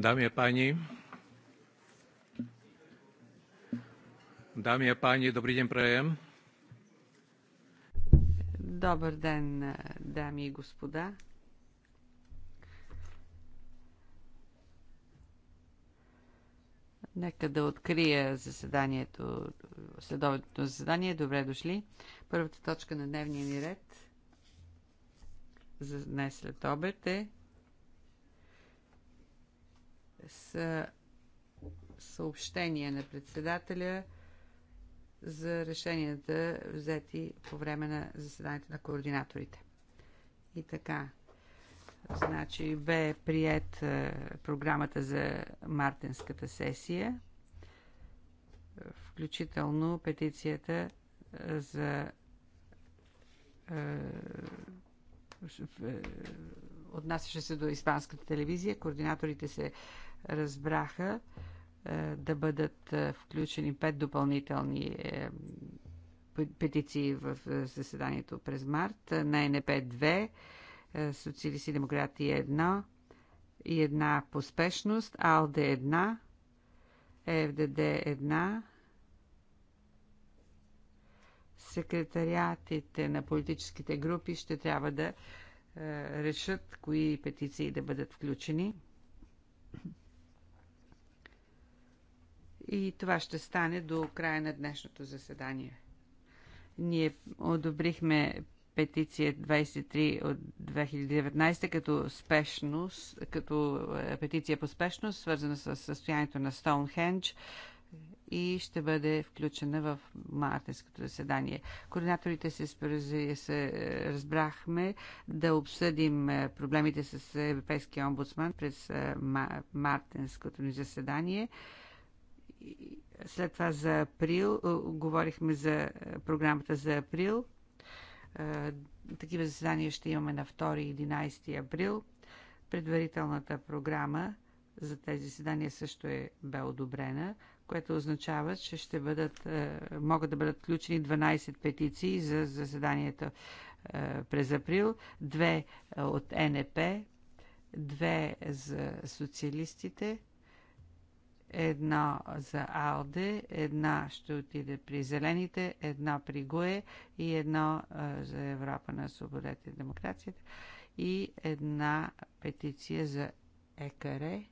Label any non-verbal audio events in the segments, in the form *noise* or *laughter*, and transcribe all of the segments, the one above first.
Dámy a páni, Dámy a páni, dobrý ден праем. Добър ден, дами и господа. Нека да открия заседанието, следовето заседание. Добре дошли. Първата точка на дневния ни ред за днес след обед е са съобщения на председателя за решенията взети по време на заседанието на координаторите. И така, значи бе прият е, програмата за мартинската сесия, включително петицията е, за е, отнасяше се до испанската телевизия. Координаторите се разбраха е, да бъдат е, включени пет допълнителни е, петиции в заседанието през март. На НП 2, социалисти демократи 1 и една поспешност, АЛДЕ 1, ЕФДД 1, секретариатите на политическите групи ще трябва да решат кои петиции да бъдат включени. И това ще стане до края на днешното заседание. Ние одобрихме петиция 23 от 2019 като спешност, като е, петиция по спешност, свързана с състоянието на Стоунхендж и ще бъде включена в мартинското заседание. Координаторите се, се е, разбрахме да обсъдим е, проблемите с Европейския омбудсман през мартинското ни заседание след това за април, е, говорихме за програмата за април. Е, такива заседания ще имаме на 2 и 11 април. Предварителната програма за тези заседания също е бе одобрена, което означава, че ще бъдат, е, могат да бъдат включени 12 петиции за заседанието през април, две от НП, две за социалистите – Една за АЛДЕ, една ще отиде при Зелените, една при ГУЕ и една за Европа на свободата и демокрацията и една петиция за ЕКАРЕ.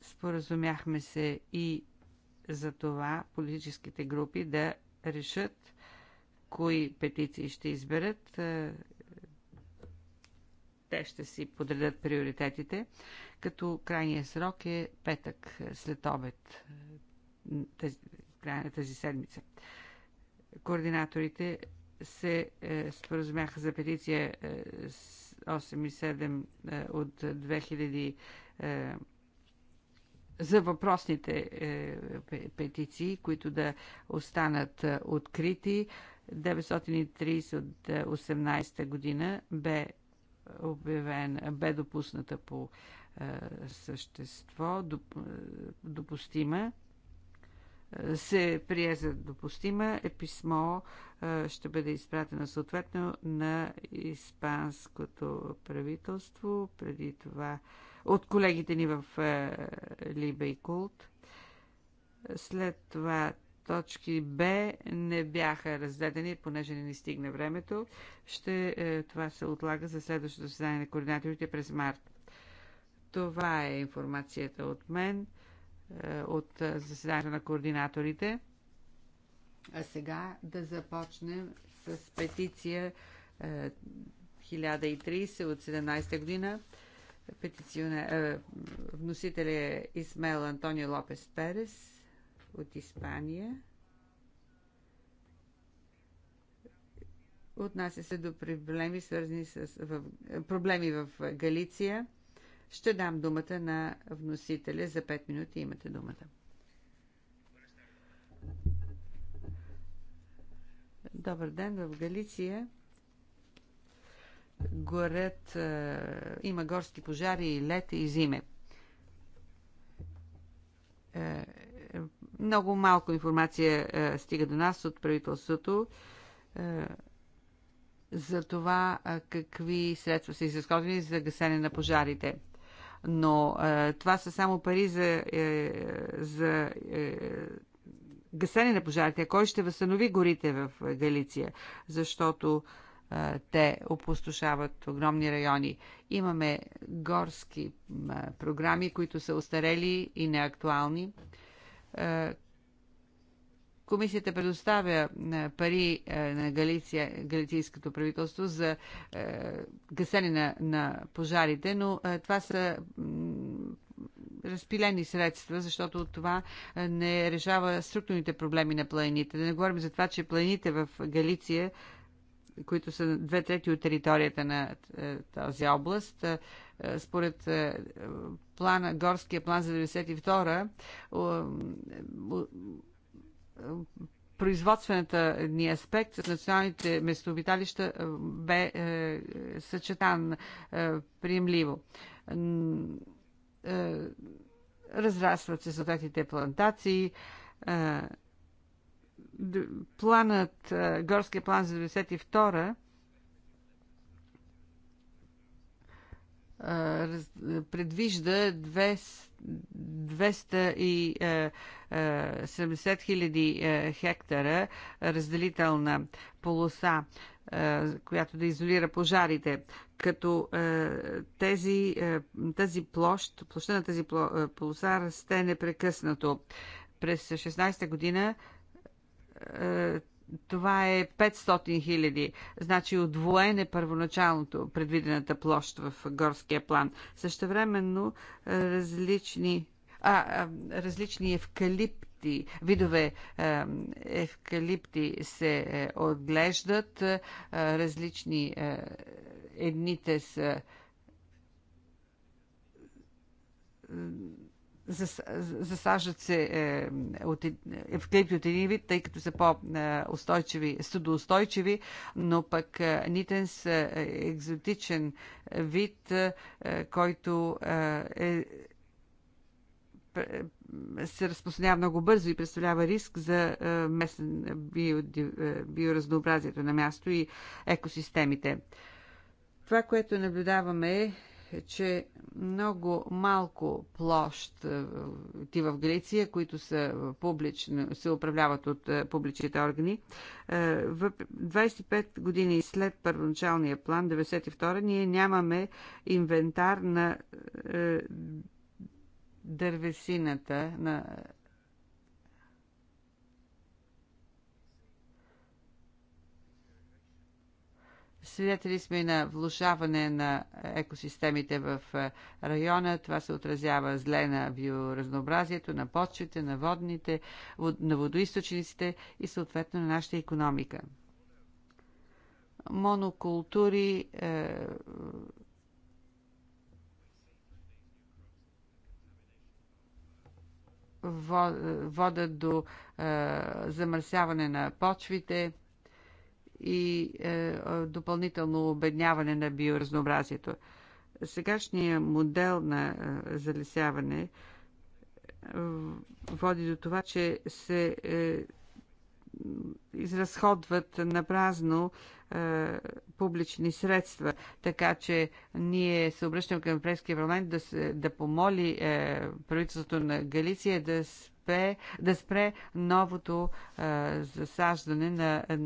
Споразумяхме се и за това политическите групи да решат кои петиции ще изберат те ще си подредят приоритетите, като крайният срок е петък след обед, края на тази седмица. Координаторите се е, споразумяха за петиция е, 8 и 7 е, от 2000 е, за въпросните е, петиции, които да останат е, открити. 930 от 18 година бе обявен, бе допусната по е, същество, е, допустима, е, се прие за допустима, е писмо ще бъде изпратено съответно на испанското правителство, преди това от колегите ни в Либе и Култ. След това Точки Б не бяха раздадени, понеже не ни стигна времето. Ще, е, това се отлага за следващото заседание на координаторите през март. Това е информацията от мен, е, от заседанието на координаторите. А сега да започнем с петиция е, 1030 от 17 година. Петиционер, е, вносител е Исмел Антонио Лопес Перес от Испания. Отнася се до проблеми, свързани с в, проблеми в Галиция. Ще дам думата на вносителя за 5 минути. Имате думата. Добър ден в Галиция. Горят, е, има горски пожари и лете и зиме. Е, много малко информация а, е, стига до нас от правителството а, е, за това а, е, какви средства са изразходвани за гасене на пожарите. Но а, това са само пари за, е, за е, гасене на пожарите. Кой ще възстанови горите в Галиция? Защото те опустошават огромни райони. Имаме горски програми, които са остарели и неактуални. Е, комисията предоставя е, пари е, на Галиция, галицийското правителство за гасене на, на пожарите, но това са разпилени средства, защото това не решава структурните проблеми на планините. Да не говорим за това, че планините в Галиция, които са две трети от територията на тази област, е, според е, плана, горския план за 92-а, производствената ни аспект с националните местообиталища е, бе съчетан приемливо. разрастват се съответните плантации. планът, горския план за 92-а предвижда 270 хиляди хектара разделителна полоса, която да изолира пожарите, като тези, тази площ, площа на тази полоса расте непрекъснато. През 16-та година това е 500 хиляди, значи отвоен е първоначалното предвидената площ в горския план. Същевременно е, различни, а, различни евкалипти, видове е, евкалипти се е, отглеждат, различни едните са засаждат се е, евклипти от един вид, тъй като са по-устойчиви, студоустойчиви, но пък е, нитенс е, е екзотичен вид, който е се разпространява много бързо и представлява риск за местен биоразнообразието на място и екосистемите. Това, което наблюдаваме е, че много малко площ е, ти в Греция, които са публично, се управляват от е, публичните органи. 25 е, години след първоначалния план, 92 ние нямаме инвентар на дървесината, на Свидетели сме на влушаване на екосистемите в е, района. Това се отразява зле на биоразнообразието, на почвите, на водните, на водоисточниците и съответно на нашата економика. Монокултури е, е, водят до е, замърсяване на почвите, и е, е, допълнително обедняване на биоразнообразието. Сегашният модел на е, залесяване води до това, че се изразходват на празно е, публични средства. Така че ние се обръщаме към Европейския парламент да, се, да помоли е, правителството на Галиция да спре, да спре новото а, засаждане на а,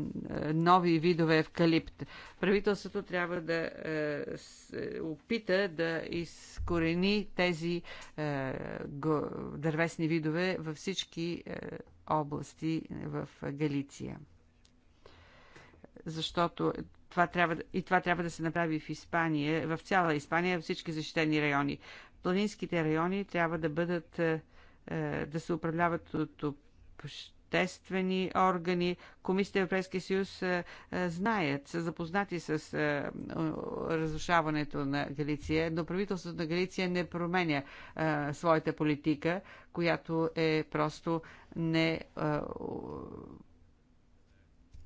нови видове евкалипт. Правителството трябва да а, се опита да изкорени тези а, го, дървесни видове във всички а, области в Галиция. Защото това трябва, и това трябва да се направи в Испания, в цяла Испания, всички защитени райони. Планинските райони трябва да бъдат а, е, да се управляват от обществени органи. Комисията Европейския съюз е, е, знаят, са запознати с разрушаването на Галиция, но правителството на Галиция не променя своята политика, която е просто не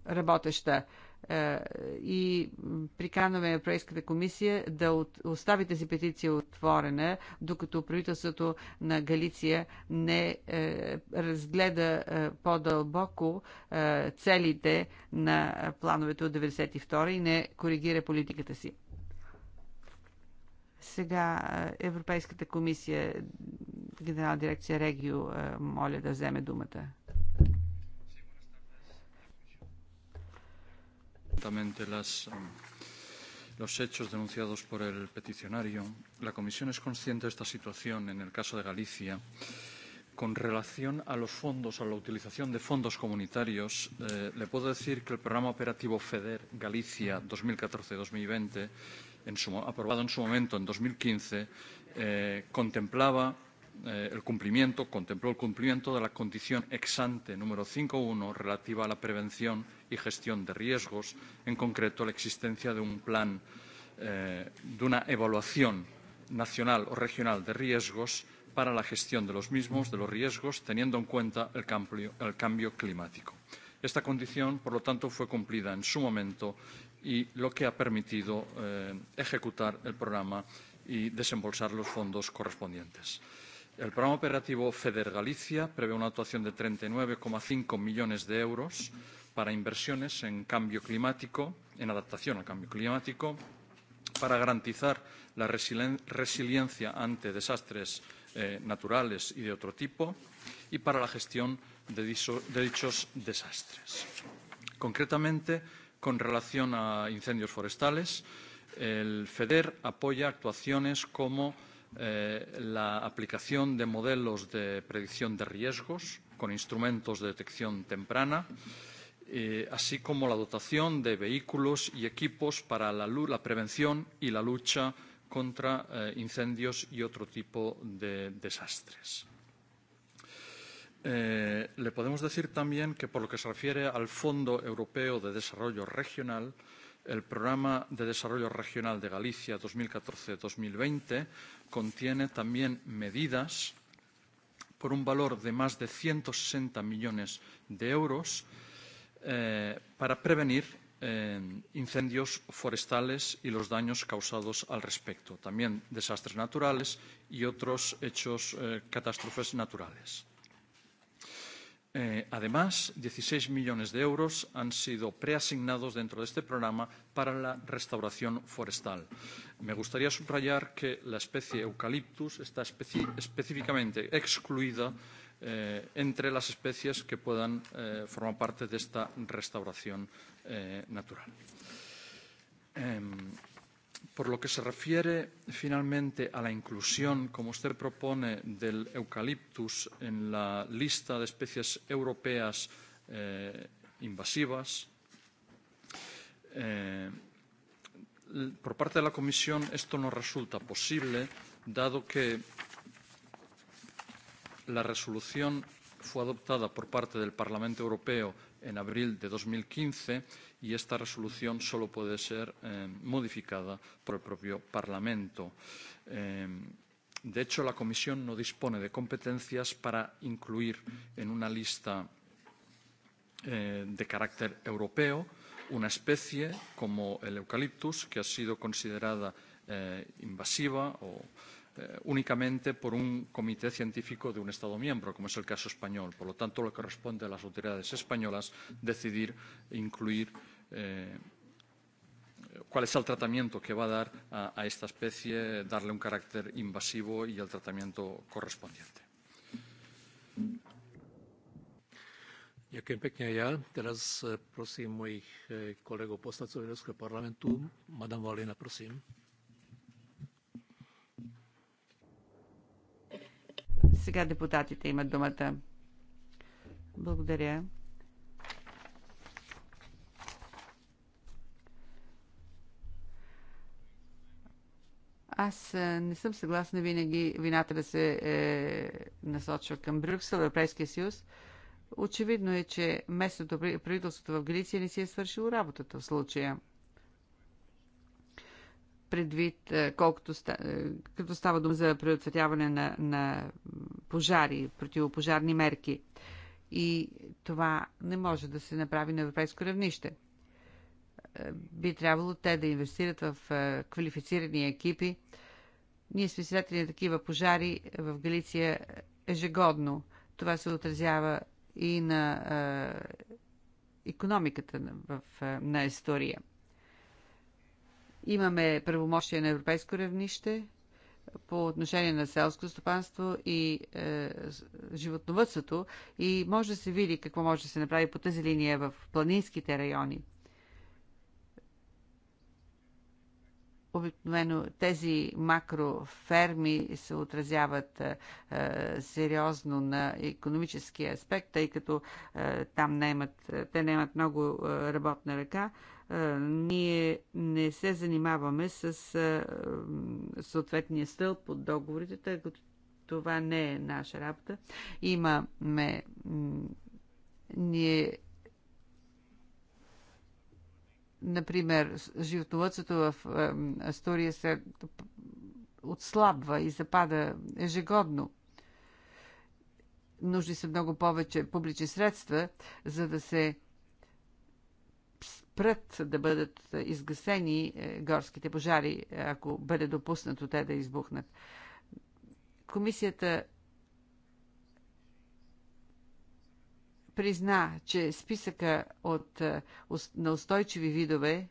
работеща. Е, и приканваме Европейската комисия да от, остави тази петиция отворена, докато правителството на Галиция не е, разгледа е, по-дълбоко е, целите на плановете от 92 и не коригира политиката си. Сега е, Европейската комисия, Генерална дирекция Регио, е, моля да вземе думата. atentamente las, los hechos denunciados por el peticionario, la Comisión es consciente de esta situación en el caso de Galicia con relación a los fondos, a la utilización de fondos comunitarios, eh, le puedo decir que el programa operativo FEDER Galicia 2014-2020, en su, aprobado en su momento en 2015, eh, contemplaba el cumplimiento, contempló el cumplimiento de la condición ex ante número 5.1 relativa a la prevención y gestión de riesgos, en concreto la existencia de un plan eh, de una evaluación nacional o regional de riesgos para la gestión de los mismos, de los riesgos, teniendo en cuenta el cambio, el cambio climático. Esta condición, por lo tanto, fue cumplida en su momento y lo que ha permitido eh, ejecutar el programa y desembolsar los fondos correspondientes. El programa operativo FEDER Galicia prevé una actuación de 39,5 millones de euros para inversiones en cambio climático, en adaptación al cambio climático, para garantizar la resiliencia ante desastres eh, naturales y de otro tipo y para la gestión de, de dichos desastres. Concretamente, con relación a incendios forestales, el FEDER apoya actuaciones como la aplicación de modelos de predicción de riesgos con instrumentos de detección temprana, así como la dotación de vehículos y equipos para la, prevención y la lucha contra incendios y otro tipo de desastres. le podemos decir también que por lo que se refiere al Fondo Europeo de Desarrollo Regional, eh, El Programa de Desarrollo Regional de Galicia 2014-2020 contiene también medidas por un valor de más de 160 millones de euros eh, para prevenir eh, incendios forestales y los daños causados al respecto, también desastres naturales y otros hechos, eh, catástrofes naturales. Además, 16 millones de euros han sido preasignados dentro de este programa para la restauración forestal. Me gustaría subrayar que la especie eucaliptus está específicamente excluida eh, entre las especies que puedan eh, formar parte de esta restauración eh, natural. Eh, Por lo que se refiere finalmente a la inclusión, como usted propone, del eucaliptus en la lista de especies europeas invasivas, por parte de la Comisión esto no resulta posible, dado que la resolución fue adoptada por parte del Parlamento Europeo en abril de dos mil quince y esta resolución solo puede ser modificada por el propio Parlamento. de hecho, la Comisión no dispone de competencias para incluir en una lista de carácter europeo una especie como el eucaliptus que ha sido considerada invasiva o únicamente por un comité científico de un Estado miembro, como es el caso español. Por lo tanto, le corresponde a las autoridades españolas decidir incluir cuál es el tratamiento que va a dar a, a esta especie, darle un carácter invasivo y el tratamiento correspondiente. Ďakujem pekne aj ja. Teraz prosím mojich kolegov poslancov Európskeho parlamentu. Madame Valina, prosím. Сега депутатите имат думата. Благодаря. Аз е, не съм съгласна винаги вината да се е, насочва към Брюксел, Европейския съюз. Очевидно е, че местното правителството в Галиция не си е свършило работата в случая предвид е, колкото ста е, като става дума за предотвратяване на, на пожари, противопожарни мерки. И това не може да се направи на европейско равнище. Е, би трябвало те да инвестират в квалифицирани екипи. Ние сме свидетели на такива пожари в Галиция ежегодно. Това се отразява и на економиката в, на история. Имаме правомощия на европейско равнище по отношение на селско стопанство и е, животновътството и може да се види какво може да се направи по тази линия в планинските райони. обикновено тези макроферми се отразяват е, е сериозно на економическия аспект, тъй като е, там имат, е, те имат много е, работна ръка ние не се занимаваме с съответния стълб от договорите, тъй като това не е наша работа. Имаме ние например, животновътството в Астория се отслабва и запада ежегодно. Нужни са много повече публични средства, за да се спрат да бъдат изгасени е, горските пожари, ако бъде допуснато те да избухнат. Комисията призна, че списъка от, е, на устойчиви видове,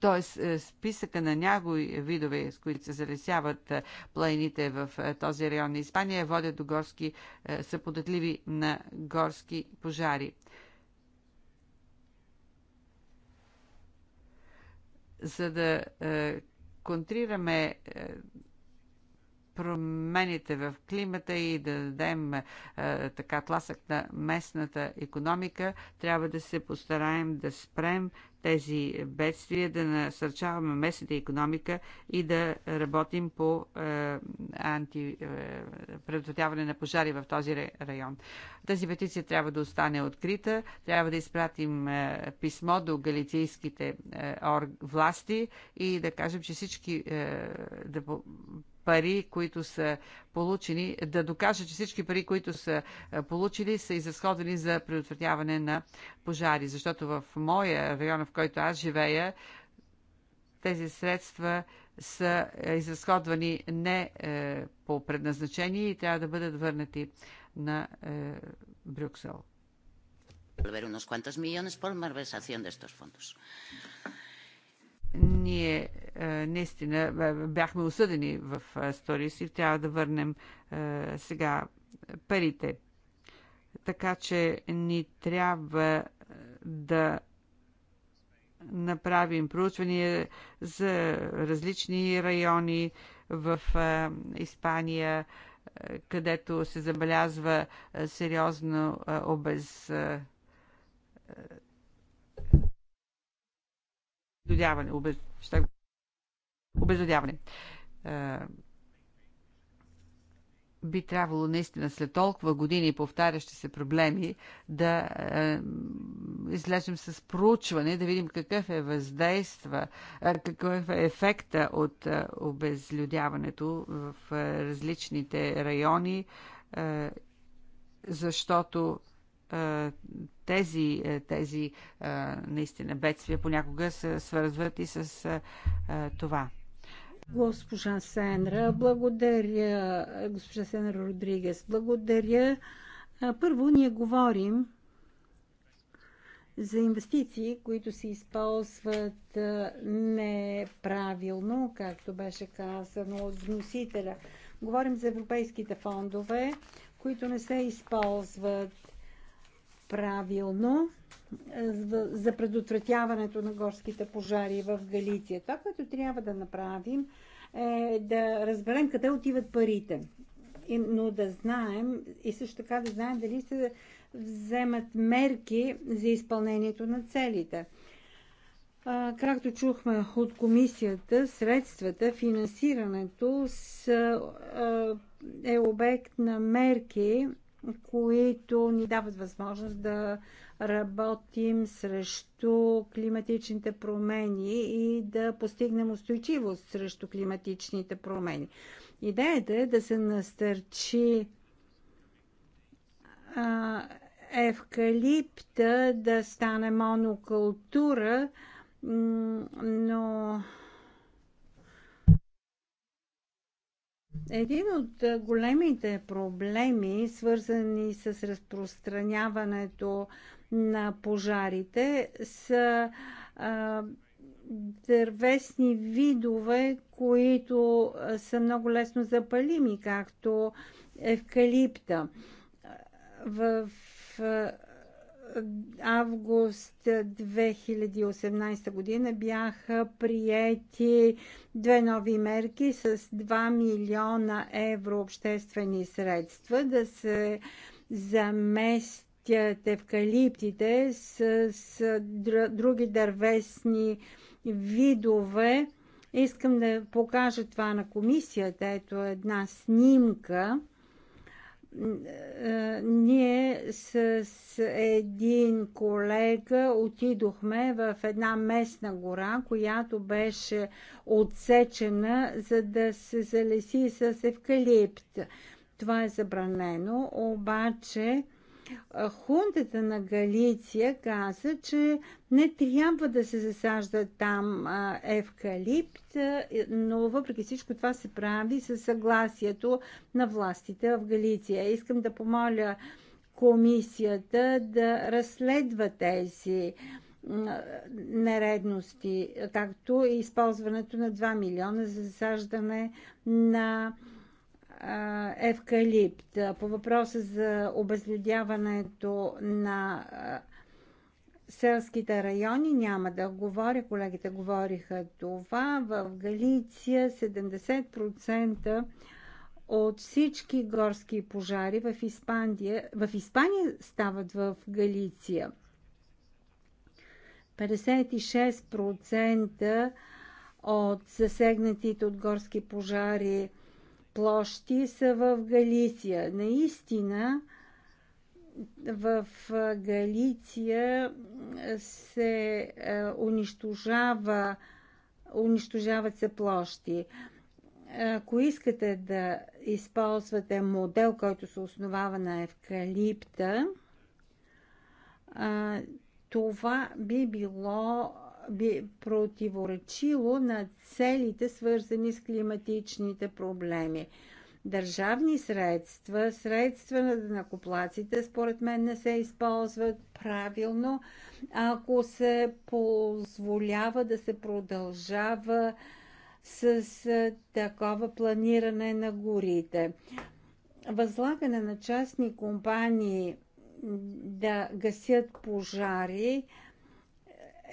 т.е. списъка на някои видове, с които се залесяват е, планините в този район на Испания, водят до горски, са податливи на горски пожари. за да е, контрираме е, промените в климата и да дадем е, така тласък на местната економика, трябва да се постараем да спрем тези бедствия, да насърчаваме местната економика и да работим по е, анти, е, предотвратяване на пожари в този район. Тази петиция трябва да остане открита, трябва да изпратим е, писмо до галицийските е, власти и да кажем, че всички е, да пари, които са получени, да докажа, че всички пари, които са получили, са изразходени за предотвратяване на пожари. Защото в моя район, в който аз живея, тези средства са е, изразходвани не е, по предназначение и трябва да бъдат върнати на е, Брюксел. Unos cuantos millones por malversación de estos fondos ние е, наистина бяхме осъдени в е, Сторис и трябва да върнем е, сега парите. Така че ни трябва да направим проучвания за различни райони в Испания, където се забелязва сериозно обез обезлюдяване. Обез... обезлюдяване. Е, би трябвало наистина след толкова години повтарящи се проблеми да е, излежем с проучване, да видим какъв е въздейства, е, какъв е ефекта от обезлюдяването в различните райони, защото тези, тези наистина бедствия понякога се свързват и с това. Госпожа Сенра, благодаря. Госпожа Сенра Родригес, благодаря. Първо, ние говорим за инвестиции, които се използват неправилно, както беше казано от вносителя. Говорим за европейските фондове, които не се използват правилно е, за предотвратяването на горските пожари в Галиция. Това, което трябва да направим е да разберем къде отиват парите. Но да знаем и също така да знаем дали се вземат мерки за изпълнението на целите. Както чухме от комисията, средствата, финансирането са, е обект на мерки които ни дават възможност да работим срещу климатичните промени и да постигнем устойчивост срещу климатичните промени. Идеята е да се настърчи а, евкалипта да стане монокултура, но Един от големите проблеми, свързани с разпространяването на пожарите, са а, дървесни видове, които са много лесно запалими, както евкалипта. В август 2018 година бяха приети две нови мерки с 2 милиона евро обществени средства да се заместят евкалиптите с, с други дървесни видове. Искам да покажа това на комисията. Ето една снимка ние с един колега отидохме в една местна гора, която беше отсечена, за да се залеси с евкалипт. Това е забранено, обаче Хунтата на Галиция каза, че не трябва да се засажда там евкалипт, но въпреки всичко това се прави със съгласието на властите в Галиция. Искам да помоля комисията да разследва тези нередности, както и използването на 2 милиона за засаждане на евкалипт, по въпроса за обезлюдяването на селските райони, няма да говоря, колегите говориха това, в Галиция 70% от всички горски пожари в Испания, в Испания стават в Галиция. 56% от засегнатите от горски пожари площи са в Галиция. Наистина, в Галиция се унищожава, унищожават се площи. Ако искате да използвате модел, който се основава на евкалипта, това би било би противоречило на целите, свързани с климатичните проблеми. Държавни средства, средства на накоплаците, според мен не се използват правилно, ако се позволява да се продължава с такова планиране на горите. Възлагане на частни компании да гасят пожари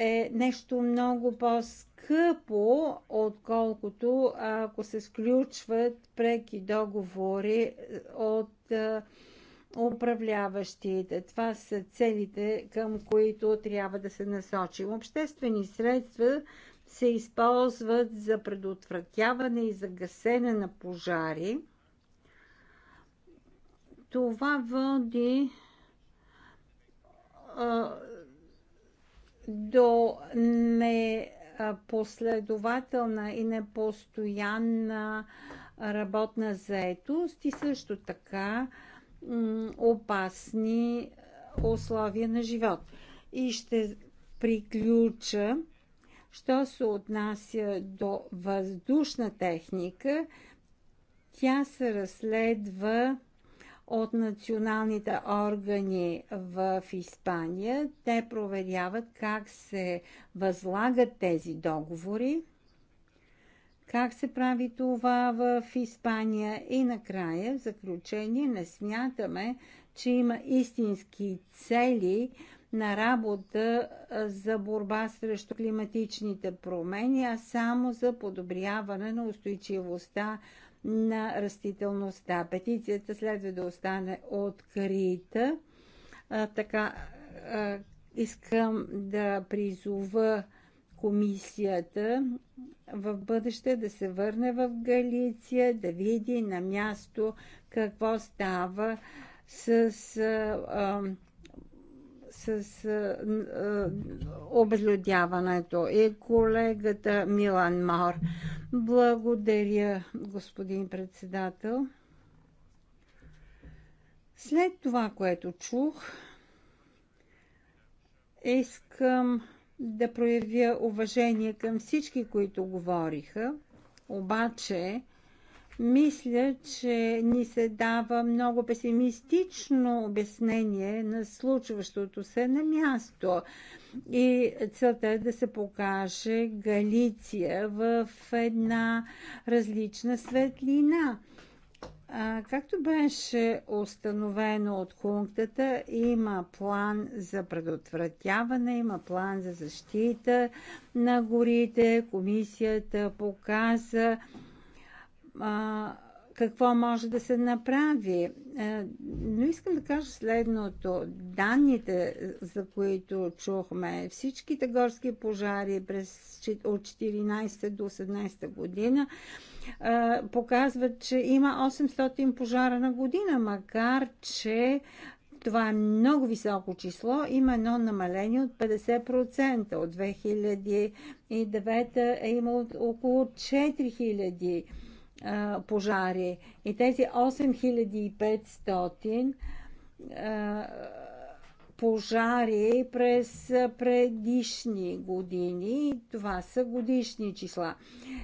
е нещо много по-скъпо, отколкото ако се сключват преки договори е, от е, управляващите. Това са целите, към които трябва да се насочим. Обществени средства се използват за предотвратяване и за гасене на пожари. Това води е, до непоследователна и непостоянна работна заетост и също така опасни условия на живот. И ще приключа, що се отнася до въздушна техника, тя се разследва от националните органи в Испания. Те проверяват как се възлагат тези договори, как се прави това в Испания и накрая, в заключение, не смятаме, че има истински цели на работа за борба срещу климатичните промени, а само за подобряване на устойчивостта на растителността. Петицията следва да остане открита. А, така, а, искам да призова комисията в бъдеще да се върне в Галиция, да види на място какво става с а, а, с обезлюдяването. е колегата Милан Мар. Благодаря, господин председател. След това, което чух, искам да проявя уважение към всички, които говориха, обаче мисля, че ни се дава много песимистично обяснение на случващото се на място. И целта е да се покаже Галиция в една различна светлина. А, както беше установено от хунктата, има план за предотвратяване, има план за защита на горите. Комисията показа а, какво може да се направи. Е, но искам да кажа следното. Данните, за които чухме, всичките горски пожари през, от 14 до 18 година е, показват, че има 800 пожара на година, макар че това е много високо число. Има едно намаление от 50%. От 2009 е имало около 4000 а, пожари. И тези 8500 а, пожари през предишни години. Това са годишни числа.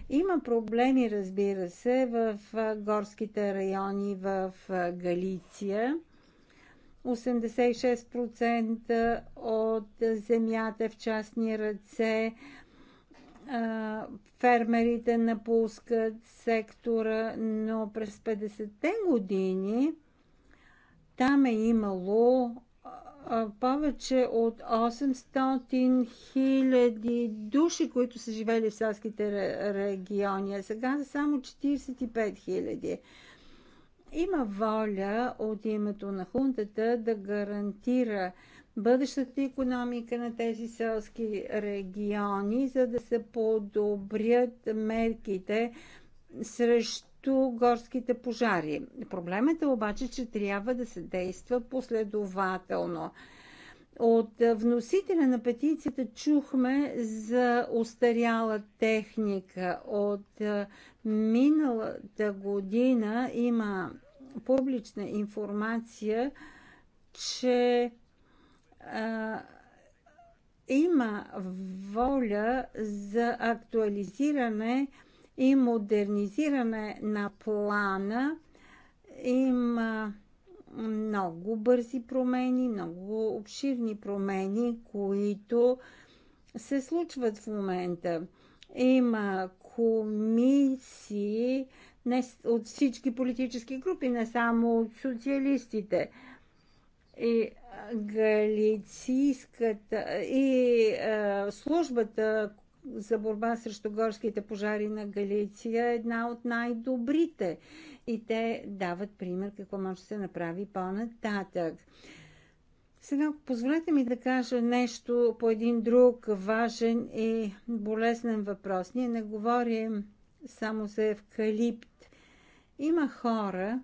Има проблеми, разбира се, в горските райони в Галиция. 86% от земята в частни ръце, фермерите напускат сектора, но през 50-те години там е имало повече от 800 хиляди души, които са живели в селските региони, а сега са само 45 хиляди. Има воля от името на хунтата да гарантира бъдещата економика на тези селски региони, за да се подобрят мерките срещу горските пожари. Проблемът е обаче, че трябва да се действа последователно. От вносителя на петицията чухме за остаряла техника. От е, миналата година има публична информация, че има воля за актуализиране и модернизиране на плана. Има много бързи промени, много обширни промени, които се случват в момента. Има комисии не от всички политически групи, не само от социалистите. И Галицийската и а, е, службата за борба срещу горските пожари на Галиция е една от най-добрите. И те дават пример какво може да се направи по-нататък. Сега позволете ми да кажа нещо по един друг важен и болезнен въпрос. Ние не говорим само за евкалипт. Има хора,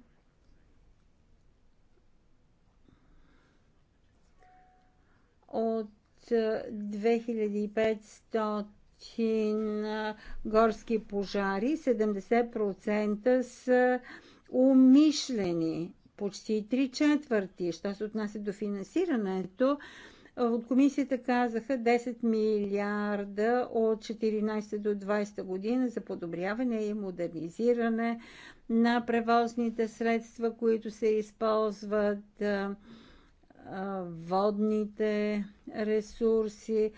от 2500 горски пожари, 70% са умишлени, почти 3 четвърти. Що се отнася до финансирането, от комисията казаха 10 милиарда от 14 до 20 година за подобряване и модернизиране на превозните средства, които се използват водните ресурси,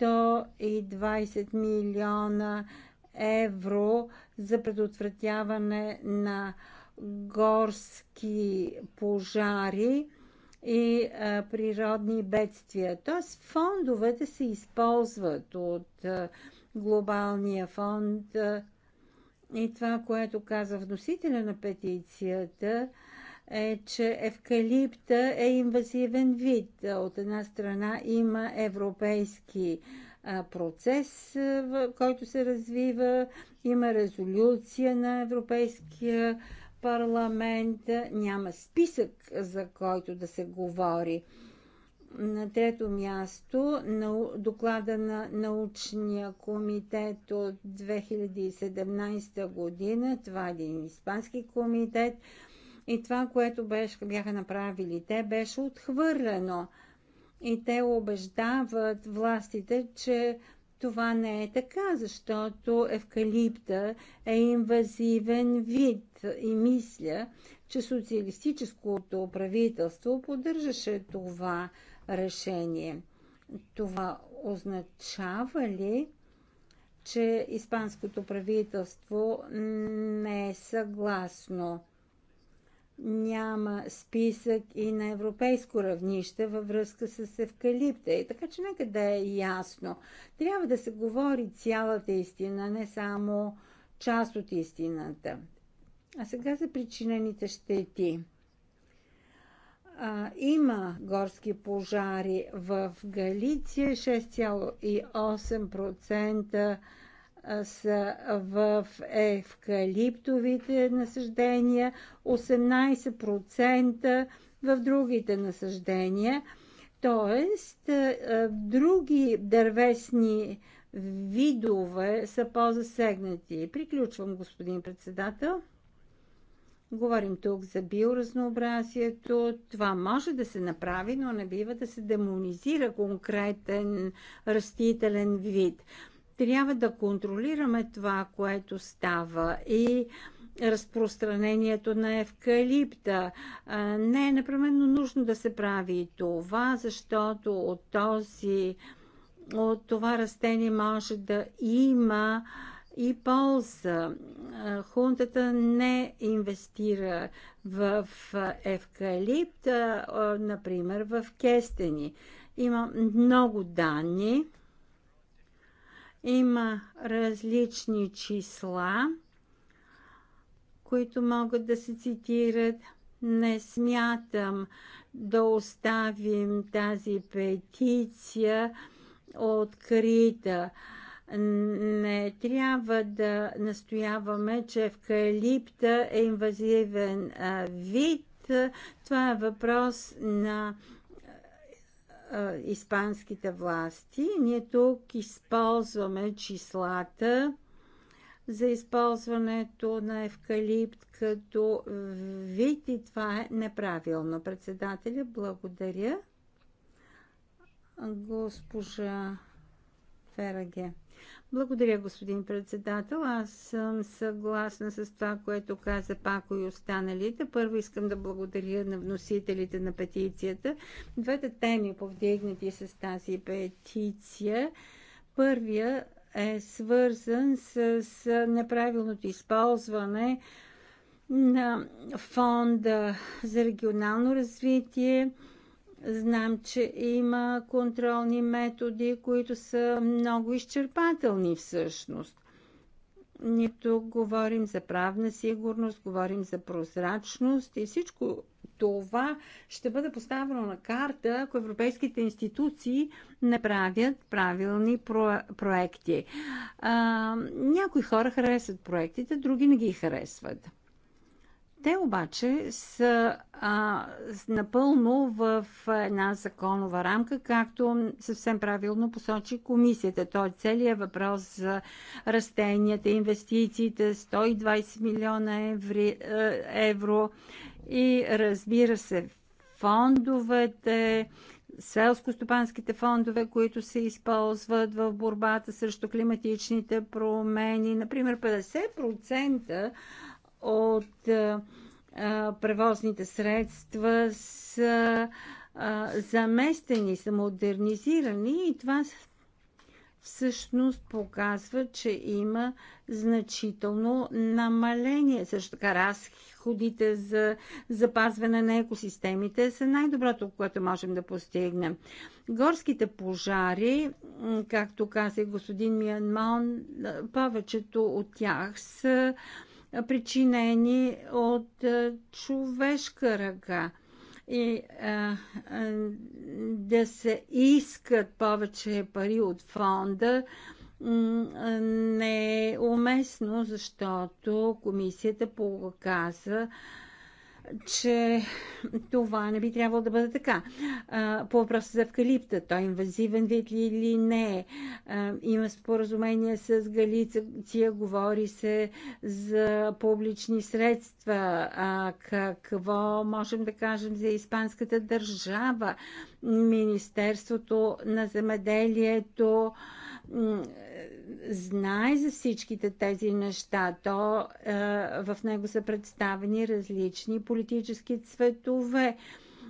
120 милиона евро за предотвратяване на горски пожари и а, природни бедствия. Тоест фондовете се използват от а, глобалния фонд а, и това, което каза вносителя на петицията, а, е, че евкалипта е инвазивен вид. От една страна има европейски процес, който се развива, има резолюция на Европейския парламент, няма списък, за който да се говори. На трето място, на доклада на научния комитет от 2017 година, това е един испански комитет, и това, което беше, бяха направили те, беше отхвърлено. И те убеждават властите, че това не е така, защото евкалипта е инвазивен вид и мисля, че социалистическото правителство поддържаше това решение. Това означава ли, че испанското правителство не е съгласно? няма списък и на европейско равнище във връзка с евкалипта. И така че нека да е ясно. Трябва да се говори цялата истина, не само част от истината. А сега за причинените щети. А, има горски пожари в Галиция 6,8% са в евкалиптовите насъждения, 18% в другите насъждения. Тоест, е, други дървесни видове са по-засегнати. Приключвам, господин председател. Говорим тук за биоразнообразието. Това може да се направи, но не бива да се демонизира конкретен растителен вид трябва да контролираме това, което става и разпространението на евкалипта. Не е непременно нужно да се прави и това, защото от, този, от това растение може да има и полза. Хунтата не инвестира в евкалипта, например в кестени. Има много данни има различни числа, които могат да се цитират. Не смятам да оставим тази петиция открита. Не трябва да настояваме, че евкалипта е инвазивен вид. Това е въпрос на а, испанските власти. Ние тук използваме числата за използването на евкалипт като вид и това е неправилно. Председателя, благодаря. Госпожа Фераге. Благодаря, господин председател. Аз съм съгласна с това, което каза Пако и останалите. Първо искам да благодаря на вносителите на петицията. Двете теми, повдигнати с тази петиция. Първия е свързан с неправилното използване на фонда за регионално развитие Знам, че има контролни методи, които са много изчерпателни всъщност. Ние тук говорим за правна сигурност, говорим за прозрачност и всичко това ще бъде поставено на карта, ако европейските институции не правят правилни про- проекти. А, някои хора харесват проектите, други не ги харесват. Те обаче са а, напълно в една законова рамка, както съвсем правилно посочи комисията. Той е целият въпрос за растенията, инвестициите, 120 милиона евро, е, евро и разбира се фондовете, селско-стопанските фондове, които се използват в борбата срещу климатичните промени. Например, 50% от превозните средства са заместени, са модернизирани и това всъщност показва, че има значително намаление. Също така разходите за запазване на екосистемите са най-доброто, което можем да постигнем. Горските пожари, както каза господин Миянмон, повечето от тях са причинени от е, човешка ръка и а, е, а, е, да се искат повече пари от фонда не е уместно, защото комисията показа, че това не би трябвало да бъде така. По въпроса за евкалипта, той е инвазивен вид ли или не Има споразумение с тия говори се за публични средства. Какво можем да кажем за испанската държава? Министерството на земеделието знае за всичките тези неща. То е, в него са представени различни политически цветове.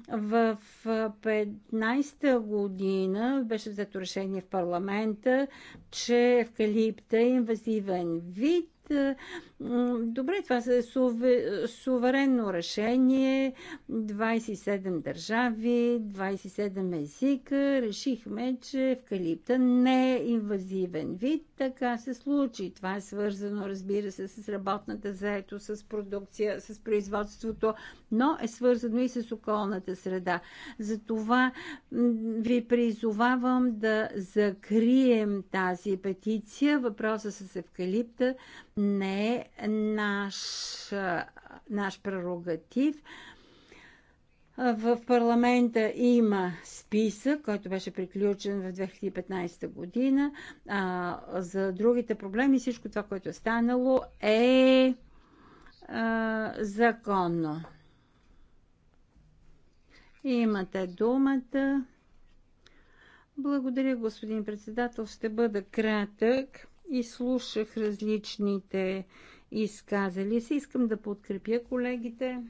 В 15-та година беше взето решение в парламента, че евкалипта е инвазивен вид е, добре, това е суверенно решение. 27 държави, 27 езика. Решихме, че евкалипта не е инвазивен вид така се случи. Това е свързано, разбира се, с работната заето, с продукция, с производството, но е свързано и с околната среда. Затова ви призовавам да закрием тази петиция. Въпросът с евкалипта не е наш, наш прерогатив. В парламента има списък, който беше приключен в 2015 година. А, за другите проблеми всичко това, което е станало, е а, законно. Имате думата. Благодаря, господин председател. Ще бъда кратък. И слушах различните изказали се. Искам да подкрепя колегите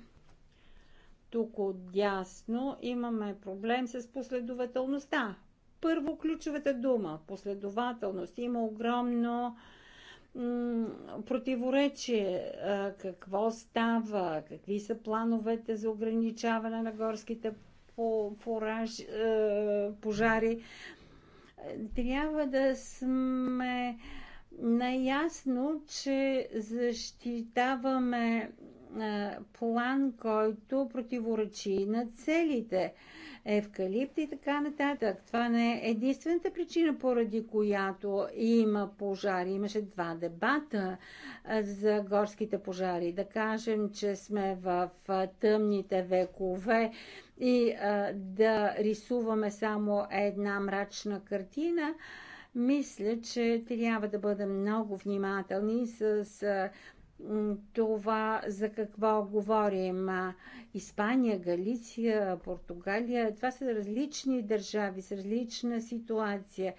тук отдясно имаме проблем с последователността. Първо ключовата дума последователност. Има огромно противоречие, какво става, какви са плановете за ограничаване на горските пораж, пожари. Трябва да сме наясно, че защитаваме е, план, който противоречи на целите. евкалипти и така нататък. Това не е единствената причина, поради която има пожари. Имаше два дебата е, за горските пожари. Да кажем, че сме в е, тъмните векове и да рисуваме само една мрачна картина мисля, че трябва да бъдем много внимателни с това за какво говорим. Испания, Галиция, Португалия, това са различни държави с различна ситуация.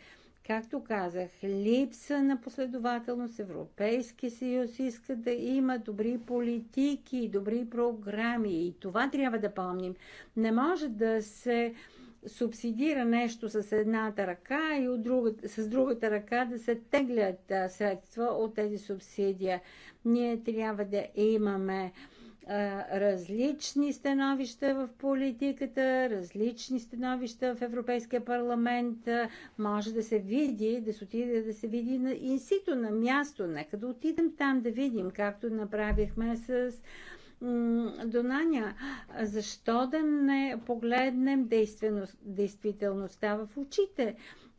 Както казах, липса на последователност. Европейския съюз иска да има добри политики, добри програми и това трябва да помним. Не може да се м- субсидира нещо с едната ръка и от другата, с другата ръка да се теглят средства от тези субсидия. Ние трябва да имаме различни становища в политиката, различни становища в Европейския парламент. Може да се види, да се отиде да се види на инсито, на място. Нека да отидем там да видим, както направихме с Донаня, защо да не погледнем действителността в очите?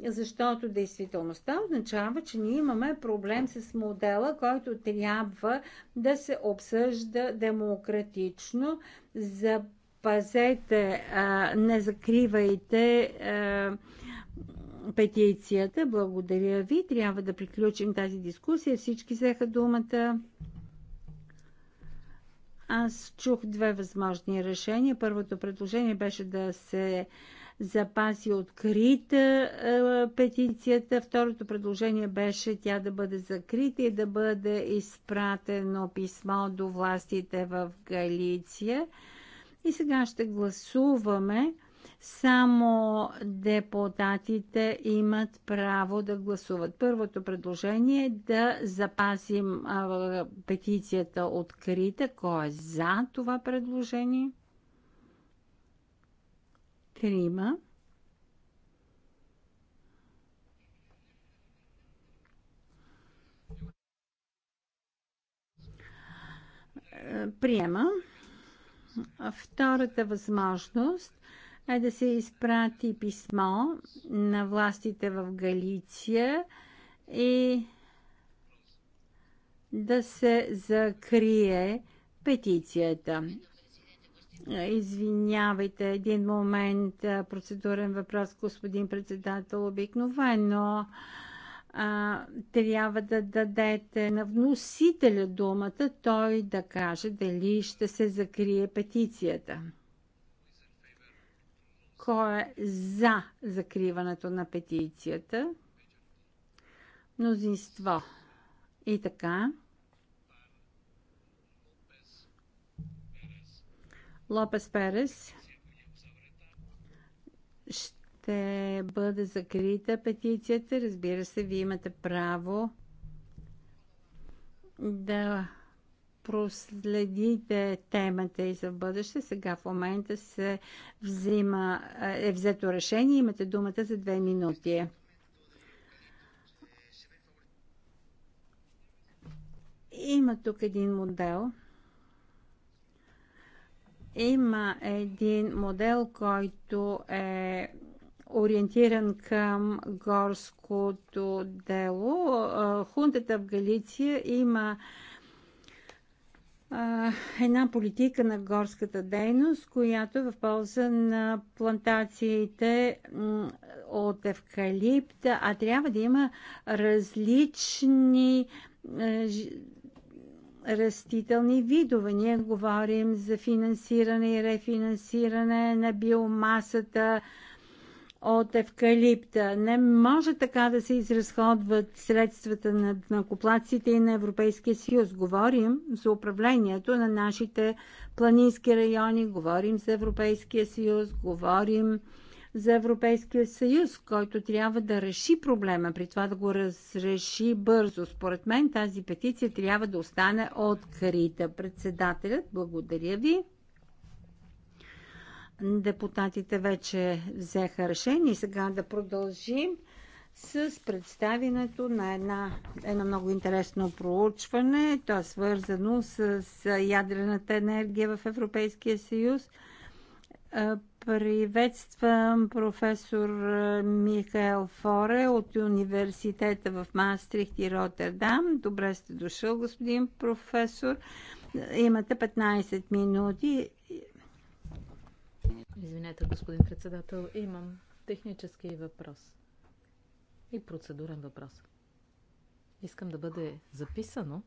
Защото действителността означава, че ние имаме проблем с модела, който трябва да се обсъжда демократично. Запазете, не закривайте. петицията. Благодаря ви. Трябва да приключим тази дискусия. Всички взеха думата. Аз чух две възможни решения. Първото предложение беше да се запази открита е, петицията. Второто предложение беше тя да бъде закрита и да бъде изпратено писмо до властите в Галиция. И сега ще гласуваме само депутатите имат право да гласуват. Първото предложение е да запазим петицията открита. Кой е за това предложение? Трима. Е, приема. Втората възможност е да се изпрати писмо на властите в Галиция и да се закрие петицията. Извинявайте, един момент, процедурен въпрос, господин председател, обикновено а, трябва да дадете на вносителя думата, той да каже дали ще се закрие петицията. Кой е за закриването на петицията? Мнозинство. И така. Лопес Перес ще бъде закрита петицията. Разбира се, вие имате право да проследите темата и за бъдеще. Сега в момента се взима, е, е взето решение. Имате думата за две минути. Има тук един модел. Има един модел, който е ориентиран към горското дело. Е, хунтата в Галиция има една политика на горската дейност, която е в полза на плантациите от евкалипта, а трябва да има различни растителни видове. Ние говорим за финансиране и рефинансиране на биомасата, от евкалипта. Не може така да се изразходват средствата на накоплаците и на Европейския съюз. Говорим за управлението на нашите планински райони, говорим за Европейския съюз, говорим за Европейския съюз, който трябва да реши проблема, при това да го разреши бързо. Според мен тази петиция трябва да остане открита. Председателят, благодаря ви. Депутатите вече взеха решение. Сега да продължим с представянето на една, едно много интересно проучване. То е свързано с ядрената енергия в Европейския съюз. Приветствам професор Михаел Форе от университета в Маастрихт и Роттердам. Добре сте дошъл, господин професор. Имате 15 минути Извинете, господин председател, имам технически въпрос и процедурен въпрос. Искам да бъде записано,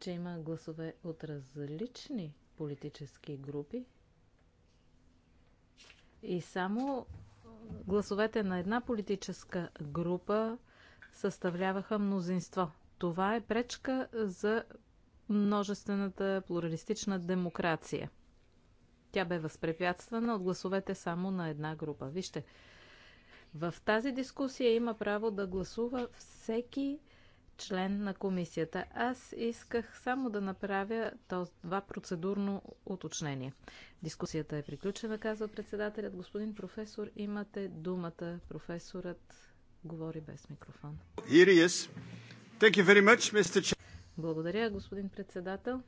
че има гласове от различни политически групи и само гласовете на една политическа група съставляваха мнозинство. Това е пречка за множествената плуралистична демокрация. Тя бе възпрепятствана от гласовете само на една група. Вижте, в тази дискусия има право да гласува всеки член на комисията. Аз исках само да направя това процедурно уточнение. Дискусията е приключена, казва председателят. Господин професор, имате думата. Професорът говори без микрофон. Благодаря, господин председател.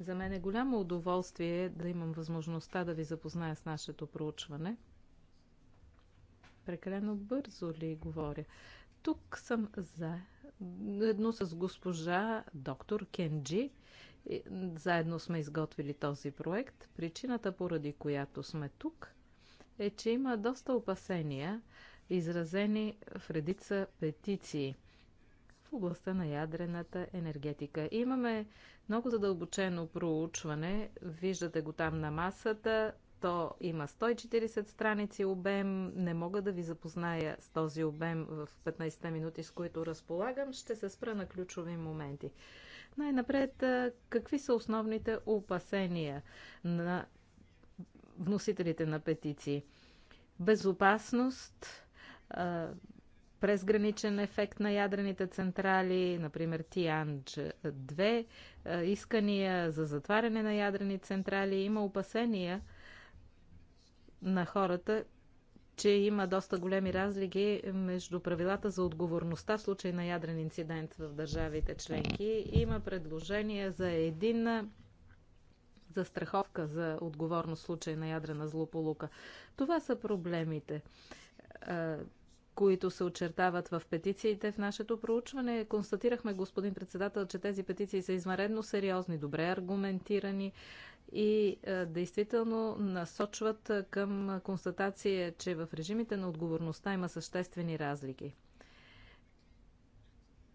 За мен е голямо удоволствие да имам възможността да ви запозная с нашето проучване. Прекалено бързо ли говоря? Тук съм заедно с госпожа доктор Кенджи. Заедно сме изготвили този проект. Причината, поради която сме тук, е, че има доста опасения, изразени в редица петиции – в областта на ядрената енергетика. Имаме много задълбочено проучване, виждате го там на масата. То има 140 страници обем. Не мога да ви запозная с този обем в 15 минути, с които разполагам. Ще се спра на ключови моменти. Най-напред, какви са основните опасения на вносителите на петиции? Безопасност, презграничен ефект на ядрените централи, например Тианч 2 е, искания за затваряне на ядрени централи. Има опасения на хората, че има доста големи разлики между правилата за отговорността в случай на ядрен инцидент в държавите членки. Има предложение за единна застраховка за отговорност в случай на ядрена злополука. Това са проблемите е, които се очертават в петициите. В нашето проучване констатирахме, господин председател, че тези петиции са измаредно сериозни, добре аргументирани и е, действително насочват е, към констатация, че в режимите на отговорността има съществени разлики.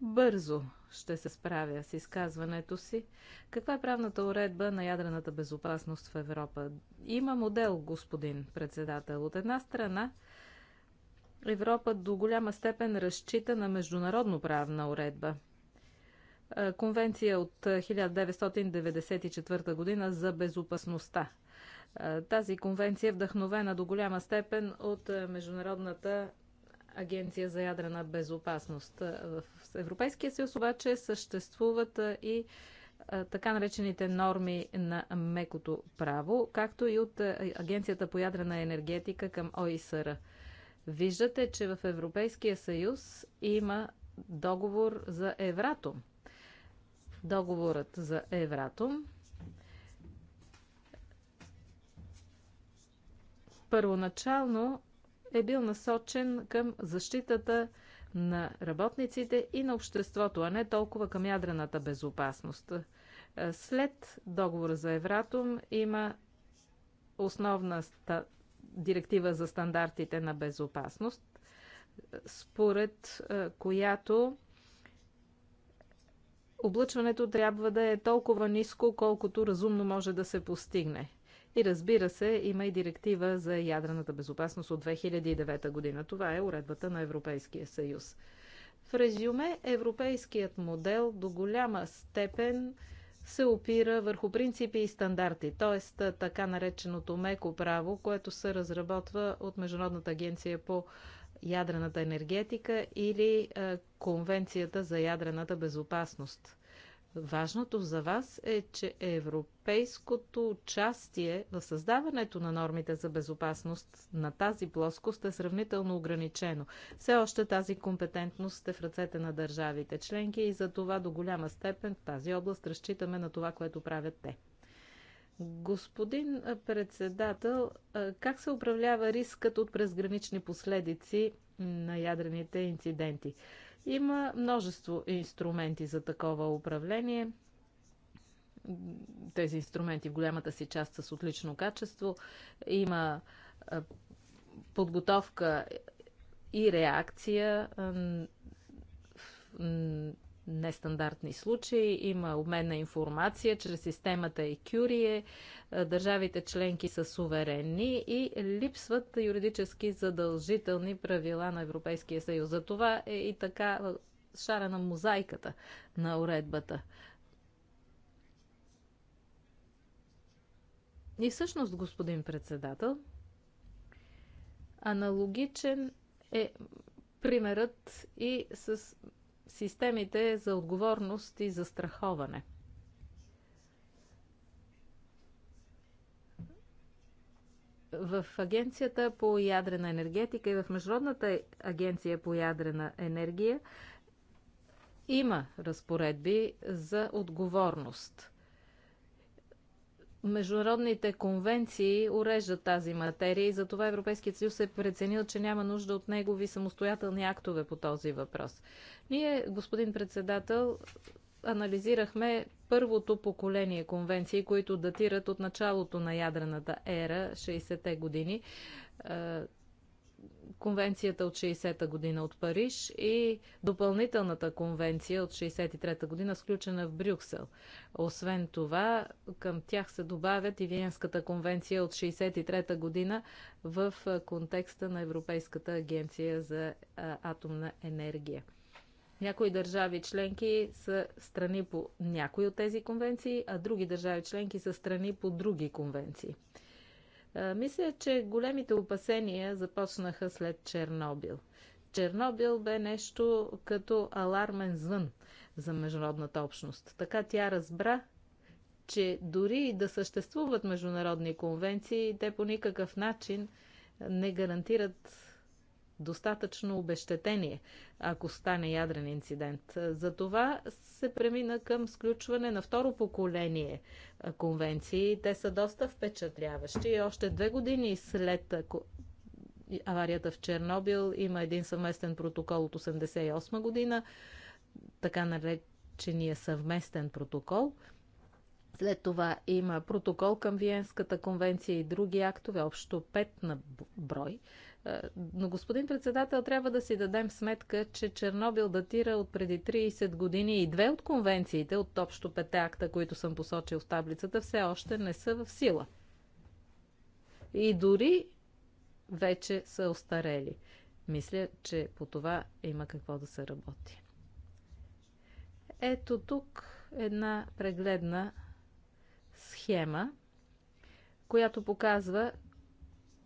Бързо ще се справя с изказването си. Каква е правната уредба на ядрената безопасност в Европа? Има модел, господин председател. От една страна, Европа до голяма степен разчита на международно правна уредба. Конвенция от 1994 година за безопасността. Тази конвенция е вдъхновена до голяма степен от Международната агенция за ядрена безопасност. В Европейския съюз обаче съществуват и така наречените норми на мекото право, както и от Агенцията по ядрена енергетика към ОИСР. Виждате, че в Европейския съюз има договор за Евратом. Договорът за Евратом първоначално е бил насочен към защитата на работниците и на обществото, а не толкова към ядрената безопасност. След договора за евратум има основна директива за стандартите на безопасност, според е, която облъчването трябва да е толкова ниско, колкото разумно може да се постигне. И разбира се, има и директива за ядрената безопасност от 2009 година. Това е уредбата на Европейския съюз. В резюме, европейският модел до голяма степен се опира върху принципи и стандарти, т.е. така нареченото меко право, което се разработва от Международната агенция по ядрената енергетика или е, Конвенцията за ядрената безопасност. Важното за вас е, че европейското участие в създаването на нормите за безопасност на тази плоскост е сравнително ограничено. Все още тази компетентност е в ръцете на държавите членки и за това до голяма степен в тази област разчитаме на това, което правят те. Господин председател, как се управлява рискът от презгранични последици на ядрените инциденти? Има множество инструменти за такова управление. Тези инструменти в голямата си част са с отлично качество. Има подготовка и реакция нестандартни случаи. Има обмен на информация чрез системата Кюрие, е, Държавите членки са суверенни и липсват юридически задължителни правила на Европейския съюз. За това е и така е, шарена мозайката на уредбата. И всъщност, господин председател, аналогичен е примерът и с системите за отговорност и застраховане. В Агенцията по ядрена енергетика и в Международната агенция по ядрена енергия има разпоредби за отговорност – Международните конвенции уреждат тази материя и затова Европейският съюз е преценил, че няма нужда от негови самостоятелни актове по този въпрос. Ние, господин председател, анализирахме първото поколение конвенции, които датират от началото на ядрената ера, 60-те години. Е, конвенцията от 60-та година от Париж и допълнителната конвенция от 63-та година, сключена в Брюксел. Освен това, към тях се добавят и Виенската конвенция от 63-та година в контекста на Европейската агенция за атомна енергия. Някои държави членки са страни по някои от тези конвенции, а други държави членки са страни по други конвенции. Мисля, че големите опасения започнаха след Чернобил. Чернобил бе нещо като алармен звън за международната общност. Така тя разбра, че дори и да съществуват международни конвенции, те по никакъв начин не гарантират достатъчно обещетение, ако стане ядрен инцидент. Затова се премина към сключване на второ поколение конвенции. Те са доста впечатляващи и още две години след аварията в Чернобил има един съвместен протокол от 1988 година, така наречения съвместен протокол. След това има протокол към Виенската конвенция и други актове, общо пет на брой. Е, но, господин председател, трябва да си дадем сметка, че Чернобил датира от преди 30 години и две от конвенциите от общо пете акта, които съм посочил в таблицата, все още не са в сила. И дори вече са остарели. Мисля, че по това има какво да се работи. Ето тук една прегледна схема, която показва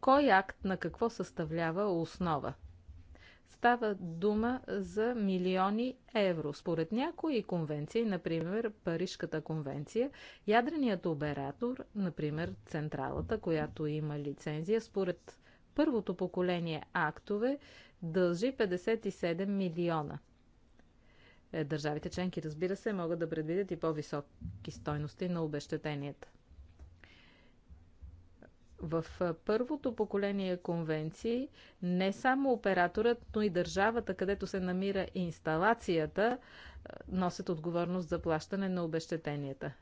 кой акт на какво съставлява основа. Става дума за милиони евро. Според някои конвенции, например Парижката конвенция, ядреният оператор, например централата, която има лицензия, според първото поколение актове, дължи 57 милиона. Е, държавите членки, разбира се, могат да предвидят и по-високи стойности на обещетенията. В първото поколение конвенции не само операторът, но и държавата, където се намира инсталацията, носят отговорност за плащане на обещетенията.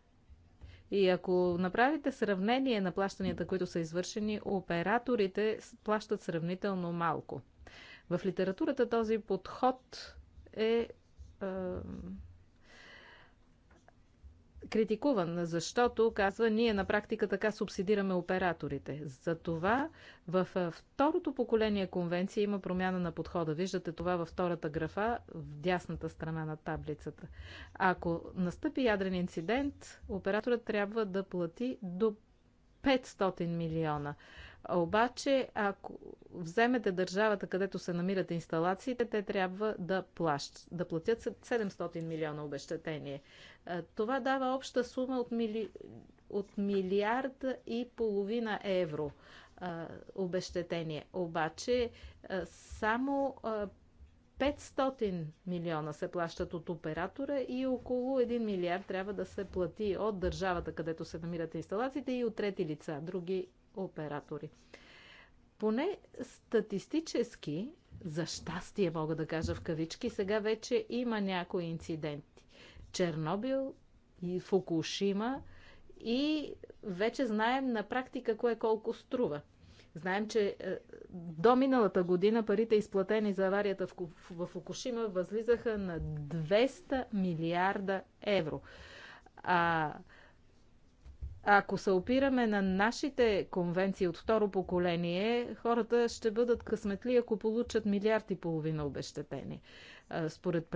И ако направите сравнение на плащанията, които са извършени, операторите плащат сравнително малко. В литературата този подход е, е критикуван, защото казва, ние на практика така субсидираме операторите. Затова във второто поколение конвенция има промяна на подхода. Виждате това във втората графа, в дясната страна на таблицата. Ако настъпи ядрен инцидент, операторът трябва да плати до 500 милиона. Обаче, ако вземете държавата, където се намират инсталациите, те трябва да, плащат, да платят 700 милиона обещетение. Е, това дава обща сума от, мили... от милиард и половина евро е, обещетение. Обаче, е, само 500 милиона се плащат от оператора и около 1 милиард трябва да се плати от държавата, където се намират инсталациите и от трети лица, други оператори. Поне статистически, за щастие мога да кажа в кавички, сега вече има някои инциденти. Чернобил и Фукушима и вече знаем на практика кое колко струва. Знаем, че е, до миналата година парите изплатени за аварията в Фукушима възлизаха на 200 милиарда евро. А ако се опираме на нашите конвенции от второ поколение, хората ще бъдат късметли, ако получат милиарди и половина обещетени. Според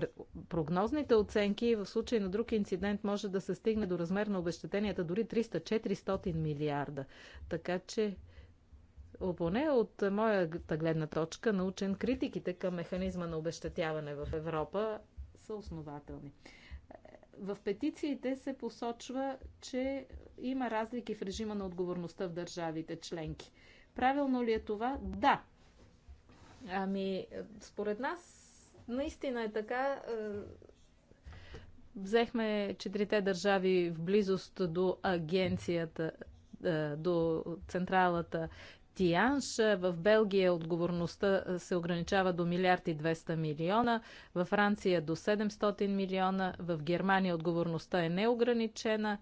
прогнозните оценки, в случай на друг инцидент може да се стигне до размер на обещетенията дори 300-400 милиарда. Така че поне от моята гледна точка, научен критиките към механизма на обещетяване в Европа са основателни. В петициите се посочва, че има разлики в режима на отговорността в държавите членки. Правилно ли е това? Да. Ами, според нас, наистина е така. Е, взехме четирите държави в близост до агенцията, е, до централата Тианш. В Белгия отговорността се ограничава до милиард и 200 милиона, във Франция до 700 милиона, в Германия отговорността е неограничена.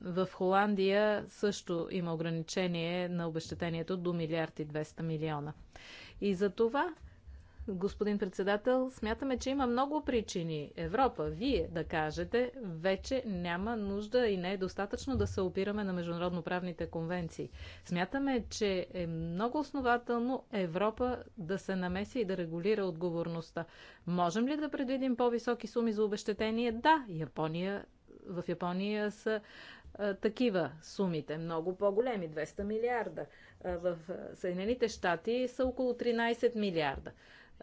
В Холандия също има ограничение на обещетението до милиард и 200 милиона. И за това господин председател. Смятаме, че има много причини Европа, вие да кажете, вече няма нужда и не е достатъчно да се опираме на международноправните конвенции. Смятаме, че е много основателно Европа да се намеси и да регулира отговорността. Можем ли да предвидим по-високи суми за обещетение? Да, Япония, в Япония са такива сумите, много по-големи, 200 милиарда. В Съединените щати са около 13 милиарда.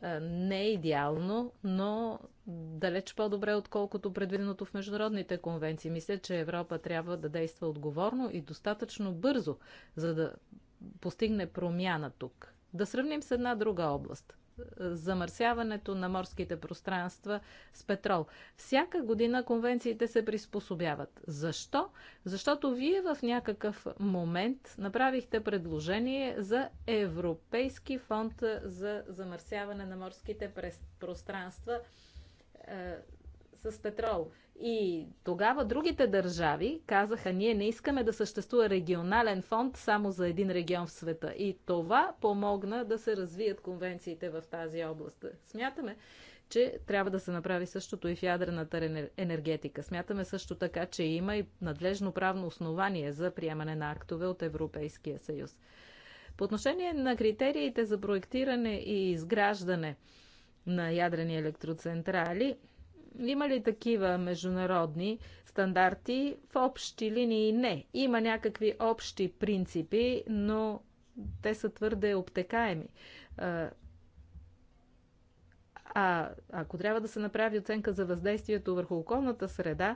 Е, не е идеално, но далеч по-добре, отколкото предвиденото в международните конвенции. Мисля, че Европа трябва да действа отговорно и достатъчно бързо, за да постигне промяна тук. Да сравним с една друга област замърсяването на морските пространства с петрол. Всяка година конвенциите се приспособяват. Защо? Защото вие в някакъв момент направихте предложение за Европейски фонд за замърсяване на морските пространства е, с петрол. И тогава другите държави казаха, ние не искаме да съществува регионален фонд само за един регион в света. И това помогна да се развият конвенциите в тази област. Смятаме, че трябва да се направи същото и в ядрената енергетика. Смятаме също така, че има и надлежно правно основание за приемане на актове от Европейския съюз. По отношение на критериите за проектиране и изграждане на ядрени електроцентрали, има ли такива международни стандарти? В общи линии не. Има някакви общи принципи, но те са твърде обтекаеми. А ако трябва да се направи оценка за въздействието върху околната среда,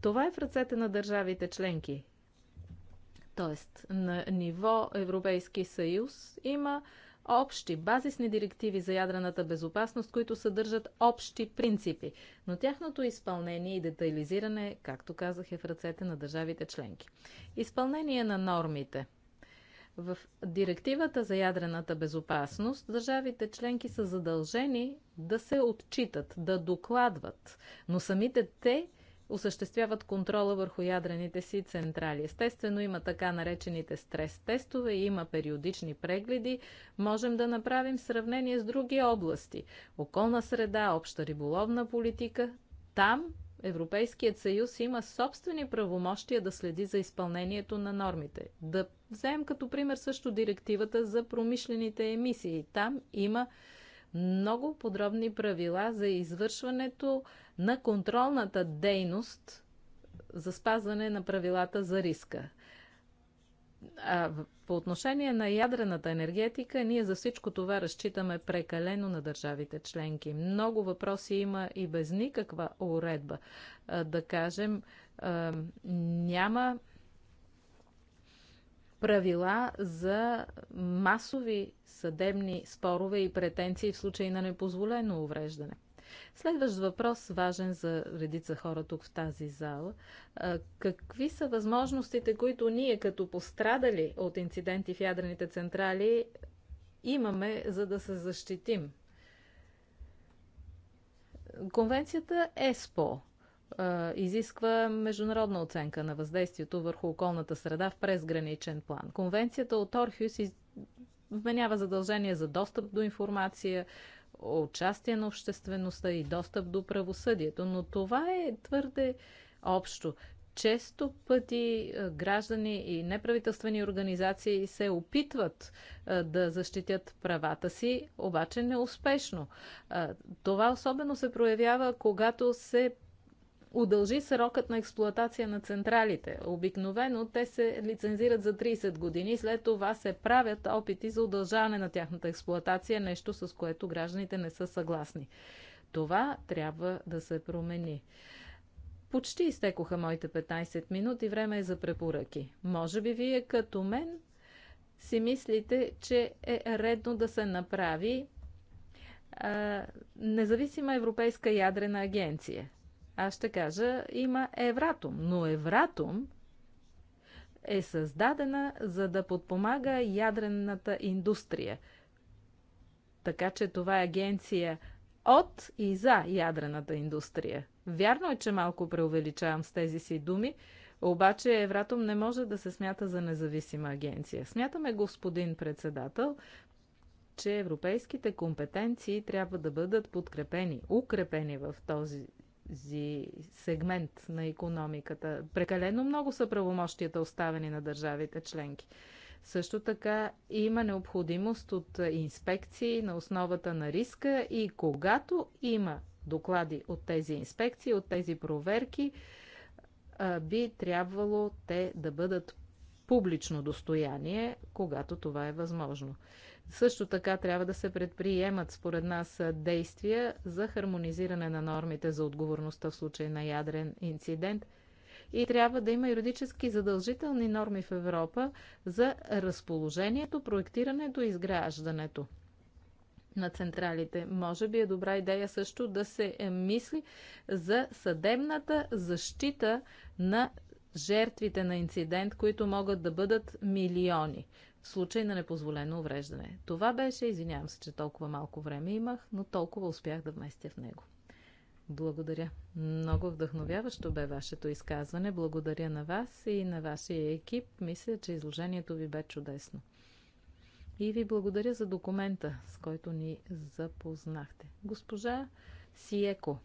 това е в ръцете на държавите членки. Тоест, на ниво Европейски съюз има общи базисни директиви за ядрената безопасност, които съдържат общи принципи, но тяхното изпълнение и детайлизиране, както казах, е в ръцете на държавите членки. Изпълнение на нормите. В директивата за ядрената безопасност държавите членки са задължени да се отчитат, да докладват, но самите те осъществяват контрола върху ядрените си централи. Естествено има така наречените стрес тестове, има периодични прегледи. Можем да направим сравнение с други области. Околна среда, обща риболовна политика. Там Европейският съюз има собствени правомощия да следи за изпълнението на нормите. Да вземем като пример също директивата за промишлените емисии. Там има много подробни правила за извършването на контролната дейност за спазване на правилата за риска. А по отношение на ядрената енергетика, ние за всичко това разчитаме прекалено на държавите членки. Много въпроси има и без никаква уредба. Да кажем, няма правила за масови съдебни спорове и претенции в случай на непозволено увреждане. Следващ въпрос, важен за редица хора тук в тази зала. Какви са възможностите, които ние като пострадали от инциденти в ядрените централи имаме, за да се защитим? Конвенцията ЕСПО изисква международна оценка на въздействието върху околната среда в презграничен план. Конвенцията от Орхюс из... вменява задължение за достъп до информация, участие на обществеността и достъп до правосъдието, но това е твърде общо. Често пъти граждани и неправителствени организации се опитват да защитят правата си, обаче неуспешно. Това особено се проявява, когато се удължи срокът на експлоатация на централите. Обикновено те се лицензират за 30 години, след това се правят опити за удължаване на тяхната експлоатация, нещо с което гражданите не са съгласни. Това трябва да се промени. Почти изтекоха моите 15 минути, време е за препоръки. Може би вие като мен си мислите, че е редно да се направи а, независима европейска ядрена агенция. Аз ще кажа, има Евратум, но Евратум е създадена за да подпомага ядрената индустрия. Така че това е агенция от и за ядрената индустрия. Вярно е, че малко преувеличавам с тези си думи, обаче Евратум не може да се смята за независима агенция. Смятаме, господин председател, че европейските компетенции трябва да бъдат подкрепени, укрепени в този този сегмент на економиката. Прекалено много са правомощията оставени на държавите членки. Също така има необходимост от инспекции на основата на риска и когато има доклади от тези инспекции, от тези проверки, би трябвало те да бъдат публично достояние, когато това е възможно. Също така трябва да се предприемат според нас действия за хармонизиране на нормите за отговорността в случай на ядрен инцидент – и трябва да има юридически задължителни норми в Европа за разположението, проектирането и изграждането на централите. Може би е добра идея също да се мисли за съдебната защита на жертвите на инцидент, които могат да бъдат милиони в случай на непозволено увреждане. Това беше, извинявам се, че толкова малко време имах, но толкова успях да вместя в него. Благодаря. Много вдъхновяващо бе вашето изказване. Благодаря на вас и на вашия екип. Мисля, че изложението ви бе чудесно. И ви благодаря за документа, с който ни запознахте. Госпожа Сиеко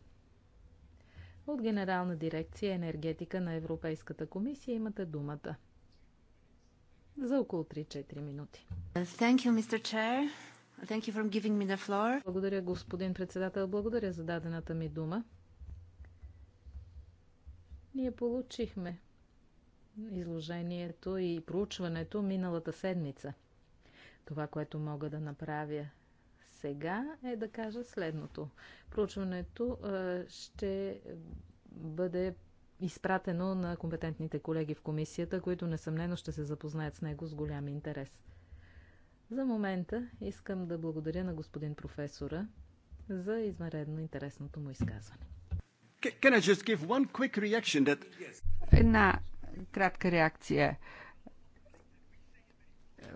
от Генерална дирекция енергетика на Европейската комисия имате думата за около 3-4 минути. Thank you, Mr. Chair. Thank you for giving me the floor. Благодаря, господин председател. Благодаря за дадената ми дума. Ние получихме изложението и проучването миналата седмица. Това, което мога да направя сега е да кажа следното. Проучването ще бъде изпратено на компетентните колеги в комисията, които несъмнено ще се запознаят с него с голям интерес. За момента искам да благодаря на господин професора за извънредно интересното му изказване. Една кратка реакция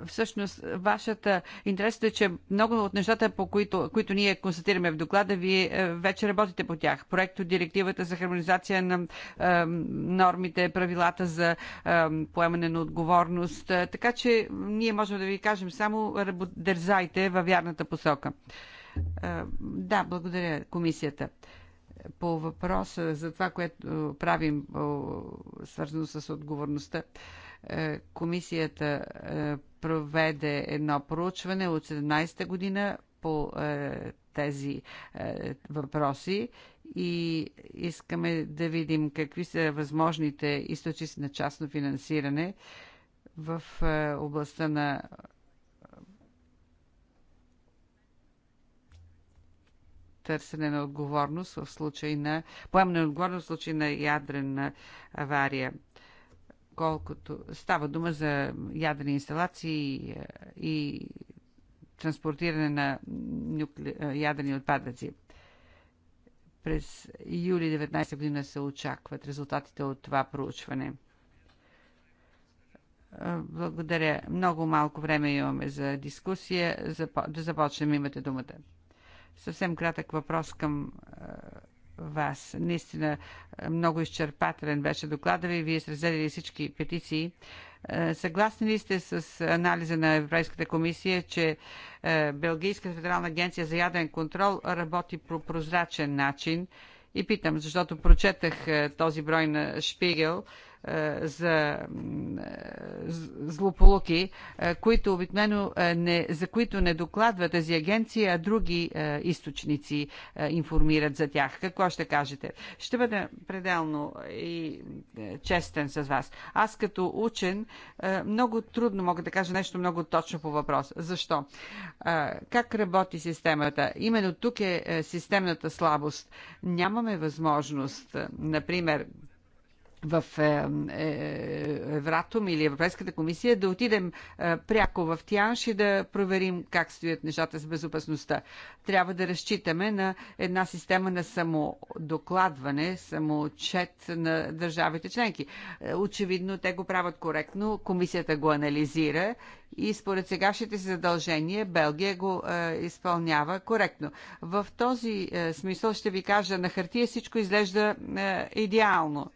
всъщност вашата интерес е, че много от нещата, по които, които ние констатираме в доклада, вие е, вече работите по тях. Проекто директивата за хармонизация на е, нормите, правилата за е, поемане на отговорност. Е, така че ние можем да ви кажем само дързайте във вярната посока. Е, да, благодаря комисията по въпроса за това, което правим, свързано с отговорността. Е, комисията е, проведе едно проучване от 17-та година по е, тези въпроси и искаме да видим какви са възможните източници на частно финансиране в областта на търсене на отговорност в случай на поемане на отговорност в случай на ядрена авария колкото става дума за ядрени инсталации е, и транспортиране на нюкле... ядрени отпадъци. През юли 19 година се очакват резултатите от това проучване. Е, благодаря. Много малко време имаме за дискусия. Да започнем. Имате думата. Съвсем кратък въпрос към е, вас. Наистина е, много изчерпателен беше доклада ви. Вие сте взели всички петиции. Е, съгласни ли сте с анализа на Европейската комисия, че е, Белгийска федерална агенция за яден контрол работи по прозрачен начин? И питам, защото прочетах този брой на Шпигел – е, за е, злополуки, е, които обикновено не, за които не докладва тази агенция, а други източници информират за тях. Какво ще кажете? Ще бъда пределно и честен с вас. Аз като учен много трудно мога да кажа нещо много точно по въпрос. Защо? Как работи системата? Именно тук е системната слабост. Нямаме възможност, например, в е, е, Евратом или Европейската комисия, да отидем е, пряко в Тянш и да проверим как стоят нещата с безопасността. Трябва да разчитаме на една система на самодокладване, самоотчет на държавите членки. Очевидно, те го правят коректно, комисията го анализира и според сегашните си задължения Белгия го е, изпълнява коректно. В този е, смисъл ще ви кажа, на хартия всичко изглежда е, идеално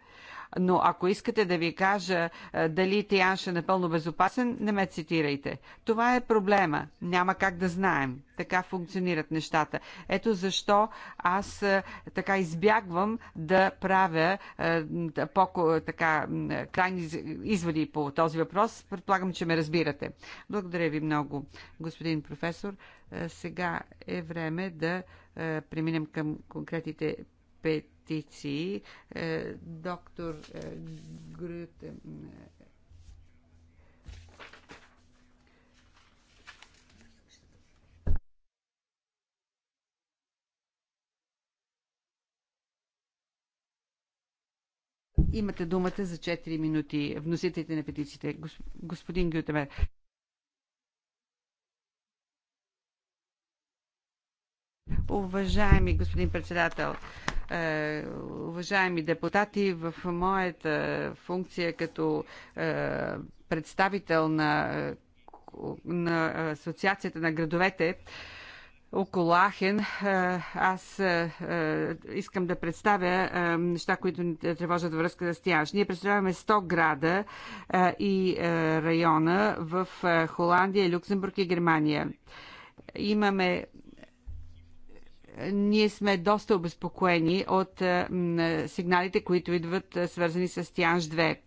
но ако искате да ви кажа дали Тианш е напълно безопасен, не ме цитирайте. Това е проблема. Няма как да знаем. Така функционират нещата. Ето защо аз така избягвам да правя по така крайни изводи по този въпрос. Предполагам, че ме разбирате. Благодаря ви много, господин професор. Сега е време да преминем към конкретните петиции. Е, доктор е, Грюте е. Имате думата за 4 минути. Вносителите на петициите. Господин Гютемер. Уважаеми господин председател, е, уважаеми депутати, в моята функция като е, представител на, на Асоциацията на градовете, около Ахен. Е, аз искам да представя неща, които ни тревожат във връзка с тях. Ние представяме 100 града и района в Холандия, Люксембург и Германия. Имаме ние сме доста обезпокоени от е, е, сигналите, които идват е, свързани с Тянж 2.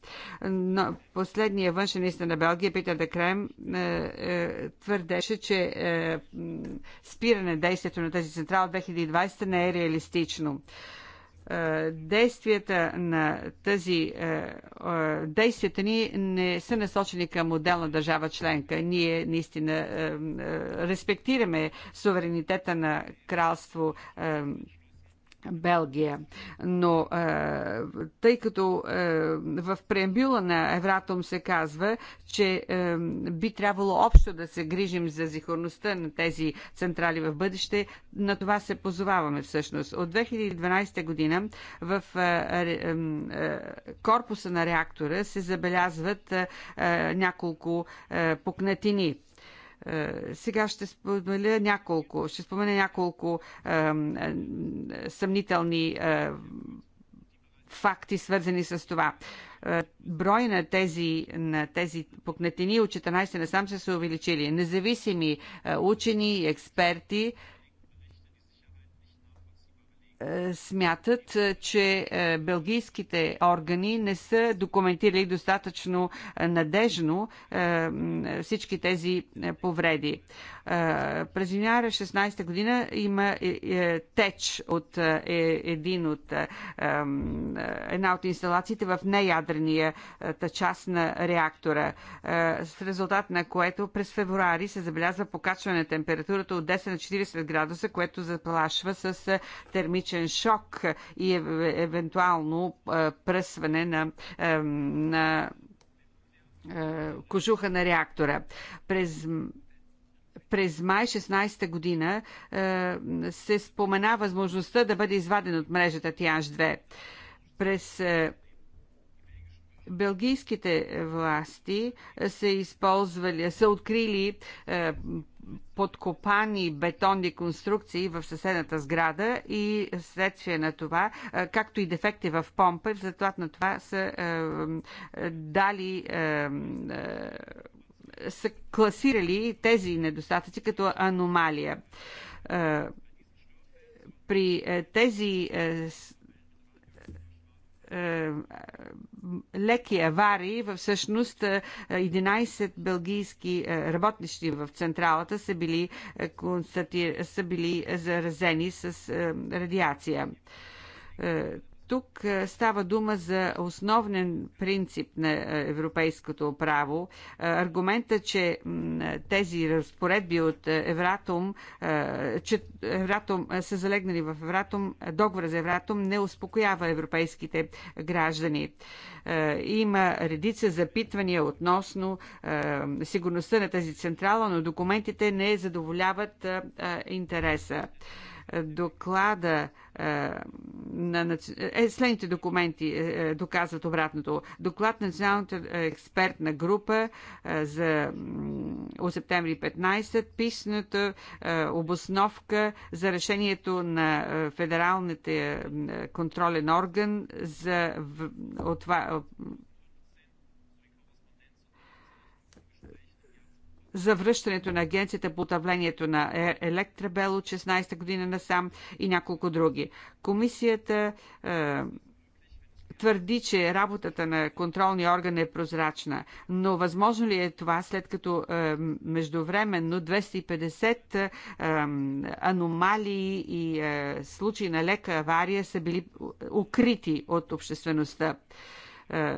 Но последният външен министр на Белгия, Питер Декрем, твърдеше, че спиране действието на тази централа 2020 не е реалистично действията на тази действията ни не са насочени към отделна държава членка. Ние наистина респектираме суверенитета на кралство Белгия. Но е, тъй като е, в преамбюла на Евратом се казва, че е, би трябвало общо да се грижим за зихорността на тези централи в бъдеще, на това се позоваваме всъщност. От 2012 година в е, е, е, корпуса на реактора се забелязват е, е, няколко е, пукнатини е, сега ще споделя няколко, ще спомена няколко е, е, съмнителни факти, свързани с това. Брой на тези, на тези пукнатини от 14 насам са се увеличили. Независими учени и експерти е, смятат, е, че е, белгийските органи не са документирали достатъчно надежно всички тези повреди. През януаря 16 година има е, е, теч от е, един от, една от инсталациите в неядрения част на реактора, с резултат на което през февруари се забелязва покачване на температурата от 10 на 40 градуса, което заплашва с термичен шок и евентуално пръсване на, на кожуха на реактора. През през май 16 година е, се спомена възможността да бъде изваден от мрежата TH2. През е, Белгийските власти са използвали, са открили е, подкопани бетонни конструкции в съседната сграда и следствие на това, както и дефекти в помпа, в затова на това са е, дали е, са класирали тези недостатъци като аномалия. Е, при е, тези е, леки аварии, всъщност 11 белгийски работнищи в централата са били, констати... са били заразени с радиация тук е, става дума за основен принцип на е, европейското право. Е, аргумента, че тези разпоредби от Евратум, че Евратум са залегнали в Евратум, договора за Евратум не успокоява европейските граждани. Има редица запитвания относно сигурността на тази централа, но документите не задоволяват интереса доклада е, на е, следните документи е, е, доказват обратното. Доклад на Националната експертна група е, за от септември 15, писната е, обосновка за решението на е, Федералната контролен орган за в, от, за връщането на агенцията по управлението на е- Електрабел от 16-та година насам и няколко други. Комисията е, твърди, че работата на контролния орган е прозрачна, но възможно ли е това след като е, междувременно 250 е, аномалии и е, случаи на лека авария са били е, укрити от обществеността? Е,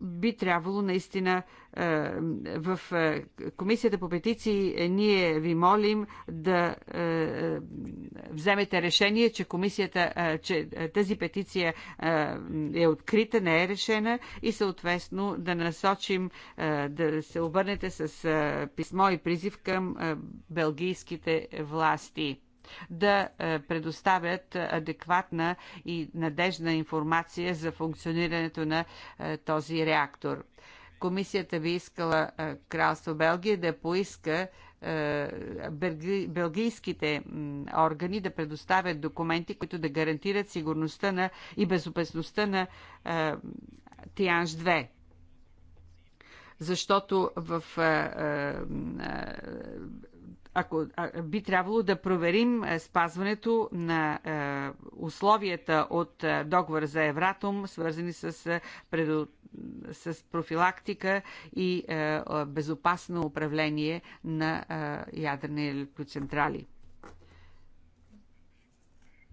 би трябвало наистина е, в е, Комисията по петиции е, ние ви молим да вземете решение, че комисията, че тази петиция е открита, не е решена и съответно да насочим, да се обърнете с писмо и призив към белгийските власти да е, предоставят адекватна и надежна информация за функционирането на е, този реактор. Комисията би искала е, Кралство Белгия да поиска белгийските органи да предоставят документи, които да гарантират сигурността на и безопасността на Тианж 2 защото в а, а, ако а, би трябвало да проверим е, спазването на а, е, условията от а, е, договор за Евратом, свързани с, а, предо, с профилактика и а, безопасно управление на а, ядрени електроцентрали.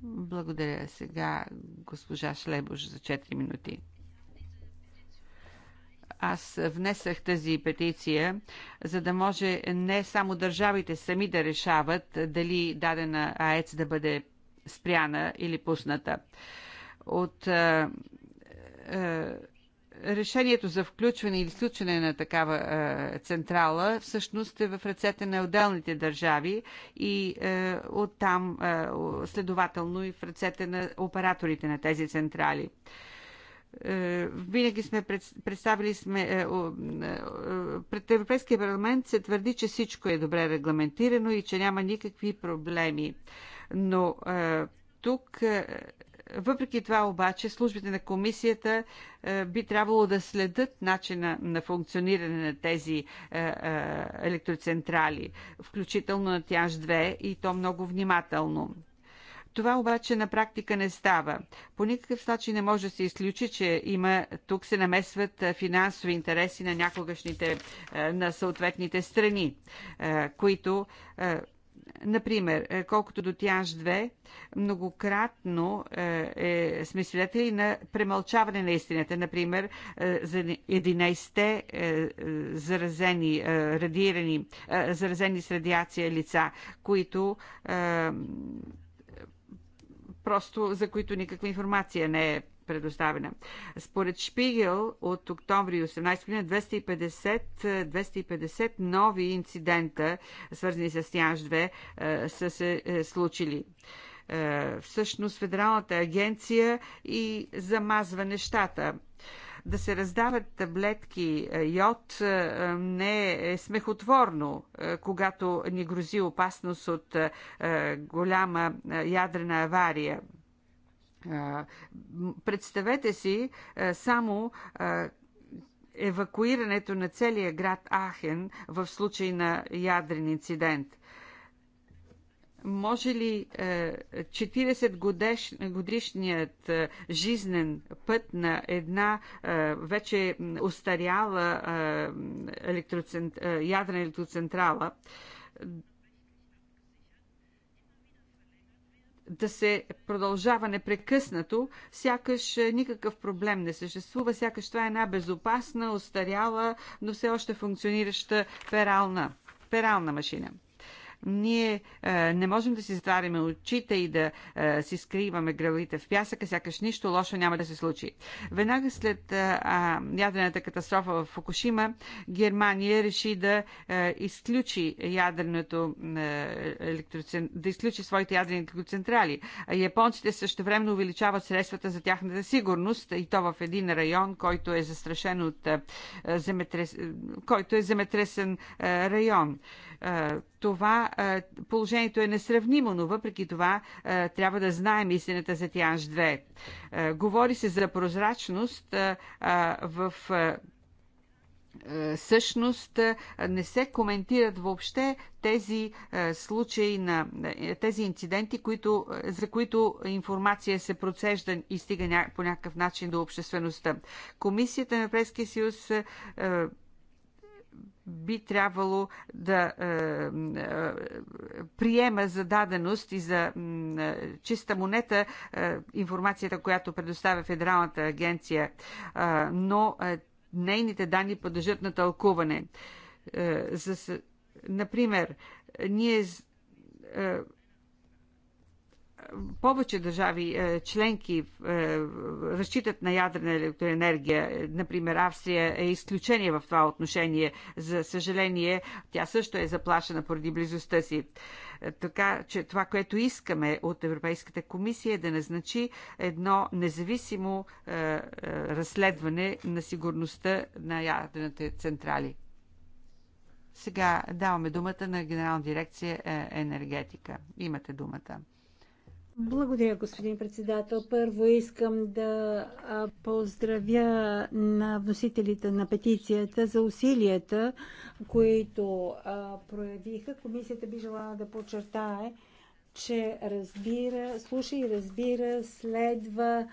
Благодаря сега госпожа Шлебош за 4 минути аз внесах тази петиция, за да може не само държавите сами да решават дали дадена АЕЦ да бъде спряна или пусната. От е, е, решението за включване или изключване на такава е, централа всъщност е в ръцете на отделните държави и е, оттам е, следователно и в ръцете на операторите на тези централи. Е, е, винаги сме представили сме е, е, пред Европейския парламент се твърди, че всичко е добре регламентирано и че няма никакви проблеми. Но тук въпреки това обаче службите на комисията би трябвало да следят начина на функциониране на тези електроцентрали, включително на Тяж 2 и то много внимателно. Това обаче на практика не става. По никакъв начин не може да се изключи, че има, тук се намесват финансови интереси на някогашните, на съответните страни, които Например, колкото до тяж 2, многократно е, сме свидетели на премълчаване на истината. Например, за 11-те е, заразени, е, радирани, е, заразени с радиация лица, които е, просто за които никаква информация не е предоставена. Според Шпигел от октомври 18 година 250, 250 нови инцидента, свързани с янш 2, е, са се е, случили. Е, всъщност Федералната агенция и замазва нещата да се раздават таблетки е, йод е, не е смехотворно, е, когато ни грози опасност от голяма ядрена авария. Представете си само евакуирането на целия град Ахен в случай на ядрен инцидент. Може ли 40 е, годишният е, жизнен път на една е, вече устаряла електроцент... ядрена електроцентрала да се продължава непрекъснато, сякаш никакъв проблем не съществува, сякаш това е една безопасна, устаряла, но все още функционираща перална, перална машина. Ние е, не можем да си затваряме очите и да е, си скриваме гравите в пясъка, сякаш нищо лошо няма да се случи. Веднага след е, ядрената катастрофа в Фукушима, Германия реши да изключи ядреното електроцен... да изключи своите ядрени електроцентрали. Японците също времено увеличават средствата за тяхната сигурност и то в един район, който е застрашен от земетрес... който е земетресен район. Това е, положението е несравнимо, но въпреки това е, трябва да знаем истината за Тянж 2. Е, говори се за прозрачност в същност не се коментират въобще тези случаи на тези инциденти, които, за които информация се процежда и стига по някакъв начин до обществеността. Комисията на Европейския съюз би трябвало да е, е, приема за даденост и за е, чиста монета е, информацията, която предоставя Федералната агенция, е, но е, нейните данни подлежат на тълкуване. Е, за, например, ние е, повече държави е, членки е, разчитат на ядрена електроенергия. Например, Австрия е изключение в това отношение. За съжаление, тя също е заплашена поради близостта си. Е, така че това, което искаме от Европейската комисия е да назначи едно независимо разследване на сигурността на ядрените централи. Сега даваме думата на Генерална дирекция енергетика. Имате думата. Благодаря, господин председател. Първо искам да поздравя на вносителите на петицията за усилията, които проявиха. Комисията би желала да подчертае, че разбира, слуша и разбира, следва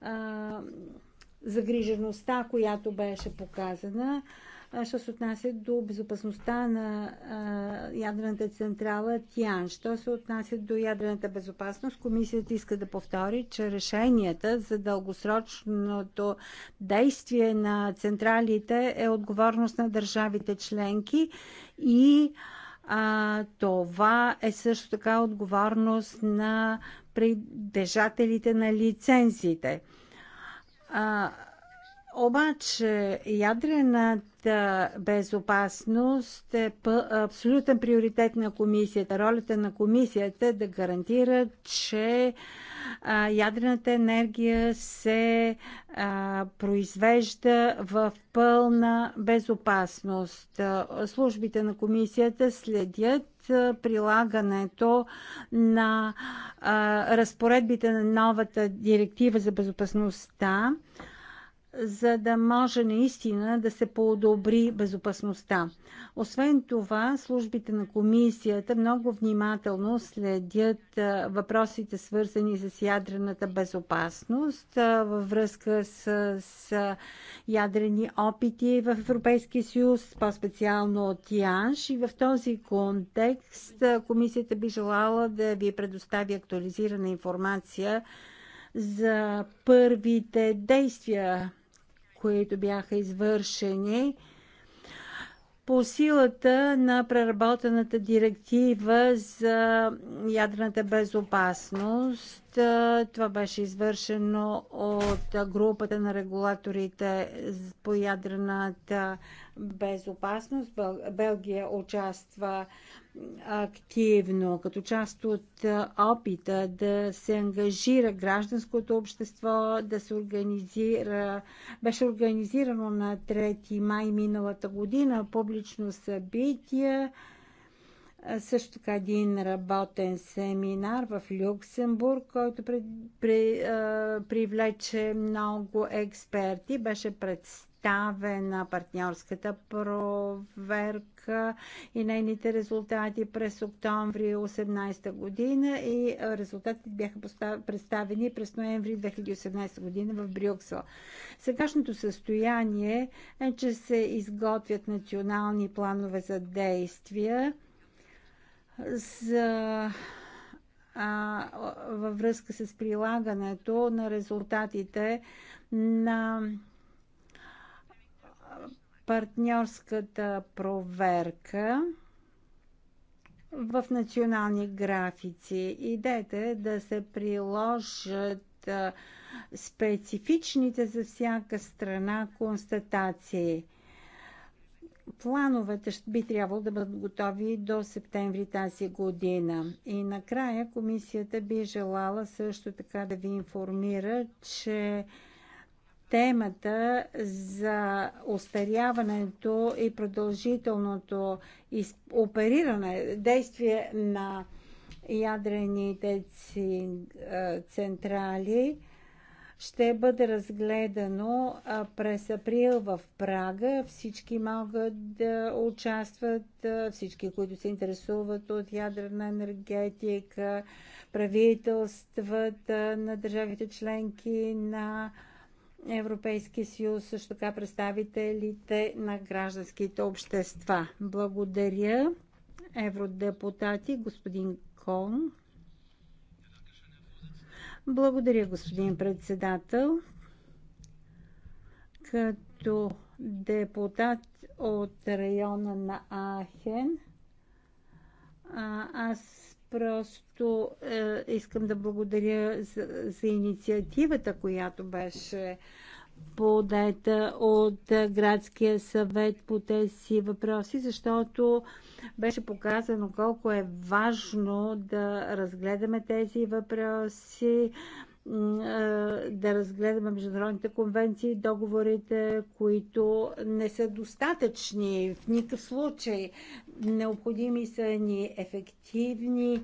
а, загрижеността, която беше показана. А, що се отнася до безопасността на ядрената централа Тиан. Що се отнася до ядрената безопасност, комисията иска да повтори, че решенията за дългосрочното действие на централите е отговорност на държавите членки и а, това е също така отговорност на придежателите на лицензите. А, обаче ядрената безопасност е абсолютен приоритет на комисията. Ролята на комисията е да гарантира, че ядрената енергия се произвежда в пълна безопасност. Службите на комисията следят прилагането на разпоредбите на новата директива за безопасността за да може наистина да се подобри безопасността. Освен това, службите на комисията много внимателно следят въпросите свързани с ядрената безопасност във връзка с, с ядрени опити в Европейския съюз, по-специално от Янш. И в този контекст комисията би желала да ви предостави актуализирана информация за първите действия които бяха извършени по силата на преработената директива за ядрената безопасност това беше извършено от групата на регулаторите по ядрената безопасност. Белгия участва активно, като част от опита да се ангажира гражданското общество, да се организира. Беше организирано на 3 май миналата година публично събитие също така един работен семинар в Люксембург, който при, при, а, привлече много експерти. Беше представена партньорската проверка и нейните резултати през октомври 2018 година и резултатите бяха представени през ноември 2018 година в Брюксел. Сегашното състояние е, че се изготвят национални планове за действия за а, във връзка с прилагането на резултатите на партньорската проверка в национални графици. Идеята е да се приложат специфичните за всяка страна констатации – Плановете би трябвало да бъдат готови до септември тази година. И накрая комисията би желала също така да ви информира, че темата за остаряването и продължителното опериране, действие на ядрените е, централи – ще бъде разгледано през април в Прага. Всички могат да участват, всички, които се интересуват от ядрена енергетика, правителствата на държавите членки на Европейски съюз, също така представителите на гражданските общества. Благодаря, евродепутати, господин Кон. Благодаря, господин председател. Като депутат от района на Ахен, аз просто е, искам да благодаря за, за инициативата, която беше подета от градския съвет по тези въпроси, защото беше показано колко е важно да разгледаме тези въпроси, да разгледаме международните конвенции договорите, които не са достатъчни в никакъв случай. Необходими са ни ефективни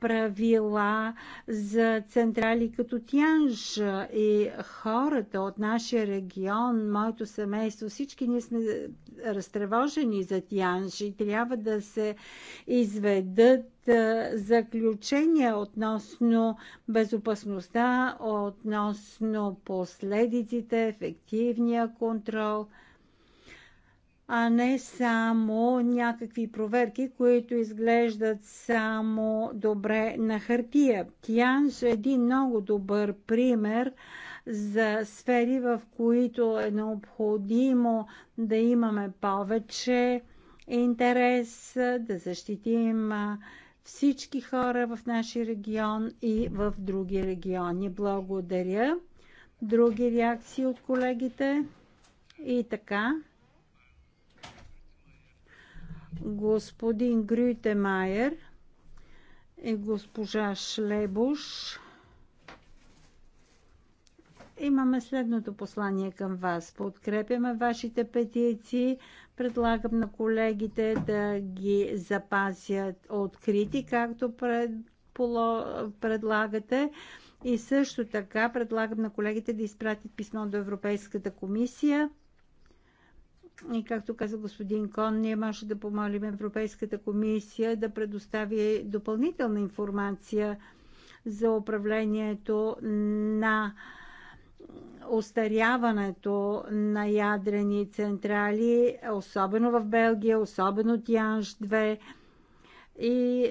правила за централи като Тянж и хората от нашия регион, моето семейство, всички ние сме разтревожени за Тянж и трябва да се изведат заключения относно безопасността, относно последиците, ефективния контрол – а не само някакви проверки, които изглеждат само добре на хартия. Тиан е един много добър пример за сфери, в които е необходимо да имаме повече интерес, да защитим всички хора в нашия регион и в други региони. Благодаря. Други реакции от колегите? И така господин Майер и госпожа Шлебуш. Имаме следното послание към вас. Подкрепяме вашите петиции. Предлагам на колегите да ги запазят открити, както пред, поло, предлагате. И също така предлагам на колегите да изпратят писмо до Европейската комисия и както каза господин Кон, ние може да помолим Европейската комисия да предостави допълнителна информация за управлението на остаряването на ядрени централи, особено в Белгия, особено Тианш 2 и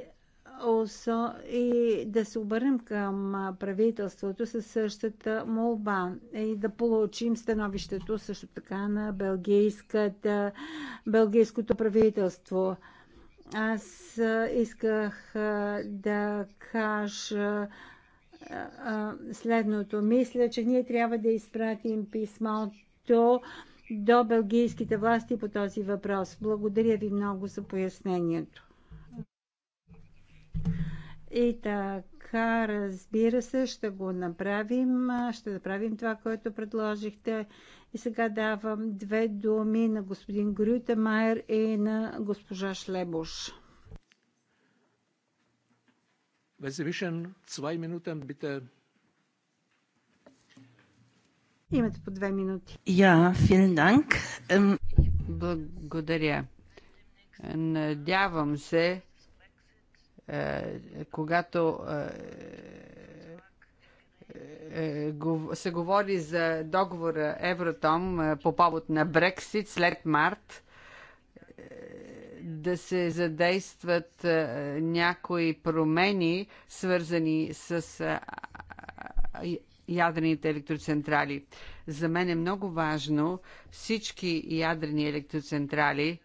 и да се обърнем към правителството със същата молба и да получим становището също така на белгийското правителство. Аз исках да кажа следното. Мисля, че ние трябва да изпратим писмото до бългийските власти по този въпрос. Благодаря ви много за пояснението. И така, разбира се, ще го направим, ще направим това, което предложихте. И сега давам две думи на господин Грютемайер и на госпожа Шлебош. Wenn два минута бите Имате по две минути. Я, филин данк. Благодаря. Надявам се, е, когато е, е, се говори за договора Евротом по повод на Брексит след март, да се задействат някои промени, свързани с ядрените електроцентрали. За мен е много важно всички ядрени електроцентрали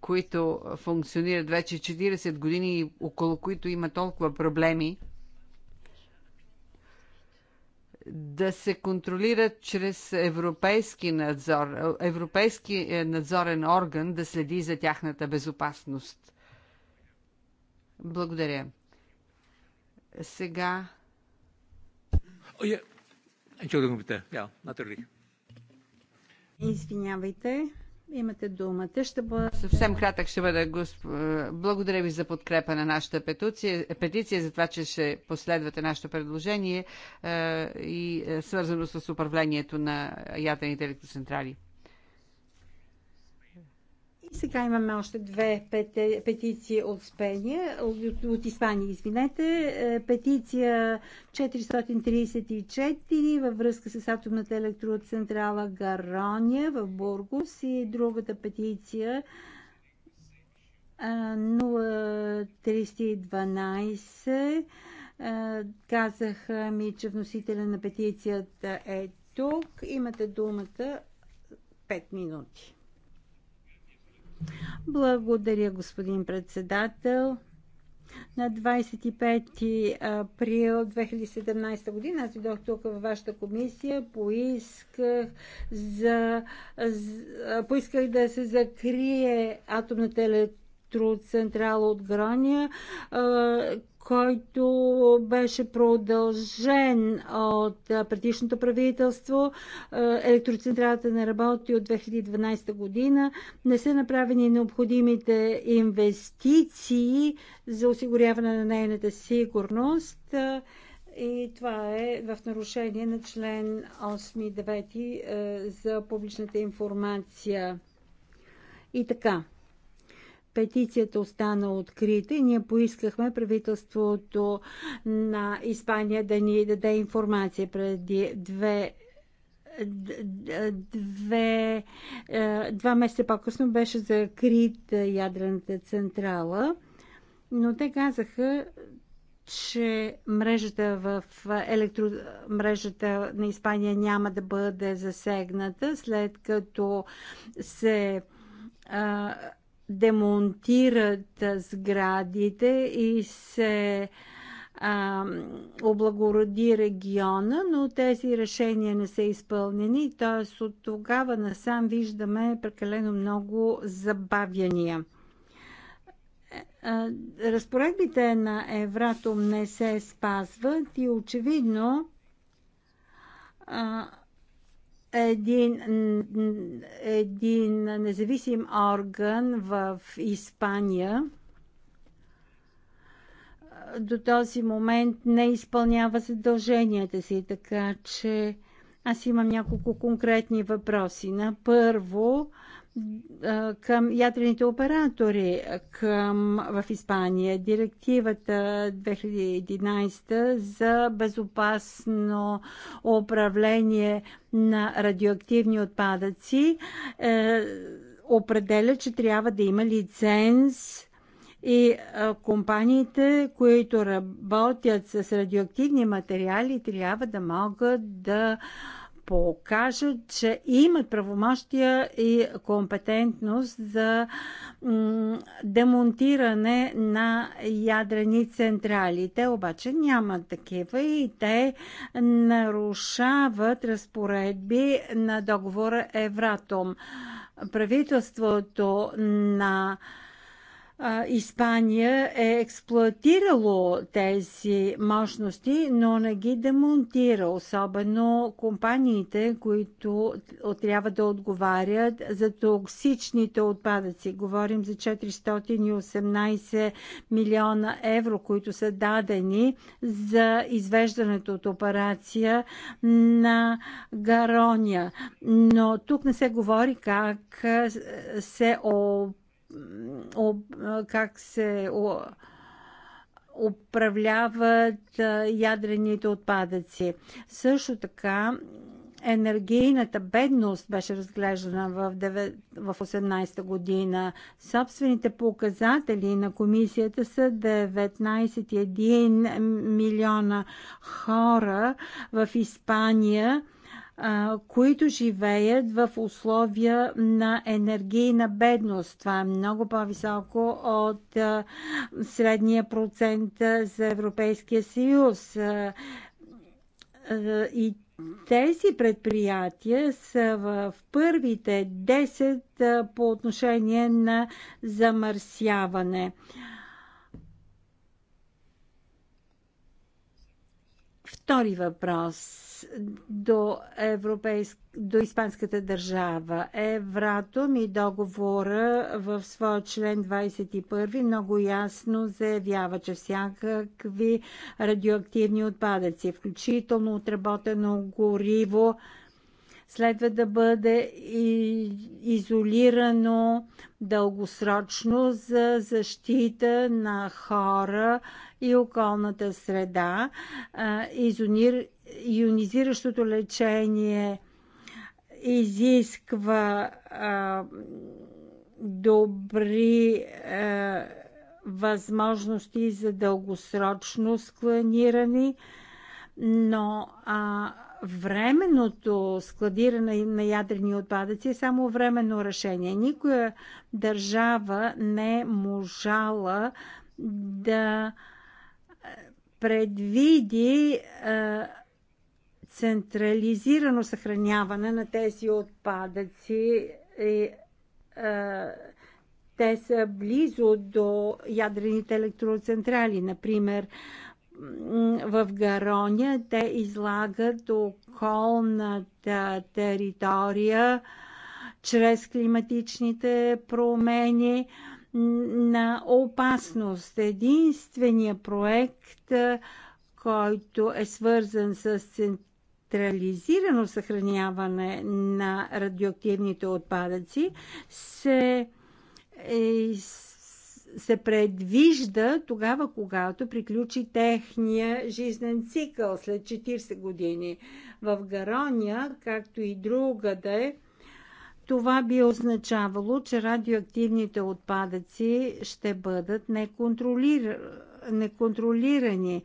които функционират вече 40 години и около които има толкова проблеми, да се контролират чрез европейски надзор, европейски е, надзорен орган да следи за тяхната безопасност. Благодаря. Сега. Е, е, Извинявайте. Имате думата. Ще бъда... Съвсем кратък ще бъда. Госп... Благодаря ви за подкрепа на нашата петиция, петиция за това, че ще последвате нашето предложение е, и е, свързано с управлението на ядрените електроцентрали. Сега имаме още две петиции от Спения, от, от Испания, извинете. Е, петиция 434 във връзка с атомната електроцентрала Гарония в Бургус и другата петиция 0312 е, е, казаха ми, че вносителя на петицията е тук. Имате думата 5 минути. Благодаря, господин председател. На 25 април 2017 година аз дойдох тук във вашата комисия, поисках, за, за, поисках да се закрие атомната електроцентрала от Грония, който беше продължен от предишното правителство. Електроцентралата не работи от 2012 година. Не са направени необходимите инвестиции за осигуряване на нейната сигурност. И това е в нарушение на член 8-9 за публичната информация. И така петицията остана открита и ние поискахме правителството на Испания да ни даде информация преди две две, е, два месеца по-късно беше закрит ядрената централа, но те казаха, че мрежата в електромрежата на Испания няма да бъде засегната, след като се а, е, демонтират сградите и се а, облагороди региона, но тези решения не са изпълнени, т.е. от тогава насам виждаме прекалено много забавяния. Е, разпоредбите на Евратом не се спазват и очевидно а, един, един независим орган в Испания до този момент не изпълнява задълженията си, така че аз имам няколко конкретни въпроси. На първо, към ядрените оператори към, в Испания. Директивата 2011 за безопасно управление на радиоактивни отпадъци е, определя, че трябва да има лиценз и а, е, компаниите, които работят с радиоактивни материали, трябва да могат да а, покажат, че имат правомощия и компетентност за демонтиране на ядрени централи. Те обаче нямат такива и те нарушават разпоредби на договора Евратом. Правителството на Испания е експлуатирало тези мощности, но не ги демонтира, особено компаниите, които трябва да отговарят за токсичните отпадъци. Говорим за 418 милиона евро, които са дадени за извеждането от операция на Гарония. Но тук не се говори как се опитва как се управляват ядрените отпадъци. Също така енергийната бедност беше разглеждана в 18-та година. Собствените показатели на комисията са 19,1 милиона хора в Испания – които живеят в условия на енергийна бедност. Това е много по-високо от средния процент за Европейския съюз. И тези предприятия са в първите 10 по отношение на замърсяване. Втори въпрос до, европейск... до испанската държава. Евратом и договора в своя член 21 много ясно заявява, че всякакви радиоактивни отпадъци, включително отработено гориво, следва да бъде изолирано дългосрочно за защита на хора и околната среда. Ионизиращото лечение изисква добри възможности за дългосрочно склониране, но а, временното складиране на ядрени отпадъци е само временно решение. Никоя държава не можала да предвиди централизирано съхраняване на тези отпадъци. те са близо до ядрените електроцентрали. Например, в Гароня те излагат околната територия чрез климатичните промени на опасност. Единствения проект, който е свързан с централизирано съхраняване на радиоактивните отпадъци, се е из се предвижда тогава, когато приключи техния жизнен цикъл след 40 години. В Гарония, както и другаде, това би означавало, че радиоактивните отпадъци ще бъдат неконтролир... неконтролирани.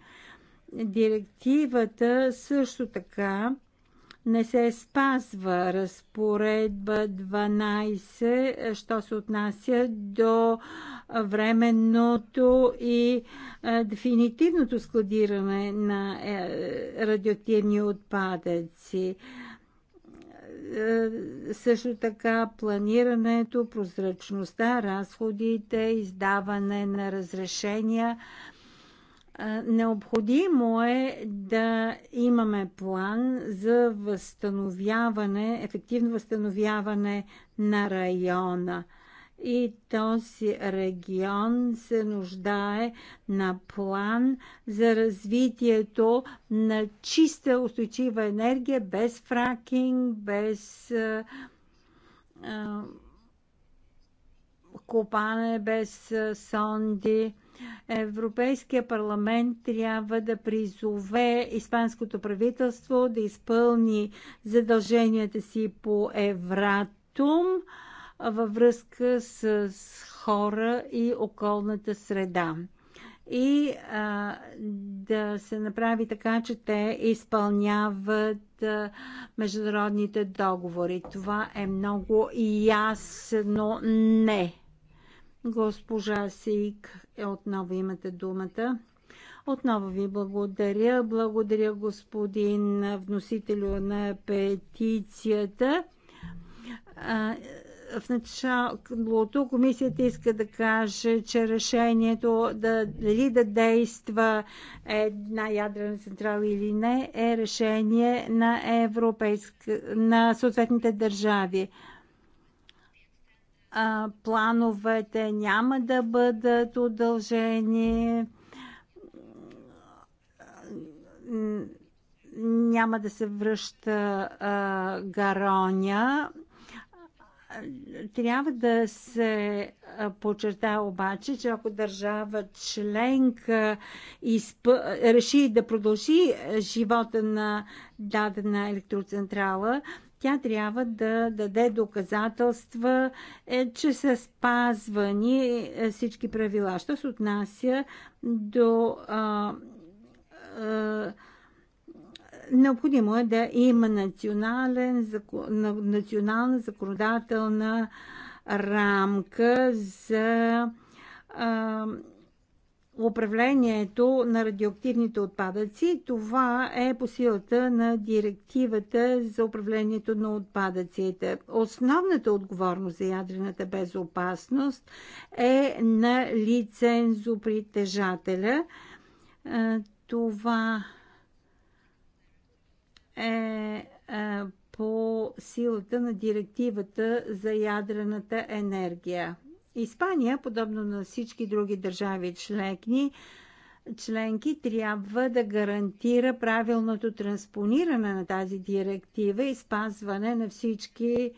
Директивата също така не се спазва разпоредба 12, що се отнася до временното и дефинитивното складиране на е, радиоактивни отпадъци също така планирането, прозрачността, разходите, издаване на разрешения Необходимо е да имаме план за възстановяване, ефективно възстановяване на района. И този регион се нуждае на план за развитието на чиста устойчива енергия, без фракинг, без а, а, копане, без а, сонди Европейския парламент трябва да призове испанското правителство да изпълни задълженията си по Евратум във връзка с хора и околната среда и а, да се направи така, че те изпълняват а, международните договори. Това е много ясно не. Госпожа е отново имате думата. Отново ви благодаря. Благодаря господин вносителю на петицията. В началото комисията иска да каже, че решението да, дали да действа една ядрена централа или не е решение на, европейск, на съответните държави а, плановете няма да бъдат удължени, няма да се връща а, гароня. Трябва да се подчертая обаче, че ако държава членка изп... реши да продължи живота на дадена електроцентрала, тя трябва да даде доказателства, е, че са спазвани е, всички правила. Що се отнася до. А, а, необходимо е да има национален, национална законодателна рамка за а, управлението на радиоактивните отпадъци. Това е по силата на директивата за управлението на отпадъците. Основната отговорност за ядрената безопасност е на лицензопритежателя. Това е по силата на директивата за ядрената енергия. Испания, подобно на всички други държави членки, членки трябва да гарантира правилното транспониране на тази директива и спазване на всички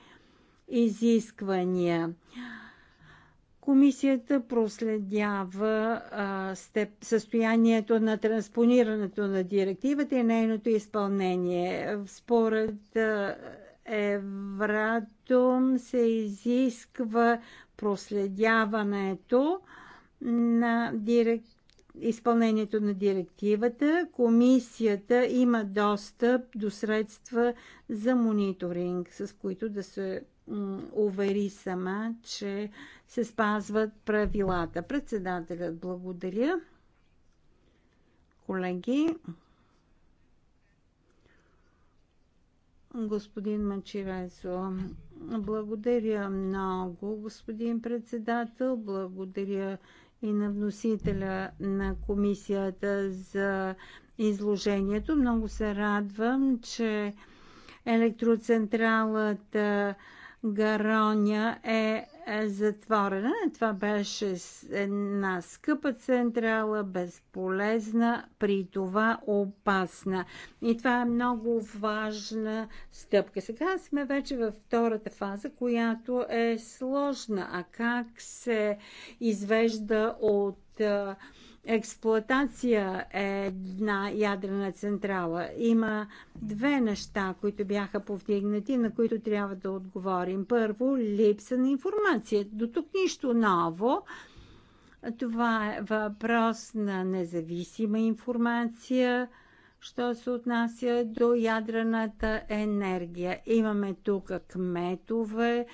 изисквания. Комисията проследява а, степ, състоянието на транспонирането на директивата и нейното изпълнение. Според а, Евратом се изисква проследяването на директ изпълнението на директивата, комисията има достъп до средства за мониторинг, с които да се увери сама, че се спазват правилата. Председателят благодаря. Колеги, господин Мачирайсо. Благодаря много, господин председател. Благодаря и на вносителя на комисията за изложението. Много се радвам, че електроцентралата Гароня е е затворена. Това беше една скъпа централа, безполезна, при това опасна. И това е много важна стъпка. Сега сме вече във втората фаза, която е сложна. А как се извежда от експлоатация е една ядрена централа. Има две неща, които бяха повдигнати, на които трябва да отговорим. Първо, липса на информация. До тук нищо ново. Това е въпрос на независима информация, що се отнася до ядрената енергия. Имаме тук кметове,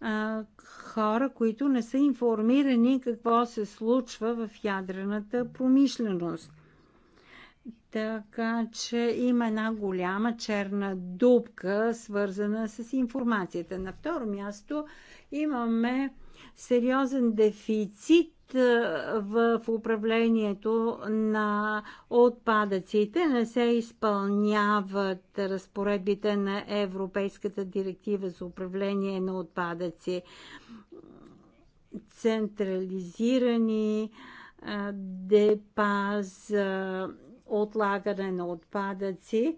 а, хора, които не са информирани какво се случва в ядрената промишленост. Така че има една голяма черна дупка, свързана с информацията. На второ място имаме сериозен дефицит е, в управлението на отпадъците. Не се изпълняват разпоредбите на Европейската директива за управление на отпадъци. Централизирани е, депа за отлагане на отпадъци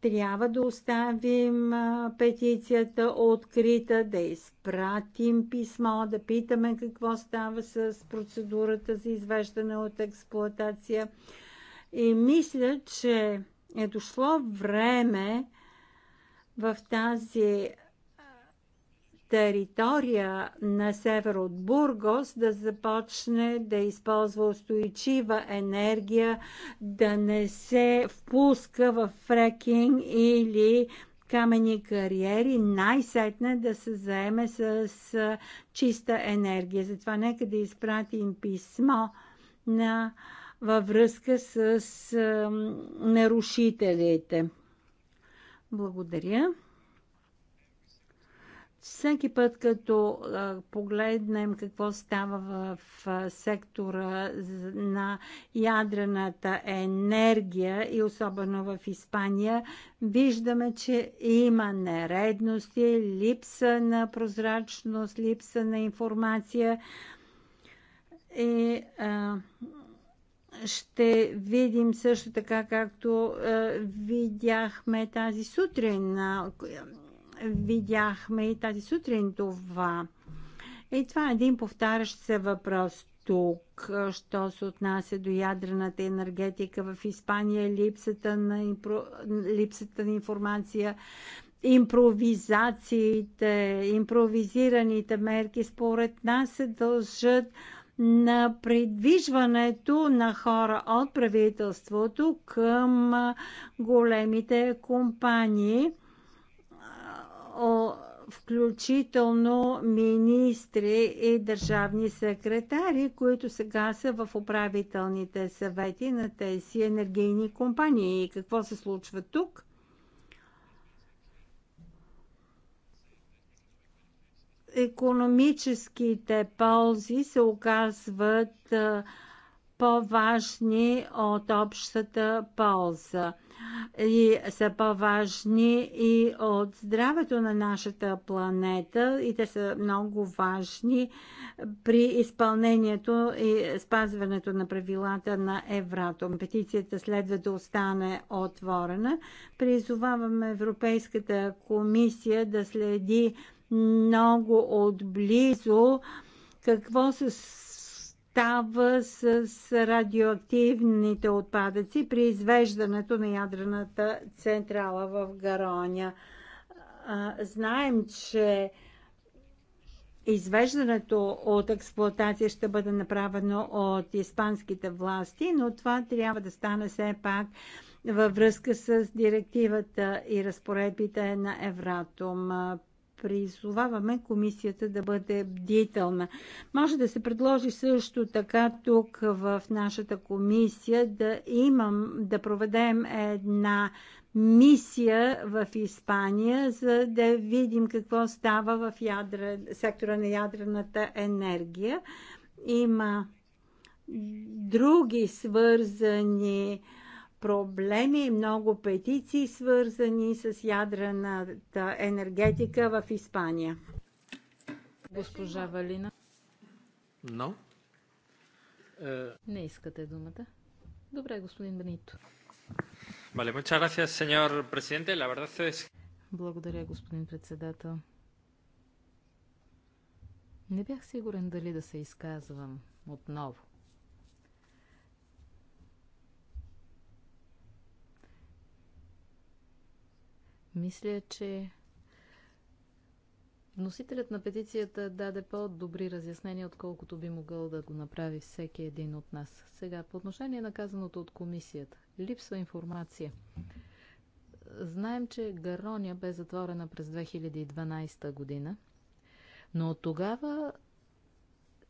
трябва да оставим петицията открита, да изпратим писмо, да питаме какво става с процедурата за извеждане от експлоатация. И мисля, че е дошло време в тази територия на север от Бургос да започне да използва устойчива енергия, да не се впуска в фрекинг или камени кариери, най-сетне да се заеме с чиста енергия. Затова нека да изпратим писмо на, във връзка с нарушителите. Благодаря. Всеки път, като погледнем какво става в сектора на ядрената енергия и особено в Испания, виждаме, че има нередности, липса на прозрачност, липса на информация и а, ще видим също така, както а, видяхме тази сутрин. А, Видяхме и тази сутрин това. И това е един повтарящ се въпрос тук, що се отнася до ядрената енергетика в Испания, липсата на, импро... липсата на информация, импровизациите, импровизираните мерки, според нас се дължат на придвижването на хора от правителството към големите компании – включително министри и държавни секретари, които сега са в управителните съвети на тези енергийни компании. И какво се случва тук? Економическите ползи се оказват по-важни от общата полза – и са по-важни и от здравето на нашата планета и те са много важни при изпълнението и спазването на правилата на Евратом. Петицията следва да остане отворена. Призоваваме Европейската комисия да следи много отблизо какво се става с радиоактивните отпадъци при извеждането на ядрената централа в Гароня. Знаем, че извеждането от експлоатация ще бъде направено от испанските власти, но това трябва да стане все пак във връзка с директивата и разпоредбите на Евратом призоваваме комисията да бъде бдителна. Може да се предложи също така тук в нашата комисия да имам, да проведем една мисия в Испания, за да видим какво става в ядра, сектора на ядрената енергия. Има други свързани а, проблеми и много петиции, свързани с ядрената енергетика в Испания. Госпожа Валина. Но. Не искате думата. Добре, господин Бенито. Vale, muchas gracias, señor presidente. La verdad es... Благодаря, господин председател. Не бях сигурен дали да се изказвам отново. Мисля, че носителят на петицията даде по-добри разяснения, отколкото би могъл да го направи всеки един от нас. Сега, по отношение на казаното от комисията, липсва информация. Знаем, че Гарония бе затворена през 2012 година, но от тогава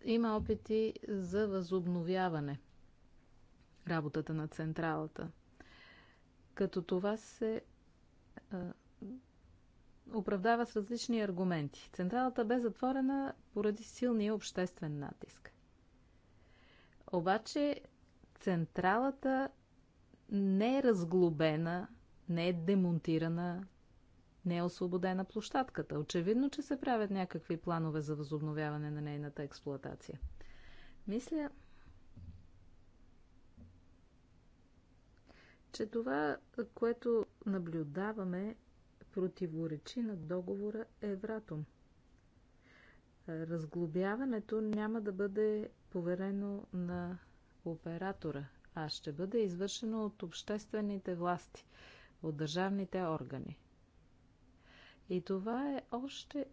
има опити за възобновяване работата на централата. Като това се оправдава с различни аргументи. Централата бе затворена поради силния обществен натиск. Обаче централата не е разглобена, не е демонтирана, не е освободена площадката. Очевидно, че се правят някакви планове за възобновяване на нейната експлоатация. Мисля, че това, което наблюдаваме, противоречи на договора Евратом. Разглобяването няма да бъде поверено на оператора, а ще бъде извършено от обществените власти, от държавните органи. И това е още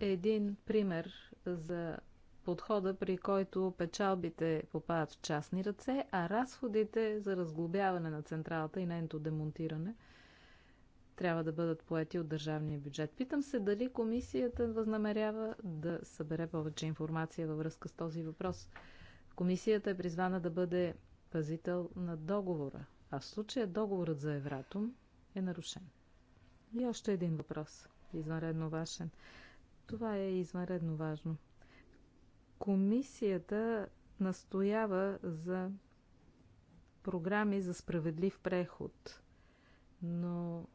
един пример за подхода, при който печалбите попадат в частни ръце, а разходите за разглобяване на централата и нейното демонтиране трябва да бъдат поети от държавния бюджет. Питам се дали комисията възнамерява да събере повече информация във връзка с този въпрос. Комисията е призвана да бъде пазител на договора, а в случая договорът за Евратум е нарушен. И още един въпрос, извънредно вашен. Това е извънредно важно – Комисията настоява за програми за справедлив преход, но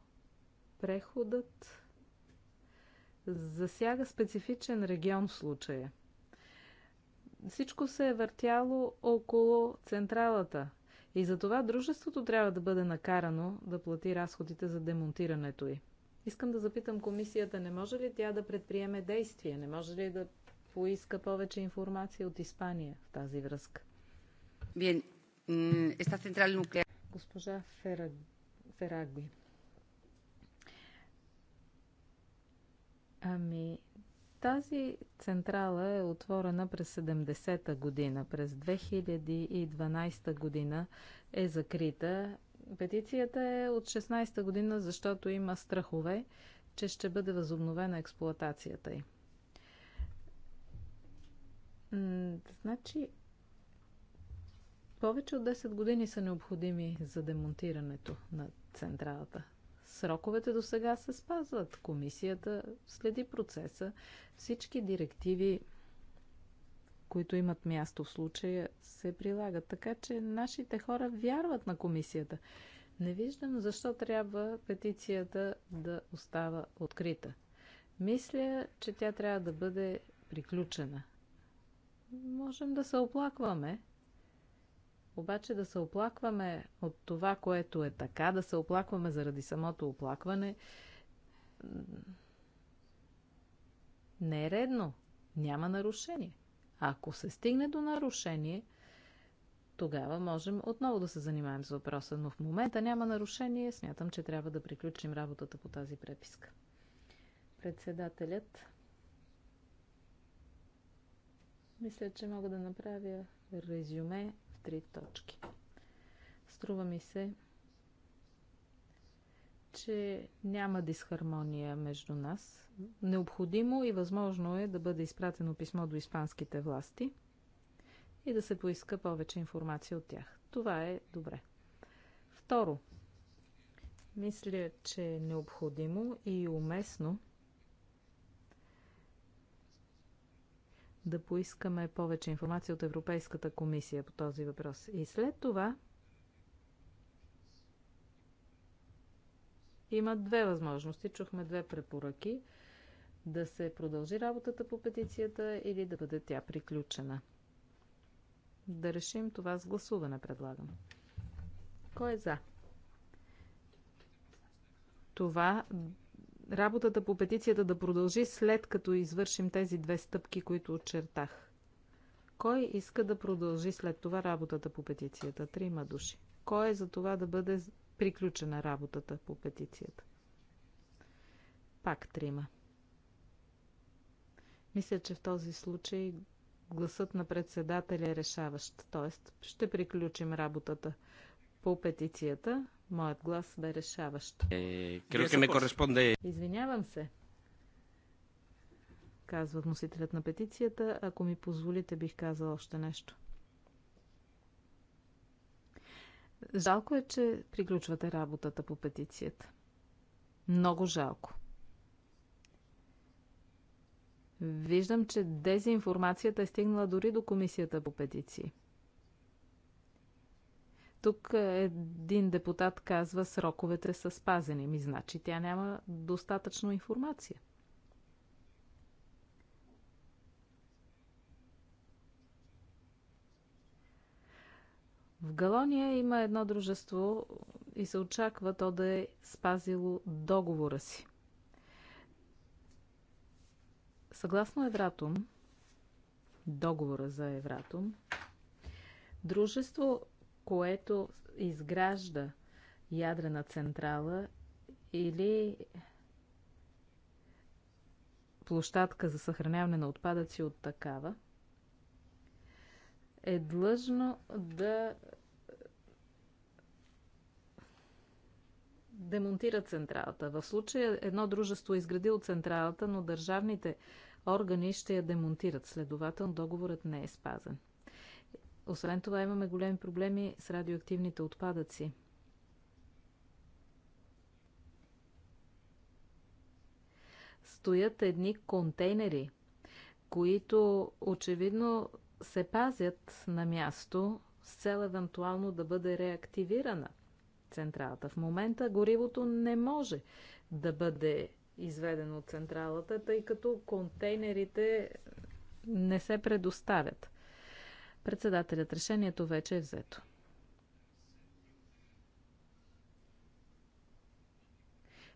преходът засяга специфичен регион в случая. Всичко се е въртяло около централата и затова дружеството трябва да бъде накарано да плати разходите за демонтирането й. Искам да запитам комисията, не може ли тя да предприеме действия, не може ли да поиска повече информация от Испания в тази връзка. Bien, esta central nuclear... Госпожа Фераг... Ферагби. Ами, тази централа е отворена през 70-та година. През 2012 година е закрита. Петицията е от 16-та година, защото има страхове, че ще бъде възобновена експлоатацията й. Значи, повече от 10 години са необходими за демонтирането на централата. Сроковете до сега се спазват. Комисията следи процеса. Всички директиви, които имат място в случая, се прилагат. Така че нашите хора вярват на комисията. Не виждам защо трябва петицията да остава открита. Мисля, че тя трябва да бъде приключена. Можем да се оплакваме, обаче да се оплакваме от това, което е така, да се оплакваме заради самото оплакване, не е редно. Няма нарушение. Ако се стигне до нарушение, тогава можем отново да се занимаем с въпроса, но в момента няма нарушение. Смятам, че трябва да приключим работата по тази преписка. Председателят мисля, че мога да направя резюме в три точки. Струва ми се, че няма дисхармония между нас. Необходимо и възможно е да бъде изпратено писмо до испанските власти и да се поиска повече информация от тях. Това е добре. Второ, мисля, че е необходимо и уместно да поискаме повече информация от Европейската комисия по този въпрос. И след това има две възможности. Чухме две препоръки. Да се продължи работата по петицията или да бъде тя приключена. Да решим това с гласуване, предлагам. Кой е за? Това работата по петицията да продължи след като извършим тези две стъпки, които очертах. Кой иска да продължи след това работата по петицията? Трима души. Кой е за това да бъде приключена работата по петицията? Пак трима. Мисля, че в този случай гласът на председателя е решаващ, т.е. ще приключим работата по петицията Моят глас бе решаващ. Е, Извинявам се. Казва вносителят на петицията. Ако ми позволите, бих казал още нещо. Жалко е, че приключвате работата по петицията. Много жалко. Виждам, че дезинформацията е стигнала дори до комисията по петиции. Тук един депутат казва, сроковете са спазени. Ми значи тя няма достатъчно информация. В Галония има едно дружество и се очаква то да е спазило договора си. Съгласно Евратум, договора за Евратум, дружество което изгражда ядрена централа или площадка за съхраняване на отпадъци от такава, е длъжно да демонтира централата. В случая едно дружество изгради е изградило централата, но държавните органи ще я демонтират. Следователно договорът не е спазен. Освен това имаме големи проблеми с радиоактивните отпадъци. Стоят едни контейнери, които очевидно се пазят на място с цел евентуално да бъде реактивирана централата. В момента горивото не може да бъде изведено от централата, тъй като контейнерите не се предоставят. Председателят решението вече е взето.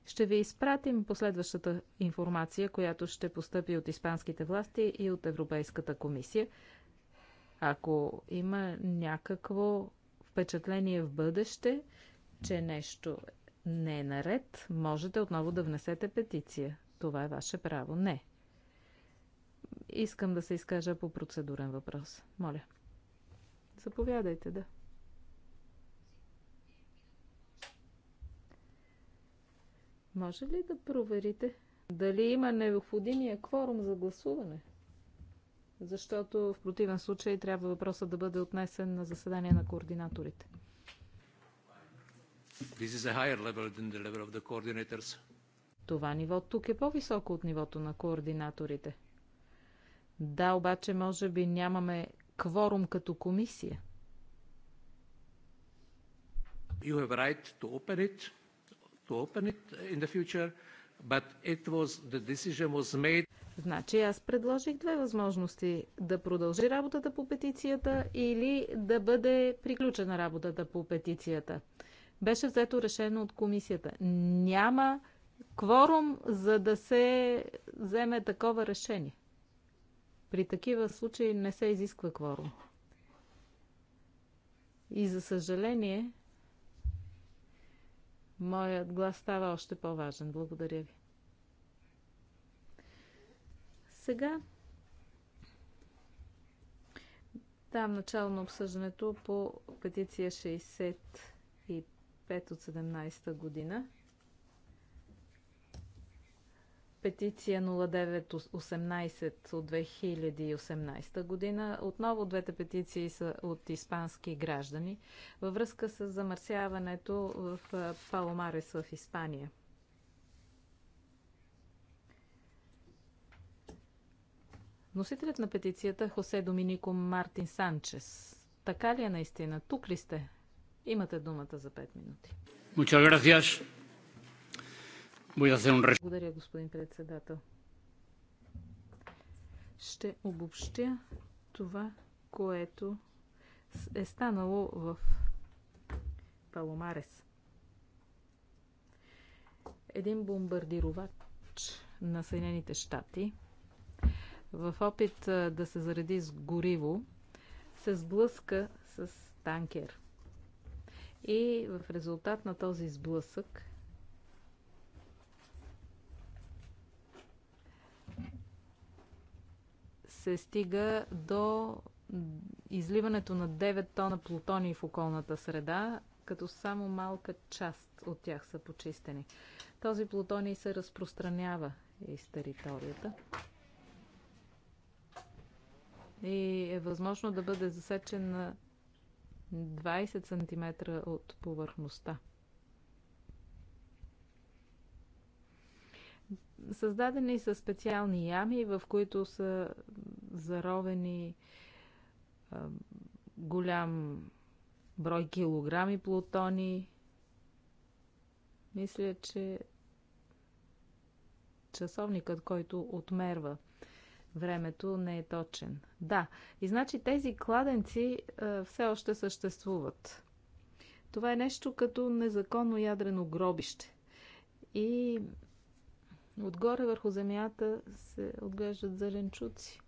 Ще ви изпратим последващата информация, която ще поступи от испанските власти и от Европейската комисия. Ако има някакво впечатление в бъдеще, че нещо не е наред, можете отново да внесете петиция. Това е ваше право. Не. Искам да се изкажа по процедурен въпрос. Моля. Заповядайте, да. Може ли да проверите дали има необходимия кворум за гласуване? Защото в противен случай трябва въпросът да бъде отнесен на заседание на координаторите. Това ниво тук е по-високо от нивото на координаторите. Да, обаче може би нямаме кворум като комисия. You have right to open it, to open it in the future, but it was, the decision was made. Значи аз предложих две възможности. Да продължи работата по петицията или да бъде приключена работата по петицията. Беше взето решено от комисията. Няма кворум, за да се вземе такова решение. При такива случаи не се изисква кворум. И за съжаление, моят глас става още по-важен. Благодаря ви. Сега Давам начало на обсъждането по петиция 65 от 17 година петиция 0918 от 2018 година. Отново двете петиции са от испански граждани във връзка с замърсяването в Паломарес в Испания. Носителят на петицията Хосе Доминико Мартин Санчес. Така ли е наистина? Тук ли сте? Имате думата за 5 минути. Muchas gracias. Благодаря, господин председател. Ще обобщя това, което е станало в Паломарес. Един бомбардировач на Съединените щати в опит да се зареди с гориво се сблъска с танкер. И в резултат на този сблъсък се стига до изливането на 9 тона плутоний в околната среда, като само малка част от тях са почистени. Този плутоний се разпространява из територията и е възможно да бъде засечен на 20 см от повърхността. създадени са специални ями, в които са заровени голям брой килограми плутони. Мисля, че часовникът, който отмерва времето, не е точен. Да, и значи тези кладенци все още съществуват. Това е нещо като незаконно ядрено гробище. И отгоре върху земята се отглеждат зеленчуци.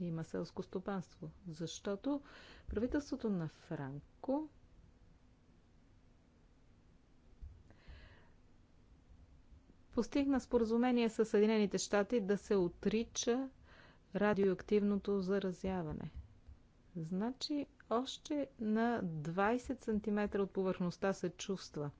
Има селско стопанство. Защото правителството на Франко постигна споразумение с Съединените щати да се отрича радиоактивното заразяване. Значи още на 20 см от повърхността се чувства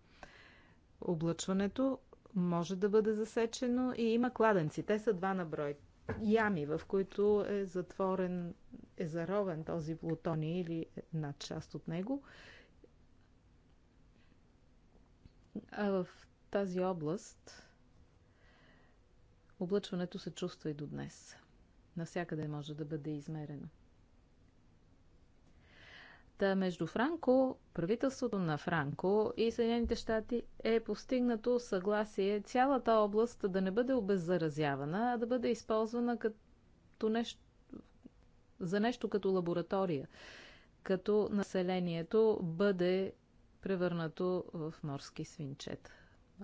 облъчването, може да бъде засечено и има кладенци. Те са два на брой. Ями, в които е затворен, е заровен този плутоний или една част от него. А в тази област облъчването се чувства и до днес. Навсякъде може да бъде измерено. Та между Франко, правителството на Франко и Съединените щати е постигнато съгласие цялата област да не бъде обеззаразявана, а да бъде използвана като нещо, за нещо като лаборатория, като населението бъде превърнато в морски свинчет,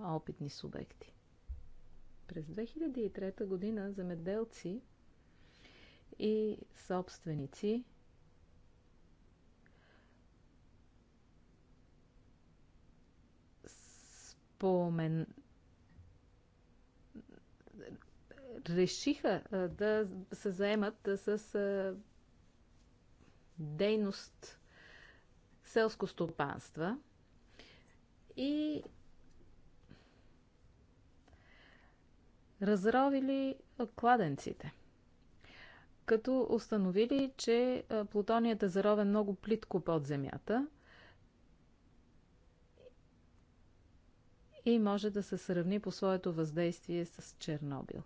опитни субекти. През 2003 година земеделци и собственици спомен... решиха да се заемат с дейност селско стопанство и разровили кладенците, като установили, че плутонията е заровен много плитко под земята – и може да се сравни по своето въздействие с Чернобил.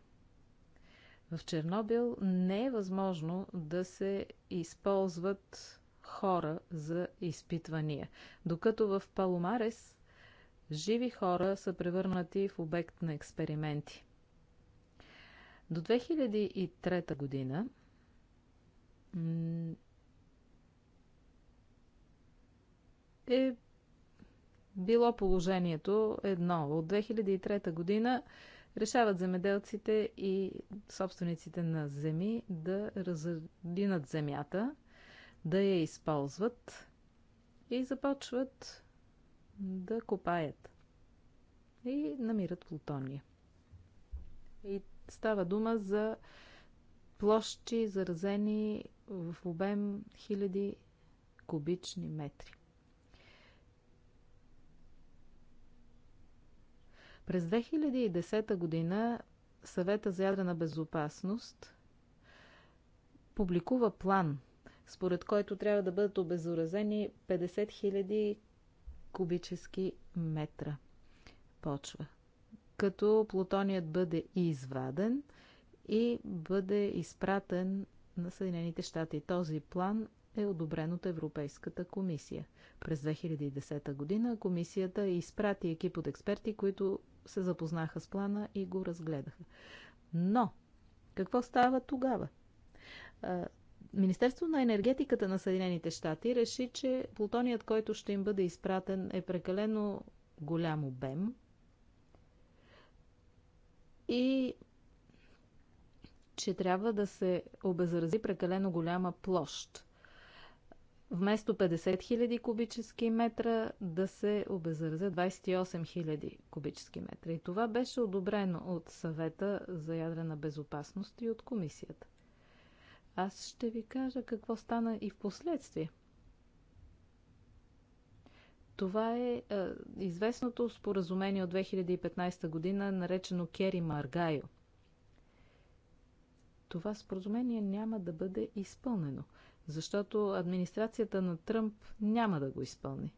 В Чернобил не е възможно да се използват хора за изпитвания, докато в Паломарес живи хора са превърнати в обект на експерименти. До 2003 година е било положението едно. От 2003 година решават земеделците и собствениците на земи да разединат земята, да я използват и започват да копаят. И намират плутония. И става дума за площи, заразени в обем хиляди кубични метри. През 2010 година съвета за ядрена безопасност публикува план, според който трябва да бъдат обезоразени 50 000 кубически метра почва. Като плутоният бъде изваден и бъде изпратен на Съединените щати. Този план е одобрен от Европейската комисия. През 2010 година комисията изпрати екип от експерти, които се запознаха с плана и го разгледаха. Но, какво става тогава? Министерство на енергетиката на Съединените щати реши, че плутоният, който ще им бъде изпратен, е прекалено голям обем и че трябва да се обезрази прекалено голяма площ вместо 50 000 кубически метра да се обезразят 28 000 кубически метра. И това беше одобрено от съвета за ядрена безопасност и от комисията. Аз ще ви кажа какво стана и в последствие. Това е, е известното споразумение от 2015 година, наречено Кери Маргайо. Това споразумение няма да бъде изпълнено защото администрацията на Тръмп няма да го изпълни.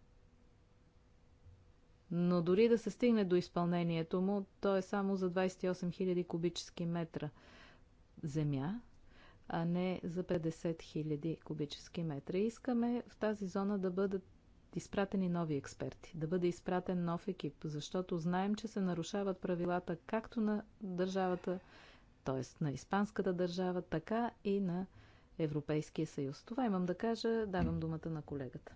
Но дори да се стигне до изпълнението му, то е само за 28 000 кубически метра земя, а не за 50 000 кубически метра. Искаме в тази зона да бъдат изпратени нови експерти, да бъде изпратен нов екип, защото знаем, че се нарушават правилата както на държавата, т.е. на испанската държава, така и на Европейския съюз. Това имам да кажа. Давам думата на колегата.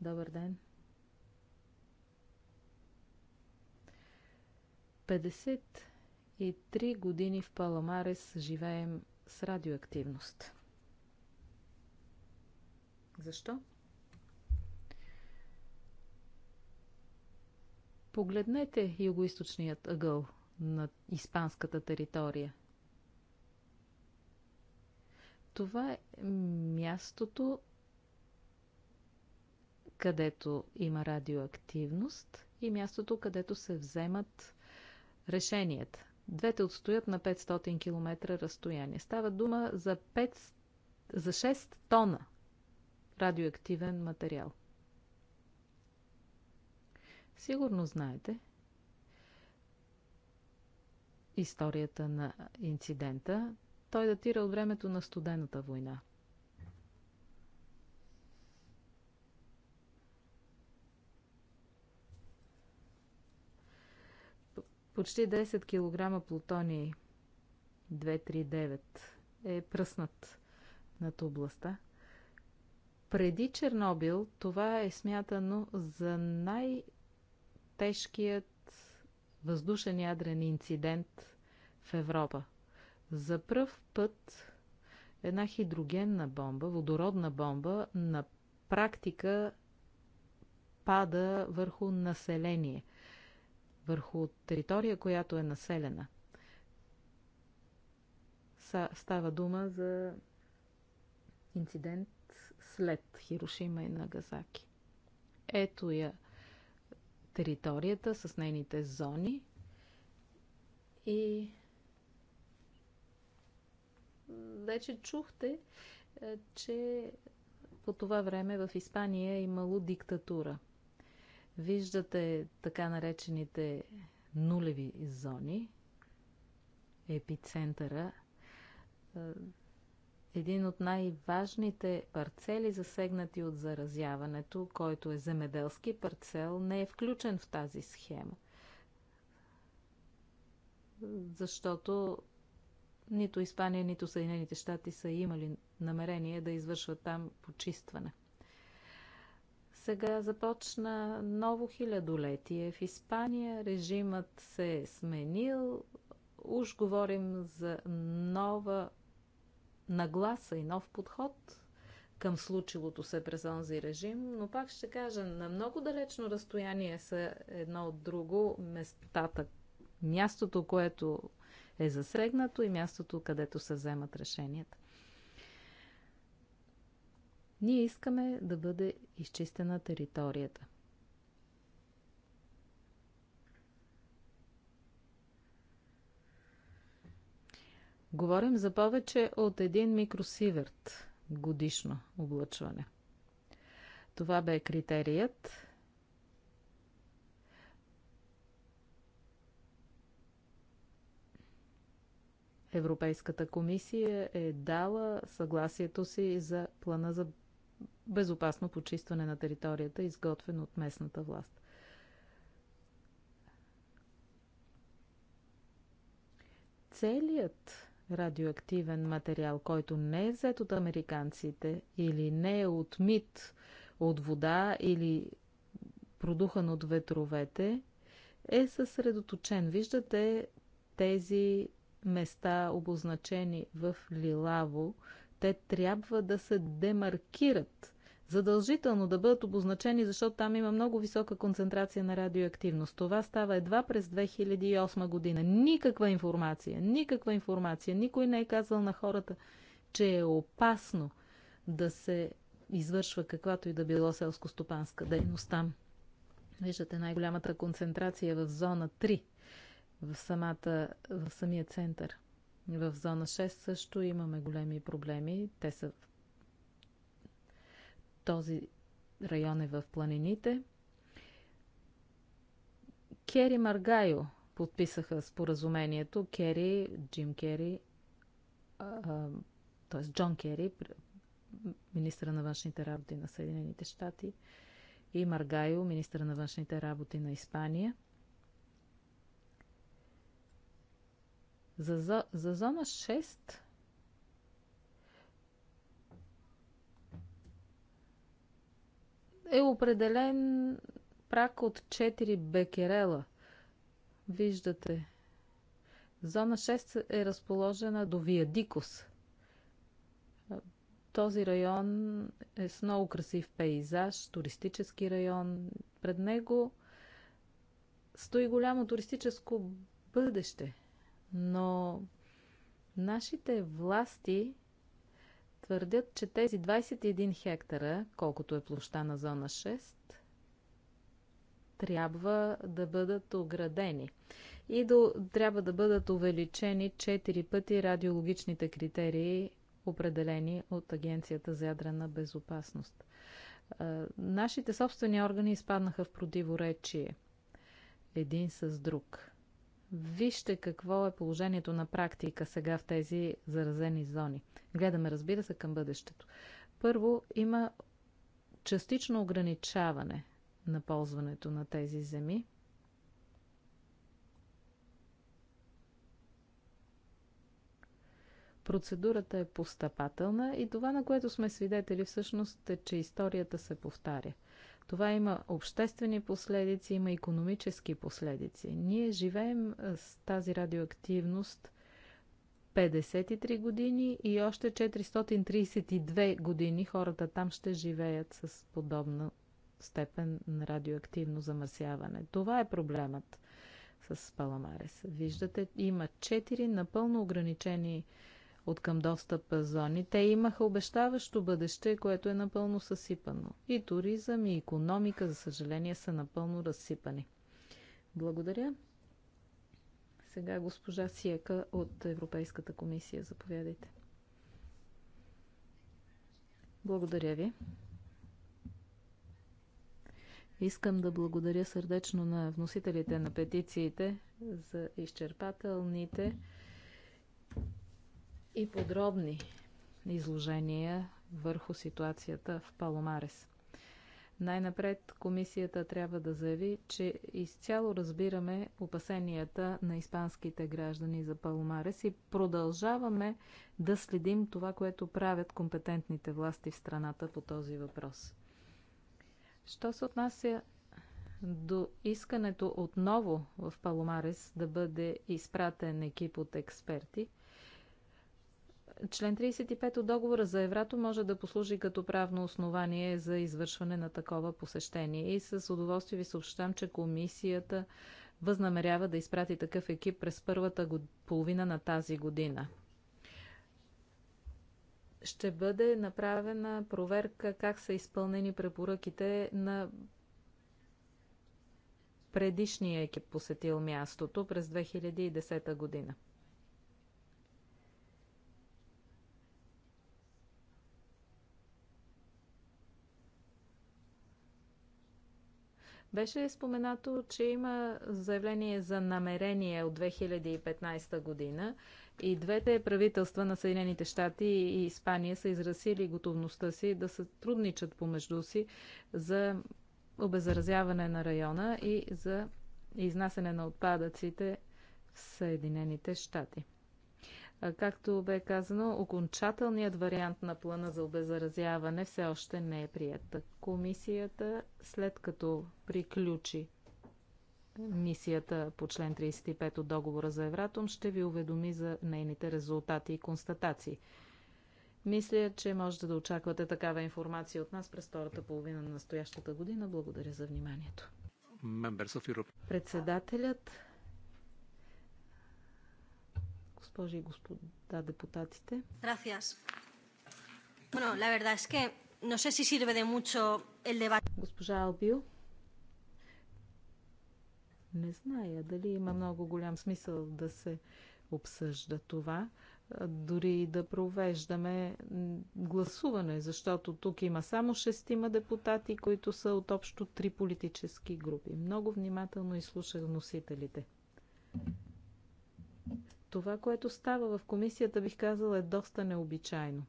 Добър ден. 53 години в Паламарес живеем с радиоактивност. Защо? Погледнете югоисточният ъгъл на испанската територия. Това е мястото, където има радиоактивност и мястото, където се вземат решенията. Двете отстоят на 500 км разстояние. Става дума за, 5, за 6 тона радиоактивен материал. Сигурно знаете историята на инцидента. Той датира от времето на студената война. Почти 10 кг плутоний 239 е пръснат над областта. Преди Чернобил това е смятано за най-тежкият въздушен ядрен инцидент в Европа. За пръв път една хидрогенна бомба, водородна бомба, на практика пада върху население, върху територия, която е населена. Става дума за инцидент след Хирошима и Нагасаки. Ето я територията с нейните зони и вече чухте, е, че по това време в Испания е имало диктатура. Виждате така наречените нулеви зони, епицентъра, е, един от най-важните парцели, засегнати от заразяването, който е земеделски парцел, не е включен в тази схема. Защото нито Испания, нито Съединените щати са имали намерение да извършват там почистване. Сега започна ново хилядолетие. В Испания режимът се е сменил. Уж говорим за нова нагласа и нов подход към случилото се през онзи режим, но пак ще кажа, на много далечно разстояние са едно от друго местата. Мястото, което е засегнато и мястото, където се вземат решенията. Ние искаме да бъде изчистена територията. Говорим за повече от един микросиверт годишно облъчване. Това бе критерият, Европейската комисия е дала съгласието си за плана за безопасно почистване на територията, изготвен от местната власт. Целият радиоактивен материал, който не е взет от американците или не е от мит, от вода или продухан от ветровете, е съсредоточен. Виждате тези места, обозначени в лилаво, те трябва да се демаркират. Задължително да бъдат обозначени, защото там има много висока концентрация на радиоактивност. Това става едва през 2008 година. Никаква информация, никаква информация. Никой не е казал на хората, че е опасно да се извършва каквато и да било селско-стопанска дейност там. Виждате най-голямата концентрация в зона 3 в, самата, в самия център. В зона 6 също имаме големи проблеми. Те са този район е в планините. Кери Маргайо подписаха споразумението. Кери, Джим Кери, т.е. Джон Кери, министра на външните работи на Съединените щати, и Маргайо, министра на външните работи на Испания – За, за зона 6 е определен прак от 4 бекерела. Виждате, зона 6 е разположена до Виадикос. Този район е с много красив пейзаж, туристически район. Пред него стои голямо туристическо бъдеще – но нашите власти твърдят, че тези 21 хектара, колкото е площа на зона 6, трябва да бъдат оградени и до, трябва да бъдат увеличени 4 пъти радиологичните критерии, определени от Агенцията за ядрена безопасност. Нашите собствени органи изпаднаха в противоречие един с друг. Вижте какво е положението на практика сега в тези заразени зони. Гледаме, разбира се, към бъдещето. Първо, има частично ограничаване на ползването на тези земи. Процедурата е постъпателна и това, на което сме свидетели всъщност е, че историята се повтаря – това има обществени последици, има економически последици. Ние живеем с тази радиоактивност 53 години и още 432 години хората там ще живеят с подобна степен на радиоактивно замърсяване. Това е проблемът с Паламарес. Виждате, има 4 напълно ограничени от към достъп зони. Те имаха обещаващо бъдеще, което е напълно съсипано. И туризъм, и економика, за съжаление, са напълно разсипани. Благодаря. Сега госпожа Сиека от Европейската комисия. Заповядайте. Благодаря ви. Искам да благодаря сърдечно на вносителите на петициите за изчерпателните и подробни изложения върху ситуацията в Паломарес. Най-напред комисията трябва да заяви, че изцяло разбираме опасенията на испанските граждани за Паломарес и продължаваме да следим това, което правят компетентните власти в страната по този въпрос. Що се отнася до искането отново в Паломарес да бъде изпратен екип от експерти – Член 35 от договора за Еврато може да послужи като правно основание за извършване на такова посещение. И с удоволствие ви съобщам, че комисията възнамерява да изпрати такъв екип през първата половина на тази година. Ще бъде направена проверка как са изпълнени препоръките на предишния екип посетил мястото през 2010 година. Беше споменато, че има заявление за намерение от 2015 година и двете правителства на Съединените щати и Испания са изразили готовността си да сътрудничат помежду си за обезразяване на района и за изнасяне на отпадъците в Съединените щати. Както бе казано, окончателният вариант на плана за обеззаразяване все още не е прият. Комисията, след като приключи мисията по член 35 от договора за Евратом, ще ви уведоми за нейните резултати и констатации. Мисля, че можете да очаквате такава информация от нас през втората половина на настоящата година. Благодаря за вниманието. Председателят госпожи и господа депутатите. Госпожа Албио. Не зная дали има много голям смисъл да се обсъжда това, дори да провеждаме гласуване, защото тук има само шестима депутати, които са от общо три политически групи. Много внимателно изслушах носителите. Това, което става в комисията, бих казала, е доста необичайно.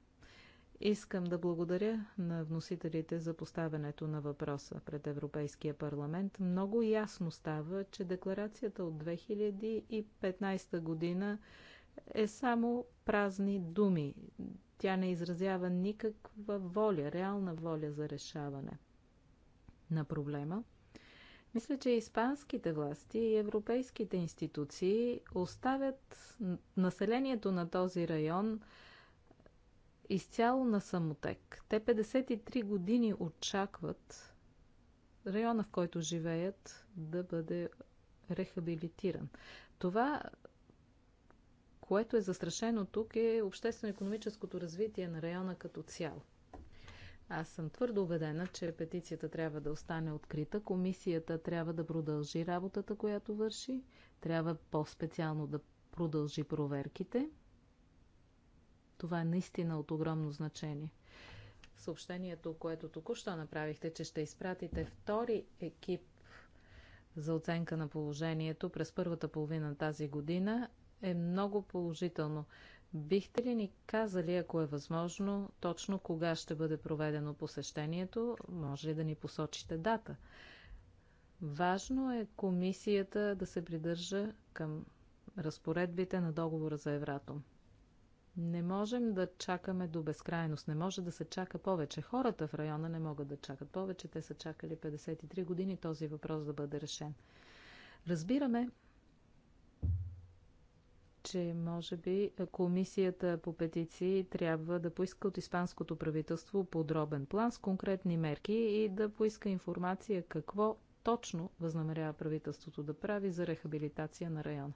Искам да благодаря на вносителите за поставянето на въпроса пред Европейския парламент. Много ясно става, че декларацията от 2015 година е само празни думи. Тя не изразява никаква воля, реална воля за решаване на проблема. Мисля, че испанските власти и европейските институции оставят населението на този район изцяло на самотек. Те 53 години очакват района, в който живеят, да бъде рехабилитиран. Това, което е застрашено тук, е обществено-економическото развитие на района като цяло. Аз съм твърдо убедена, че петицията трябва да остане открита. Комисията трябва да продължи работата, която върши. Трябва по-специално да продължи проверките. Това е наистина от огромно значение. Съобщението, което току-що направихте, че ще изпратите втори екип за оценка на положението през първата половина тази година е много положително. Бихте ли ни казали, ако е възможно, точно кога ще бъде проведено посещението? Може ли да ни посочите дата? Важно е комисията да се придържа към разпоредбите на договора за Евратом. Не можем да чакаме до безкрайност. Не може да се чака повече. Хората в района не могат да чакат повече. Те са чакали 53 години този въпрос да бъде решен. Разбираме, че може би комисията по петиции трябва да поиска от испанското правителство подробен план с конкретни мерки и да поиска информация какво точно възнамерява правителството да прави за рехабилитация на района.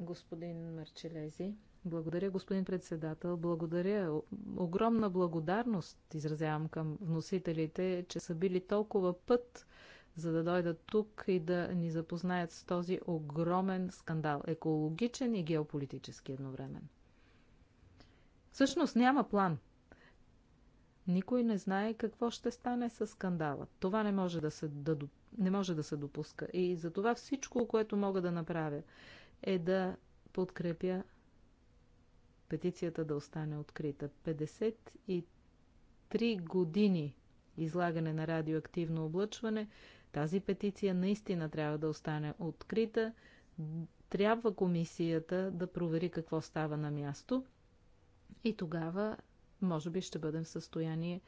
Господин Марчелези, благодаря, господин председател. Благодаря. Огромна благодарност изразявам към вносителите, че са били толкова път за да дойдат тук и да ни запознаят с този огромен скандал, екологичен и геополитически едновременно. Всъщност няма план. Никой не знае какво ще стане с скандала. Това не може да се, да, не може да се допуска. И за това всичко, което мога да направя, е да подкрепя петицията да остане открита. 53 години излагане на радиоактивно облъчване тази петиция наистина трябва да остане открита. Трябва комисията да провери какво става на място и тогава, може би, ще бъдем в състояние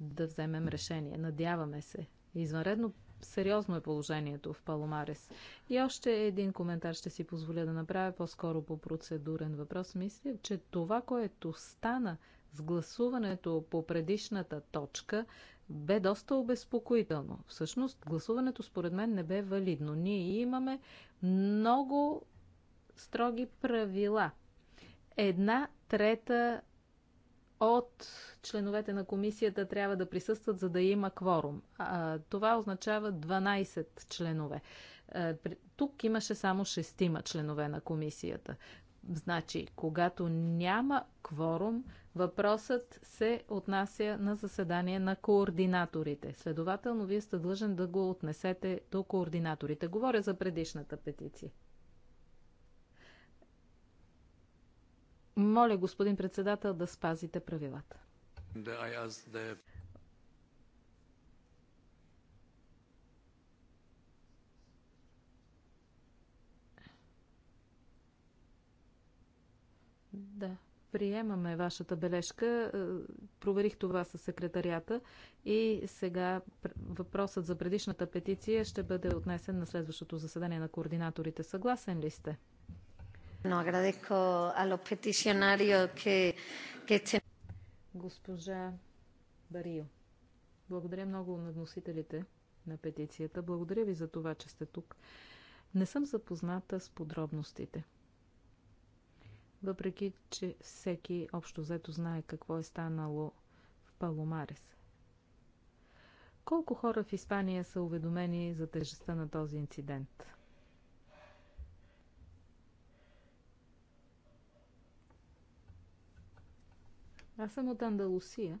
да вземем решение. Надяваме се. Извънредно сериозно е положението в Паломарес. И още един коментар ще си позволя да направя по-скоро по процедурен въпрос. Мисля, че това, което стана с гласуването по предишната точка, бе доста обезпокоително. Всъщност, гласуването според мен не бе валидно. Ние имаме много строги правила. Една трета от членовете на комисията трябва да присъстват, за да има кворум. А, това означава 12 членове. А, тук имаше само 6 членове на комисията. Значи, когато няма кворум, Въпросът се отнася на заседание на координаторите. Следователно, вие сте длъжен да го отнесете до координаторите. Говоря за предишната петиция. Моля, господин председател, да спазите правилата. Да. Приемаме вашата бележка. Е, проверих това със секретарията и сега въпросът за предишната петиция ще бъде отнесен на следващото заседание на координаторите. Съгласен ли сте? Госпожа Барио, благодаря много на вносителите на петицията. Благодаря ви за това, че сте тук. Не съм запозната с подробностите въпреки че всеки общо взето знае какво е станало в Паломарес. Колко хора в Испания са уведомени за тежестта на този инцидент? Аз съм от Андалусия.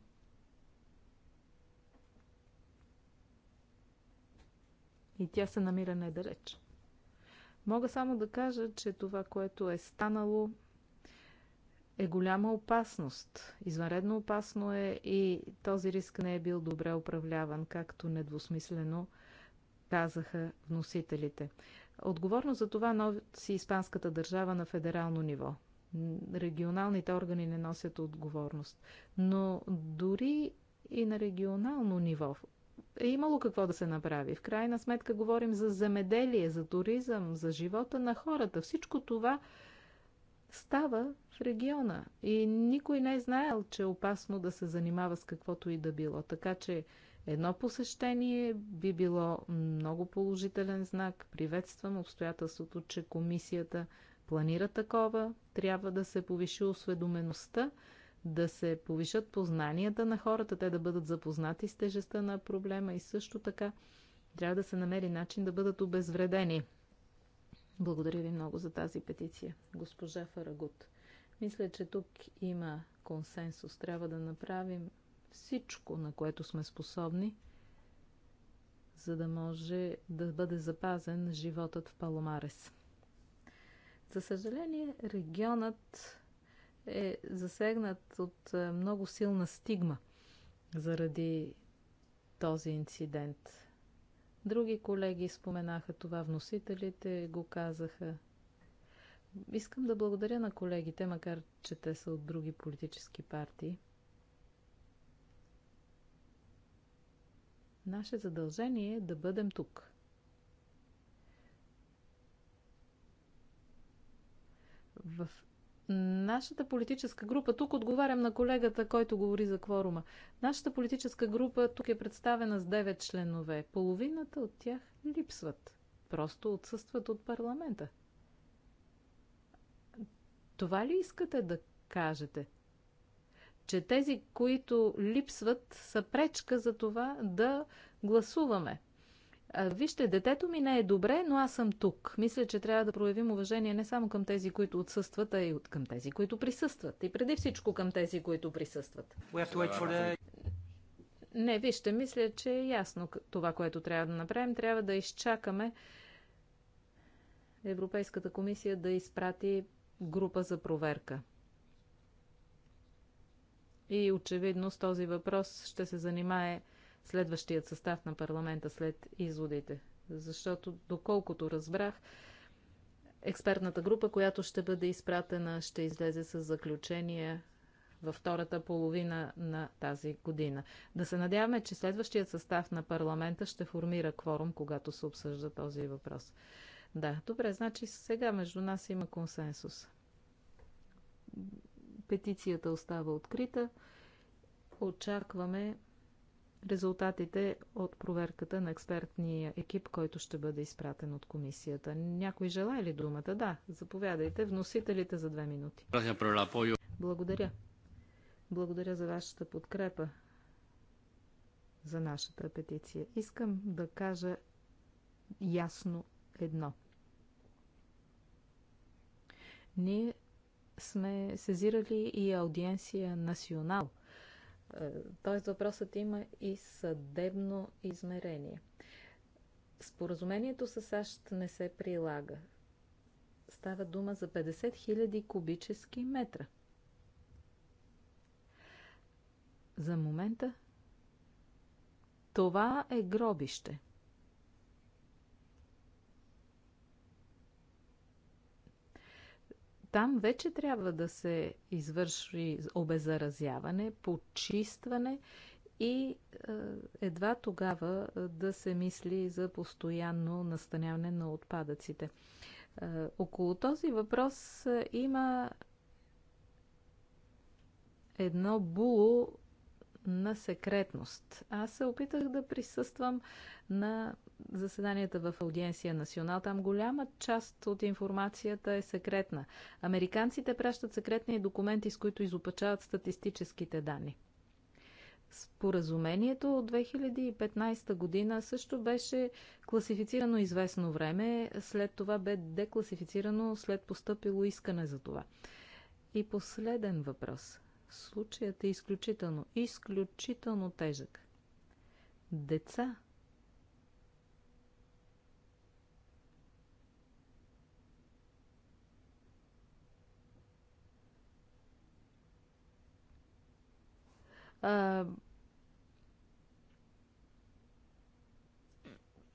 И тя се намира недалеч. Мога само да кажа, че това, което е станало, е голяма опасност. Извънредно опасно е и този риск не е бил добре управляван, както недвусмислено казаха вносителите. Отговорно за това носи испанската държава на федерално ниво. Регионалните органи не носят отговорност. Но дори и на регионално ниво е имало какво да се направи. В крайна сметка говорим за земеделие, за туризъм, за живота на хората. Всичко това става в региона и никой не е знаел, че е опасно да се занимава с каквото и да било. Така че едно посещение би било много положителен знак. Приветствам обстоятелството, че комисията планира такова. Трябва да се повиши осведомеността, да се повишат познанията на хората, те да бъдат запознати с тежестта на проблема и също така трябва да се намери начин да бъдат обезвредени благодаря ви много за тази петиция, госпожа Фарагут. Мисля, че тук има консенсус. Трябва да направим всичко, на което сме способни, за да може да бъде запазен животът в Паломарес. За съжаление, регионът е засегнат от е, много силна стигма заради този инцидент. Други колеги споменаха това, вносителите го казаха. Искам да благодаря на колегите, макар че те са от други политически партии. Наше задължение е да бъдем тук. В Нашата политическа група, тук отговарям на колегата, който говори за кворума. Нашата политическа група тук е представена с 9 членове. Половината от тях липсват. Просто отсъстват от парламента. Това ли искате да кажете? Че тези, които липсват, са пречка за това да гласуваме. Вижте, детето ми не е добре, но аз съм тук. Мисля, че трябва да проявим уважение не само към тези, които отсъстват, а и към тези, които присъстват. И преди всичко към тези, които присъстват. The... Не, вижте, мисля, че е ясно това, което трябва да направим. Трябва да изчакаме Европейската комисия да изпрати група за проверка. И очевидно с този въпрос ще се занимае следващият състав на парламента след изводите. Защото, доколкото разбрах, експертната група, която ще бъде изпратена, ще излезе с заключение във втората половина на тази година. Да се надяваме, че следващият състав на парламента ще формира кворум, когато се обсъжда този въпрос. Да, добре, значи сега между нас има консенсус. Петицията остава открита. Очакваме резултатите от проверката на експертния екип, който ще бъде изпратен от комисията. Някой желая ли думата? Да, заповядайте. Вносителите за две минути. Благодаря. Благодаря за вашата подкрепа за нашата петиция. Искам да кажа ясно едно. Ние сме сезирали и аудиенция национал – Тоест въпросът има и съдебно измерение. Споразумението с САЩ не се прилага. Става дума за 50 000 кубически метра. За момента това е гробище. Там вече трябва да се извърши обеззаразяване, почистване и е, едва тогава е, да се мисли за постоянно настаняване на отпадъците. Е, около този въпрос има едно було на секретност. Аз се опитах да присъствам на заседанията в Аудиенция Национал. Там голяма част от информацията е секретна. Американците пращат секретни документи, с които изопачават статистическите данни. Споразумението от 2015 година също беше класифицирано известно време, след това бе декласифицирано след поступило искане за това. И последен въпрос – Случаят е изключително, изключително тежък. Деца а,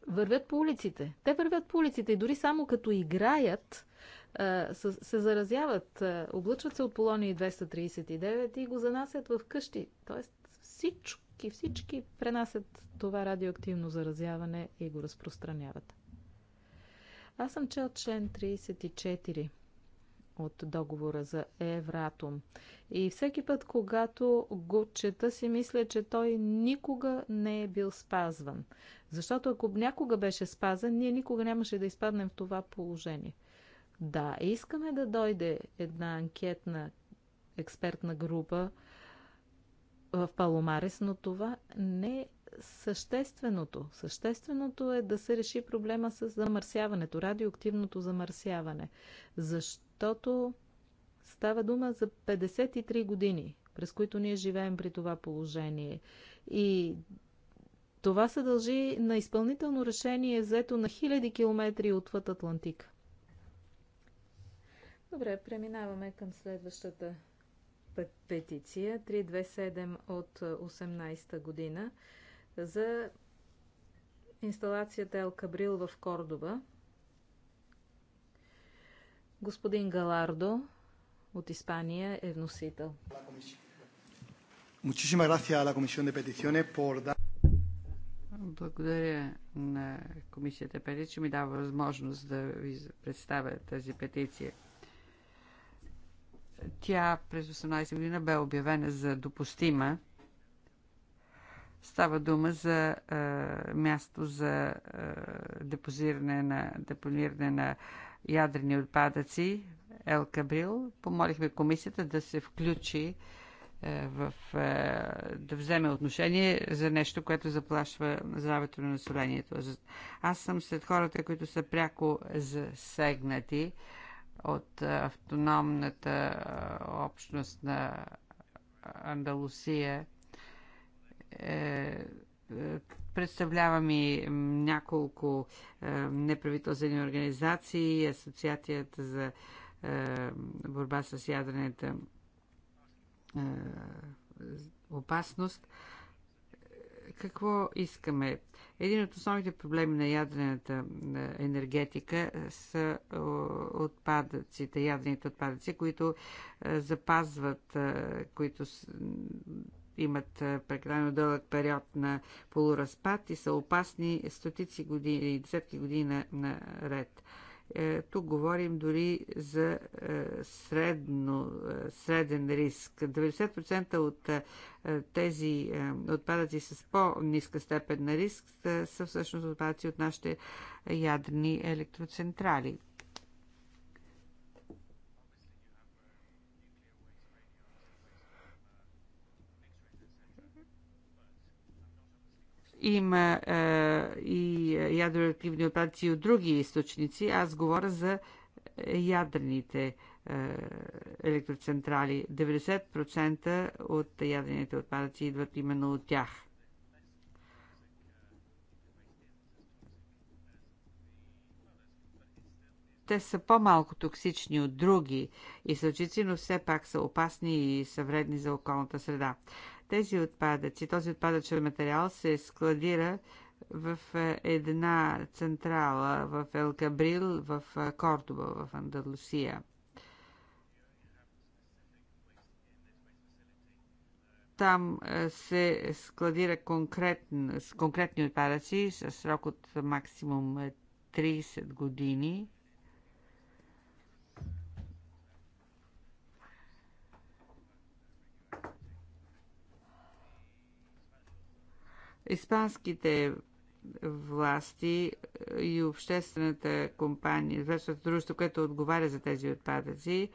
вървят по улиците. Те вървят по улиците и дори само като играят, се заразяват, облъчват се от полоний 239 и го занасят в къщи. Тоест всички, всички пренасят това радиоактивно заразяване и го разпространяват. Аз съм чел член 34 от договора за Евратум. И всеки път, когато го чета, си мисля, че той никога не е бил спазван. Защото ако някога беше спазен, ние никога нямаше да изпаднем в това положение – да, искаме да дойде една анкетна експертна група в Паломарес, но това не е същественото. Същественото е да се реши проблема с замърсяването, радиоактивното замърсяване. Защото става дума за 53 години, през които ние живеем при това положение. И това се дължи на изпълнително решение, взето на хиляди километри отвъд Атлантика. Добре, преминаваме към следващата петиция 327 от 18 е, година за инсталацията Ел Кабрил в Кордоба. Господин Галардо от Испания е вносител. Благодаря на комисията Петиция, че ми дава възможност да ви представя тази петиция. Тя през 18 година бе обявена за допустима. Става дума за е, място за е, депозиране на, депониране на ядрени отпадъци Ел Кабрил. Помолихме комисията да се включи е, в, е, да вземе отношение за нещо, което заплашва здравето на населението. Аз съм след хората, които са пряко засегнати. Е, от автономната общност на Андалусия. Е, е, представлявам и няколко е, неправителствени организации, Асоциацията за борба с ядрената опасност. Какво искаме? Един от основните проблеми на ядрената енергетика е, са е, отпадъците, ядрените отпадъци, които е, запазват, които имат прекалено дълъг период на полуразпад и са опасни стотици години, десетки години наред. На е, тук говорим дори за е, средно, е, среден риск. 90% от тези отпадъци с по-ниска степен на риск са всъщност отпадъци от нашите ядрени електроцентрали. Има а, е, и ядроактивни отпадъци от други източници. Аз говоря за ядрените а, е, електроцентрали. 90% от ядрените отпадъци идват именно от тях. те са по-малко токсични от други източници, но все пак са опасни и са вредни за околната среда. Тези отпадъци, този отпадъчен материал се складира в е, една централа в Елкабрил, в е, Кордоба, в Андалусия. Там е, се складира конкретн, с конкретни отпадъци с срок от максимум 30 години Испанските власти е, и обществената компания, известното дружество, което отговаря за тези отпадъци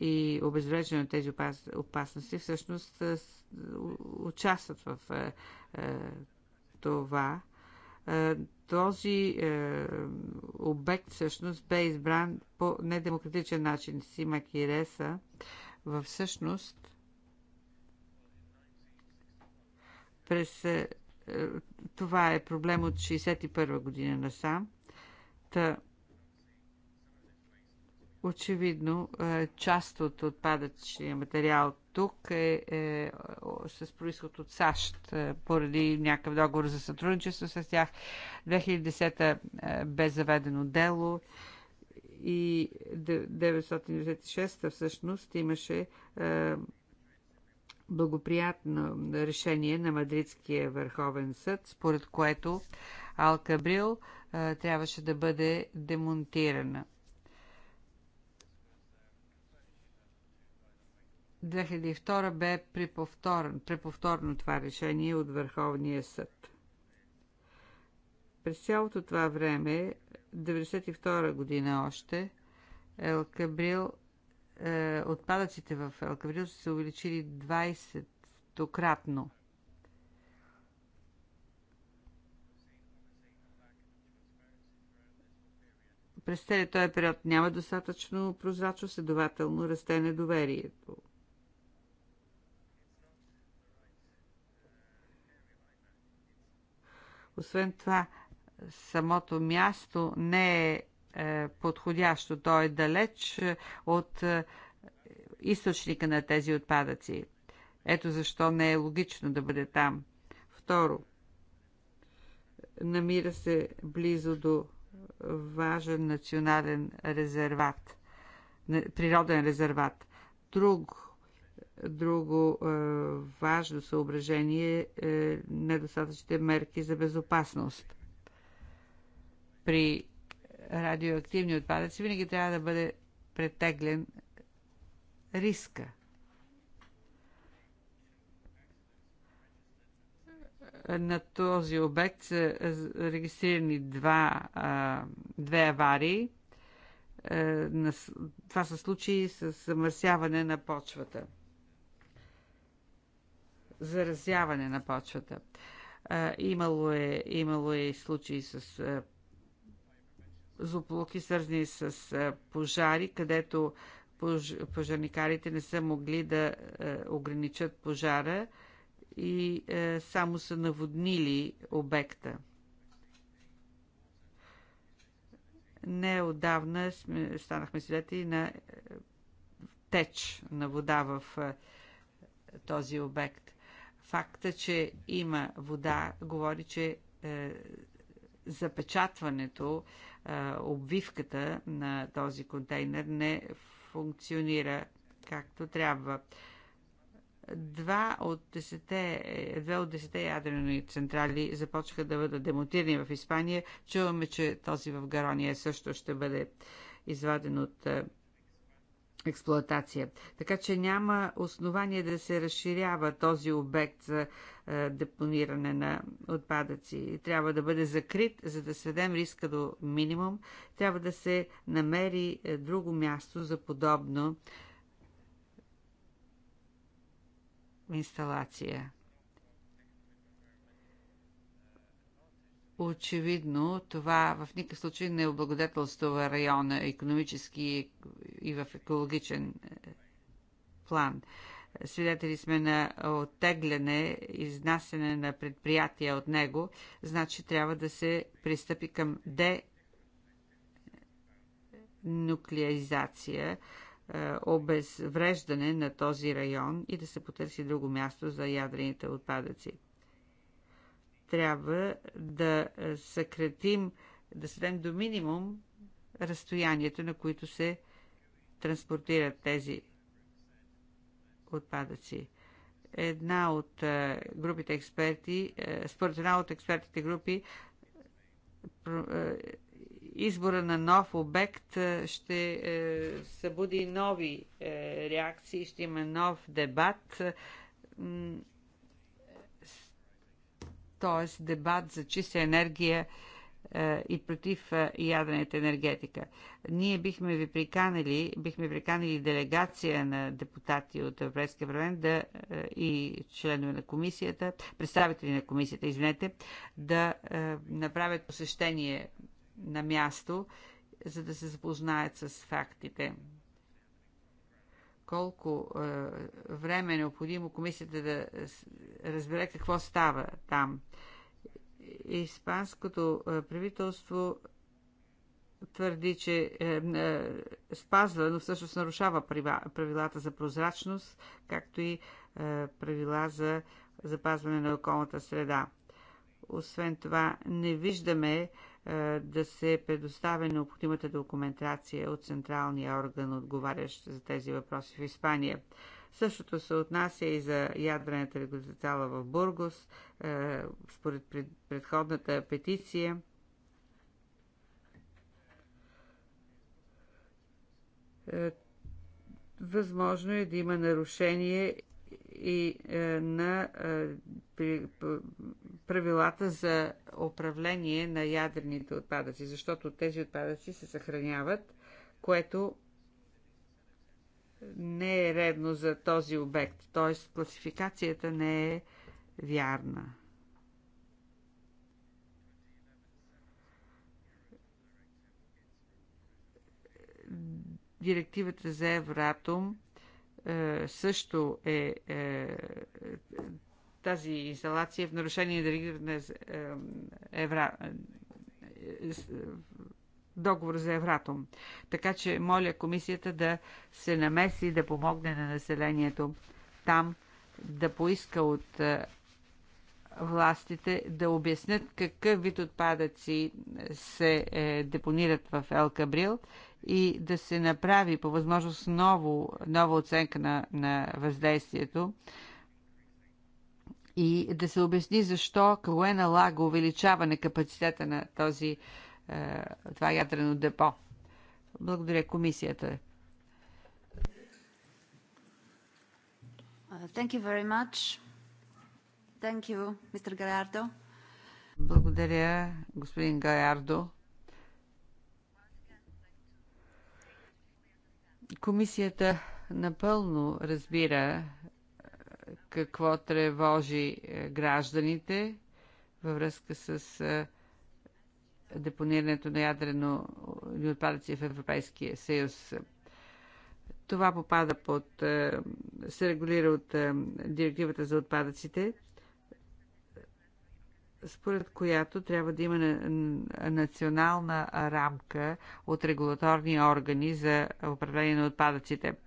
и обезвреждане на тези опас... опасности, всъщност е, участват в е, това. този обект всъщност бе избран по недемократичен начин. Сима Киреса всъщност през е, това е проблем от 61 година насам. Та, очевидно, е, част от отпадъчния материал тук е, е с происход от САЩ, е, поради някакъв договор за сътрудничество с тях. 2010 бе заведено дело и 996 всъщност имаше е, благоприятно решение на Мадридския върховен съд, според което Алкабрил трябваше да бъде демонтирана. 2002 бе преповторно, преповторно това решение от Върховния съд. През цялото това време, 1992 година още, Ел Кабрил е, отпадъците в Алкаврил са се увеличили 20-кратно. През целия този период няма достатъчно прозрачно, следователно расте недоверието. Освен това, самото място не е е, подходящо. То е далеч е, от е, източника на тези отпадъци. Ето защо не е логично да бъде там. Второ, намира се близо до важен национален резерват, природен резерват. Друг, друго е, важно съображение е недостатъчните мерки за безопасност при радиоактивни отпадъци, винаги трябва да бъде претеглен риска. На този обект са регистрирани два, две аварии. Е, това са случаи с замърсяване на почвата. Заразяване на почвата. Е, имало е, имало е случаи с е, злополуки, свързани с пожари, където пожарникарите не са могли да ограничат пожара и само са наводнили обекта. Неодавна станахме свидетели на теч на вода в този обект. Факта, че има вода, говори, че запечатването обвивката на този контейнер не функционира както трябва. Два от десете, две от десете ядрени централи започнаха да бъдат демонтирани в Испания. Чуваме, че този в Гарония също ще бъде изваден от експлоатация. Така че няма основание да се разширява този обект за е, депониране на отпадъци. Трябва да бъде закрит, за да сведем риска до минимум. Трябва да се намери е, друго място за подобно инсталация. Очевидно, това в никакъв случай не облагодетелства района економически и в екологичен е, план. Свидетели сме на оттегляне, изнасяне на предприятия от него, значи трябва да се пристъпи към денуклеизация, е, обезвреждане на този район и да се потърси друго място за ядрените отпадъци трябва да съкратим, да сведем до минимум разстоянието, на които се транспортират тези отпадъци. Една от групите експерти, според една от експертите групи, избора на нов обект ще събуди нови реакции, ще има нов дебат т.е. дебат за чиста енергия е, и против е, ядрената енергетика. Ние бихме ви приканали, бихме приканали делегация на депутати от Европейския парламент да, е, и членове на комисията, представители на комисията, извинете, да направят посещение на място, за да се запознаят с фактите колко е, време е необходимо комисията да разбере какво става там. Испанското е, правителство твърди, че е, е, спазва, но всъщност нарушава правилата за прозрачност, както и е, правила за запазване на околната среда. Освен това, не виждаме е, е, да се предоставя необходимата документация от централния орган, отговарящ за тези въпроси в Испания. Същото се отнася и за ядрената регулизацала в Бургос. Е, според предходната петиция, е, възможно е да има нарушение и на правилата за управление на ядрените отпадъци, защото тези отпадъци се съхраняват, което не е редно за този обект, т.е. класификацията не е вярна. Директивата за Евратум е, също е, е тази инсталация в нарушение на директивата е, евра... Е, договор за Евратом. Така че моля комисията да се намеси и да помогне на населението там, да поиска от е, властите да обяснят какъв вид отпадъци се е, депонират в Ел Кабрил и да се направи по възможност ново, нова оценка на, на въздействието и да се обясни защо кое налага увеличаване капацитета на този, е, това ядрено депо. Благодаря комисията. Uh, thank you very much. Thank you, Mr. Gallardo. Благодаря, господин Галярдо. Комисията напълно разбира какво тревожи е, гражданите във връзка с е, депонирането на ядрено и е, отпадъци в Европейския съюз. Това попада под, се регулира от директивата за отпадъците, според която трябва да има национална рамка от регулаторни органи за управление на отпадъците –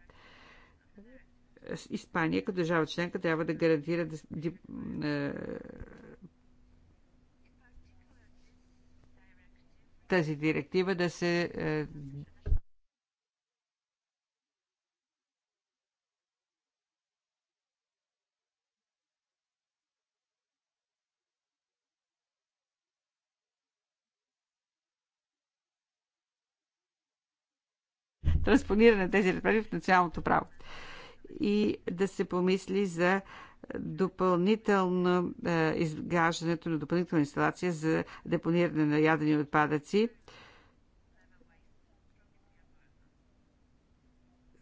Испания като държава членка трябва да гарантира е, тази директива да се е, транспониране на тези разпоредби в националното право и да се помисли за допълнително е, изграждането на допълнителна инсталация за депониране на ядени отпадъци.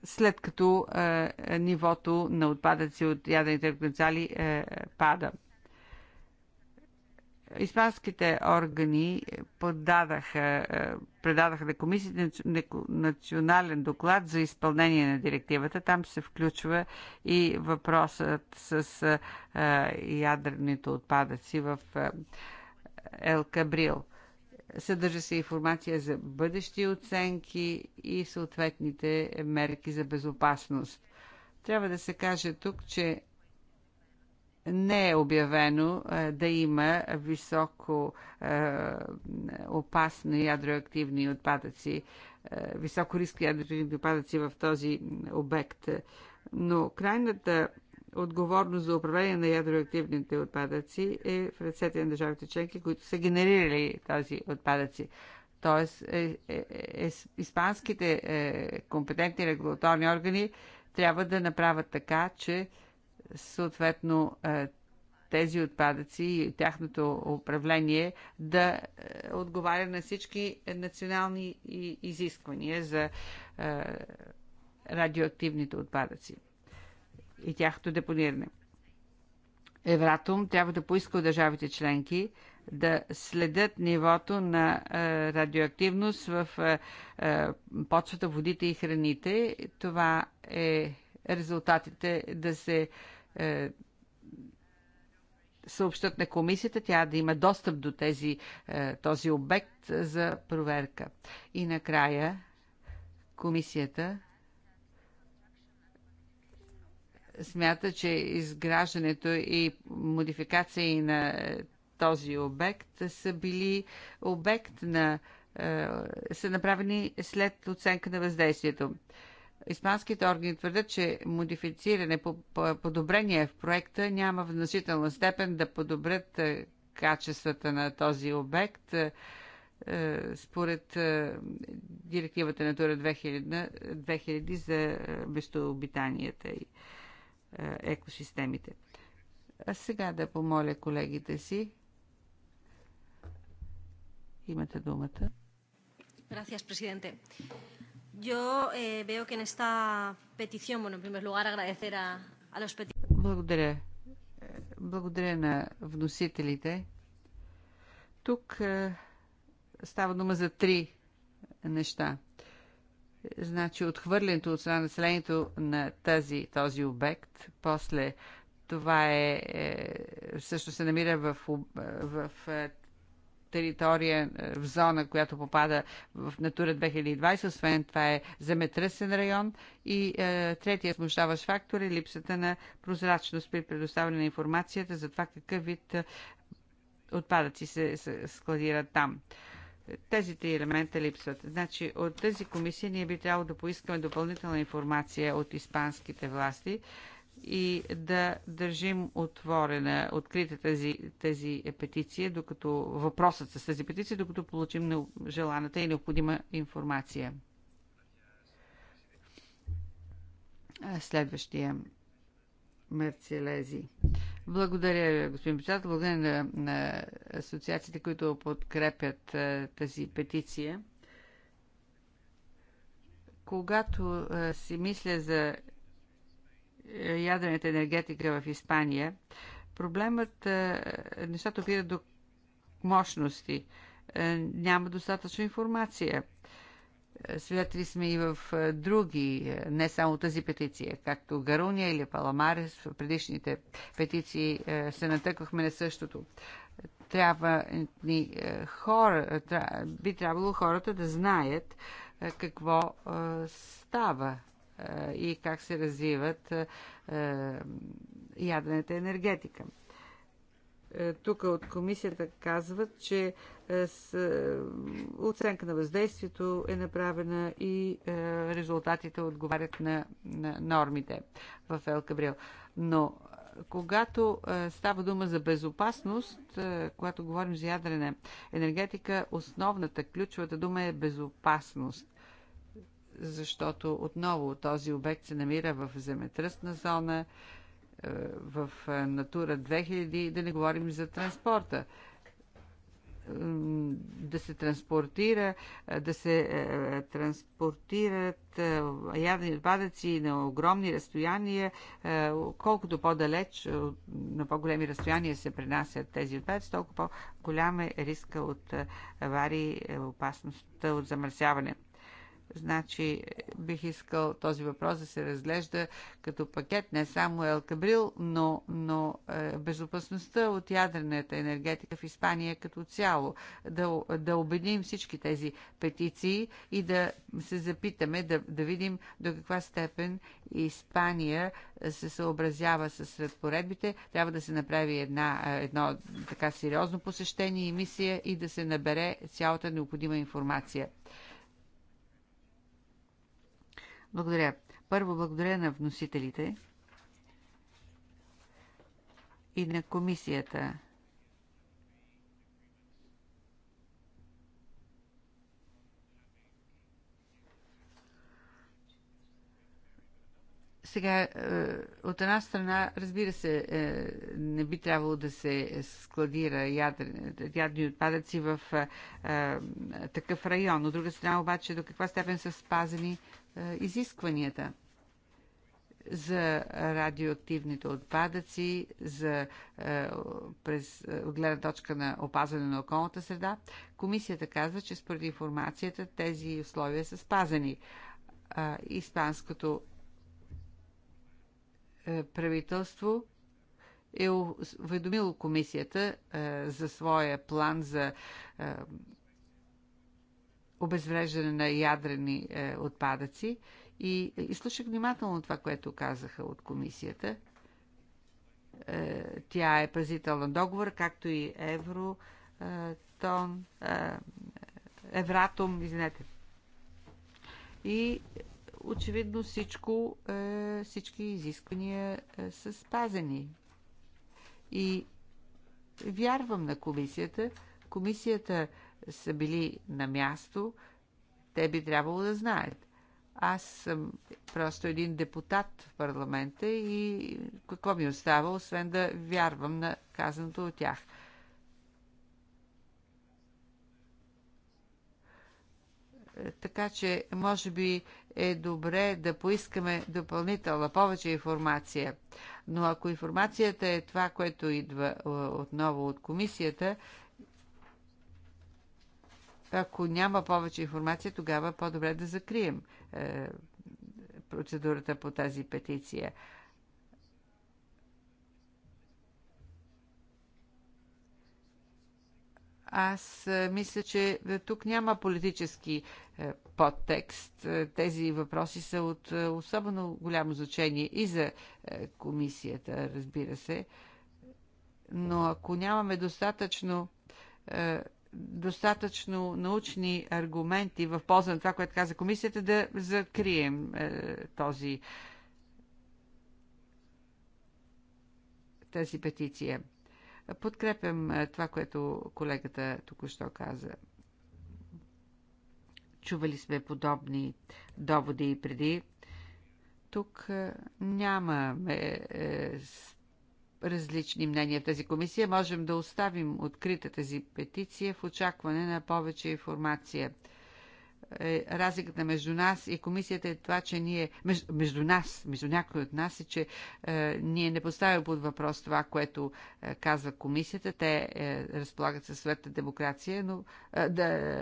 след като е, нивото на отпадъци от ядрените потенциали е, пада. Испанските органи подадаха, е, предадаха на комисията национален доклад за изпълнение на директивата. Там се включва и въпросът с е, ядрените отпадъци в е, Ел Кабрил. Съдържа се информация за бъдещи оценки и съответните мерки за безопасност. Трябва да се каже тук, че не е обявено е, да има високо е, опасни ядроактивни отпадъци, е, високо риск ядроактивни отпадъци в този обект. Но крайната отговорност за управление на ядроактивните отпадъци е в ръцете на държавите членки, които са генерирали тази отпадъци. Тоест, е, е, е, испанските е, компетентни регулаторни органи трябва да направят така, че съответно е, тези отпадъци и тяхното управление да е, отговаря на всички национални изисквания за е, радиоактивните отпадъци и тяхното депониране. Евратум трябва да поиска от държавите членки да следят нивото на радиоактивност в почвата, водите и храните. Това е резултатите да се е, съобщат на комисията, тя да има достъп до тези, е, този обект за проверка. И накрая комисията смята, че изграждането и модификации на е, този обект са били обект на са направени след оценка на въздействието. Испанските органи твърдят, че модифициране, подобрение в проекта няма в значителна степен да подобрят е, качествата на този обект. Е, е, според директивата на Тура 2000, 2000 за местообитанията и екосистемите. А сега да помоля колегите си. Имате думата. Gracias, presidente. Yo eh, veo que en esta petición, bueno, en primer lugar agradecer a, a los Благодаря. Е, Тук е, става дума за три неща. Значи отхвърлянето от страна населението на тази, този обект, после това е, е, също се намира в, в, в е, територия е, в зона, която попада в Натура 2020. Освен това е земетръсен район. И е, третия смущаващ фактор е липсата на прозрачност при предоставяне на информацията за това какъв вид е, отпадъци се складират там. Тези три елемента липсват. Значи от тази комисия ние би трябвало да поискаме допълнителна информация от испанските власти, и да държим отворена, открита тази, тази петиция, докато въпросът с тази петиция, докато получим желаната и необходима информация. Следващия Мерцелези. Благодаря, господин председател. Благодаря на, на асоциациите, които подкрепят а, тази петиция. Когато а, си мисля за ядрената енергетика в Испания, проблемът, е, нещата опират до мощности. Е, няма достатъчно информация. Е, свидетели сме и в други, не само тази петиция, както Гаруния или Паламарес, в предишните петиции се натъквахме на същото. Трябва ни хора, би трябвало хората да знаят какво става и как се развиват е, ядрената енергетика. Е, тук от комисията казват, че е, с оценка на въздействието е направена и резултатите отговарят на, нормите в Ел Кабрил. Но когато става дума за безопасност, когато говорим за ядрена енергетика, основната, ключовата дума е безопасност защото отново този обект се намира в земетръсна зона, е, в е, Натура 2000, да не говорим за транспорта. Да се транспортира, е, да се транспортират ядни отпадъци на огромни разстояния, колкото по-далеч, на по-големи разстояния се пренасят тези отпадъци, толкова по-голям е риска от аварии, опасността от замърсяване. Значи бих искал този въпрос да се разглежда като пакет, не само Кабрил, но, но е, безопасността от ядрената енергетика в Испания като цяло. Да, да обединим всички тези петиции и да се запитаме, да, да видим до каква степен Испания се съобразява с разпоредбите. Трябва да се направи една, е, едно така сериозно посещение и мисия и да се набере цялата необходима информация. Благодаря. Първо благодаря на вносителите и на комисията. Сега, е, от една страна, разбира се, е, не би трябвало да се складира ядрен, ядни отпадъци в е, такъв район. От друга страна, обаче, до каква степен са спазени е, изискванията за радиоактивните отпадъци, за, е, през, е, от гледна точка на опазване на околната среда, комисията казва, че според информацията тези условия са спазени. Е, испанското е, правителство е уведомило комисията е, за своя план за е, обезвреждане на ядрени е, отпадъци. И слушах внимателно това, което казаха от комисията. Е, тя е пазител на договор, както и Евротон, е, е, Евратом, извинете. И очевидно всичко, е, всички изисквания е, са спазени. И вярвам на комисията. Комисията са били на място, те би трябвало да знаят. Аз съм просто един депутат в парламента и какво ми остава, освен да вярвам на казаното от тях. Така че, може би е добре да поискаме допълнителна, повече информация. Но ако информацията е това, което идва отново от комисията, ако няма повече информация, тогава е по-добре да закрием е, процедурата по тази петиция. Аз е, мисля, че тук няма политически е, подтекст. Е, тези въпроси са от особено голямо значение и за комисията, разбира се. Но ако нямаме достатъчно достатъчно научни аргументи в полза на това, което каза комисията, да закрием е, този тази петиция. Подкрепям е, това, което колегата току-що каза. Чували сме подобни доводи и преди. Тук е, нямаме е, е различни мнения в тази комисия. Можем да оставим открита тази петиция в очакване на повече информация. Е, разликата между нас и комисията е това, че ние, между, между нас, между някой от нас е, че е, ние не поставяме под въпрос това, което е, казва комисията. Те е, разполагат със своята демокрация, но, е,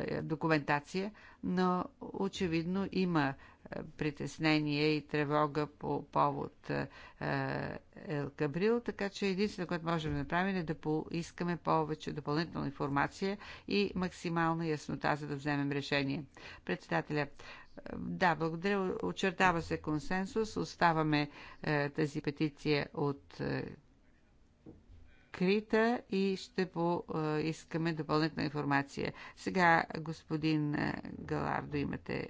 е документация, но очевидно има е, притеснение и тревога по повод е, е, Ел Кабрил, така че единственото, което можем да направим е да поискаме повече допълнителна информация и максимална яснота, за да вземем решение. Председателя, да, благодаря. Очертава се консенсус. Оставаме тази петиция от открита и ще поискаме допълнителна информация. Сега, господин Галардо, имате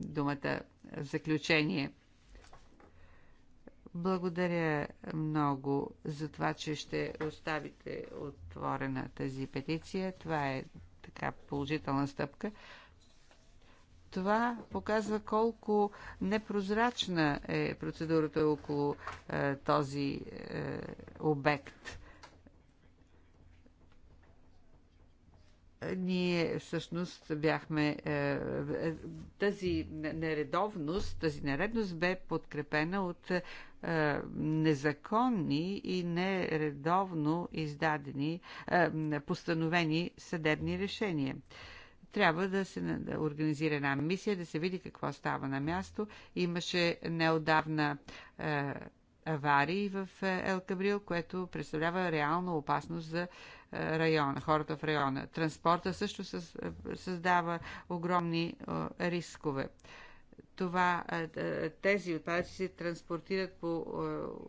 думата в заключение. Благодаря много за това, че ще оставите отворена тази петиция. Това е така положителна стъпка. Това показва колко непрозрачна е процедурата около е, този е, обект. ние всъщност бяхме. Е, е, тази нередовност, тази нередност бе подкрепена от е, незаконни и нередовно издадени, постановени съдебни решения. Трябва да се организира една мисия, да се види какво става на място. Имаше неодавна аварии в Ел Кабрил, което представлява реална опасност за района, хората в района. Транспорта също създава огромни е, рискове това, е, е, тези отпадъци се транспортират по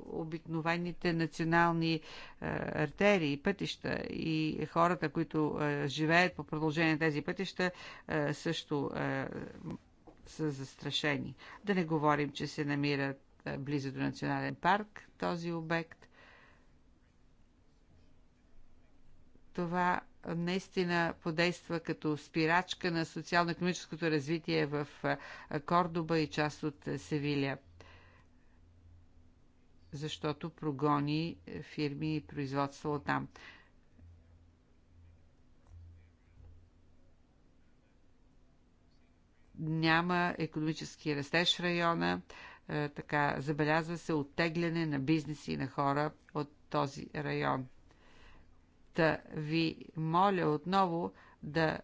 обикновените национални артерии, пътища и хората, които живеят по продължение на тези пътища, също са застрашени. Да не говорим, че се намират близо до национален парк този обект това наистина подейства като спирачка на социално-економическото развитие в Кордоба и част от Севиля. Защото прогони е, фирми и от там. Няма економически растеж в района, е, така забелязва се оттегляне на бизнеси и на хора от този район. Та ви моля отново да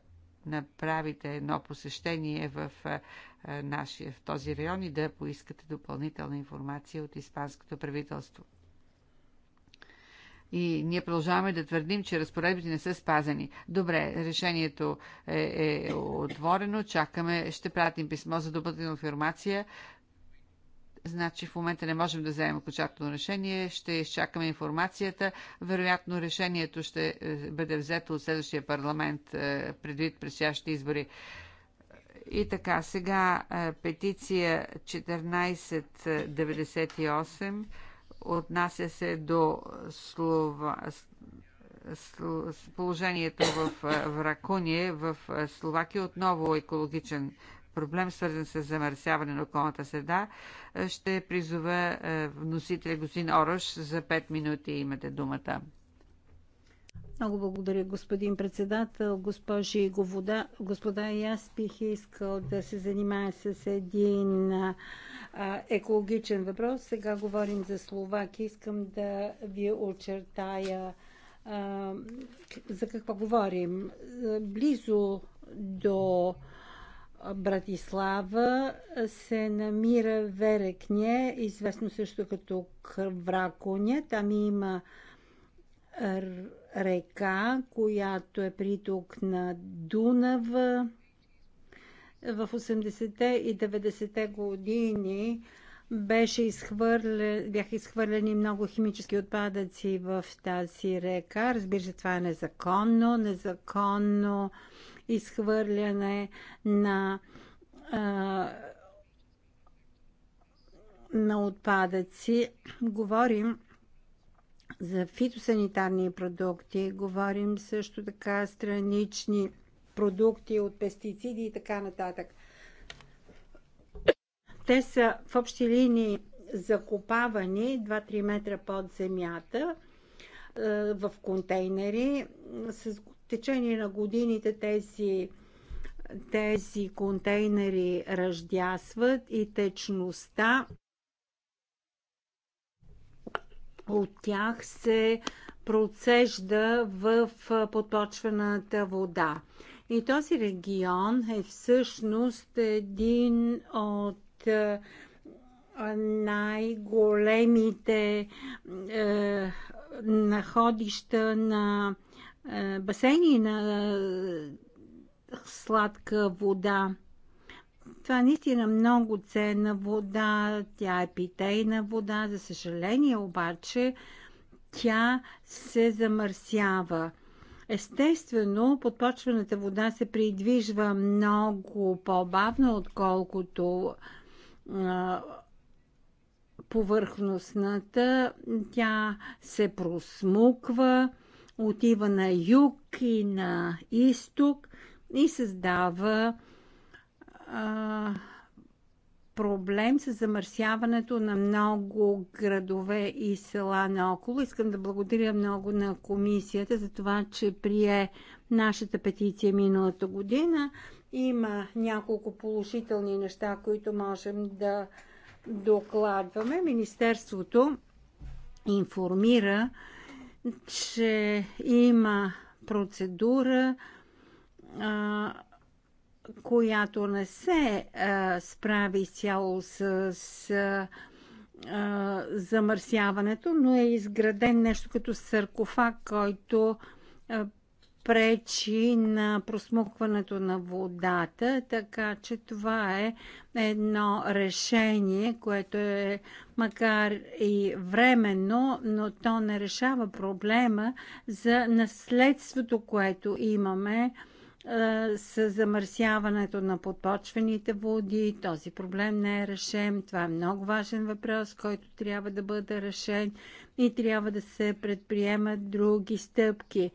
направите едно посещение в нашия, в този район и да поискате допълнителна информация от испанското правителство. И ние продължаваме да твърдим, че разпоредбите не са спазени. Добре, решението е, е отворено, чакаме, ще пратим писмо за допълнителна информация Значи в момента не можем да вземем окончателно решение, ще изчакаме информацията. Вероятно решението ще е, бъде взето от следващия парламент е, предвид предстоящите избори. И така, сега е, петиция 1498 отнася се до слова, положението в Вракуния, в Словакия. Отново екологичен проблем, свързан с замърсяване на околната среда, е, ще призова е, вносителя господин Орош за 5 минути. Имате думата. Много благодаря, господин председател, госпожи и господа. и аз бих искал да се занимая с един а, екологичен въпрос. Сега говорим за Словакия. Искам да ви очертая а, за какво говорим. Близо до а, Братислава се намира Верекне, известно също като Крвраконя. Там има река, която е приток на Дунава. В 80-те и 90-те години беше изхвърлен, бяха изхвърлени много химически отпадъци в тази река. Разбира се, това е незаконно. Незаконно изхвърляне на а, на отпадъци. Говорим за фитосанитарни продукти, говорим също така странични продукти от пестициди и така нататък. Те са в общи линии закопавани 2-3 метра под земята в контейнери с течение на годините тези тези контейнери ръждясват и течността от тях се процежда в подпочвената вода. И този регион е всъщност един от най-големите е, находища на е, басейни на е, сладка вода. Това е наистина много ценна вода, тя е питейна вода, за съжаление обаче тя се замърсява. Естествено, подпочвената вода се придвижва много по-бавно, отколкото а, повърхностната. Тя се просмуква. А, отива на юг и на изток и създава а, проблем с замърсяването на много градове и села наоколо. Искам да благодаря много на комисията за това, че прие нашата петиция миналата година. Има няколко положителни неща, които можем да докладваме. Министерството информира че има процедура, а, която не се а, справи изцяло с, а, замърсяването, но е изграден нещо като саркофаг, който пречи на просмукването на водата, така че това е едно решение, което е макар и временно, но то не решава проблема за наследството, което имаме с замърсяването на подпочвените води. Този проблем не е решен. Това е много важен въпрос, който трябва да бъде решен и трябва да се предприемат други стъпки.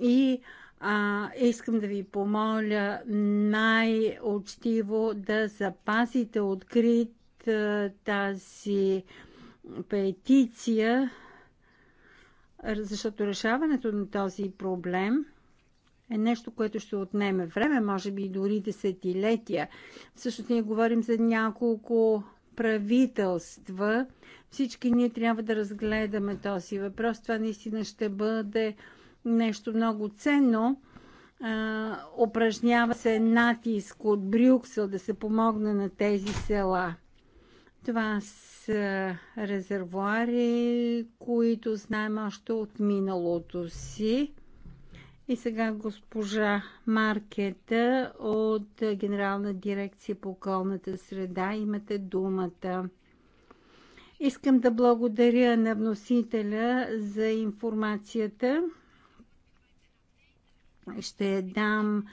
И а, искам да ви помоля най-очтиво да запазите открит а, тази петиция, защото решаването на този проблем е нещо, което ще отнеме време, може би дори десетилетия. Всъщност ние говорим за няколко правителства. Всички ние трябва да разгледаме този въпрос. Това наистина ще бъде нещо много ценно. А, упражнява се натиск от Брюксел да се помогне на тези села. Това са резервуари, които знаем още от миналото си. И сега госпожа Маркета от Генерална дирекция по околната среда. Имате думата. Искам да благодаря на вносителя за информацията. Ще дам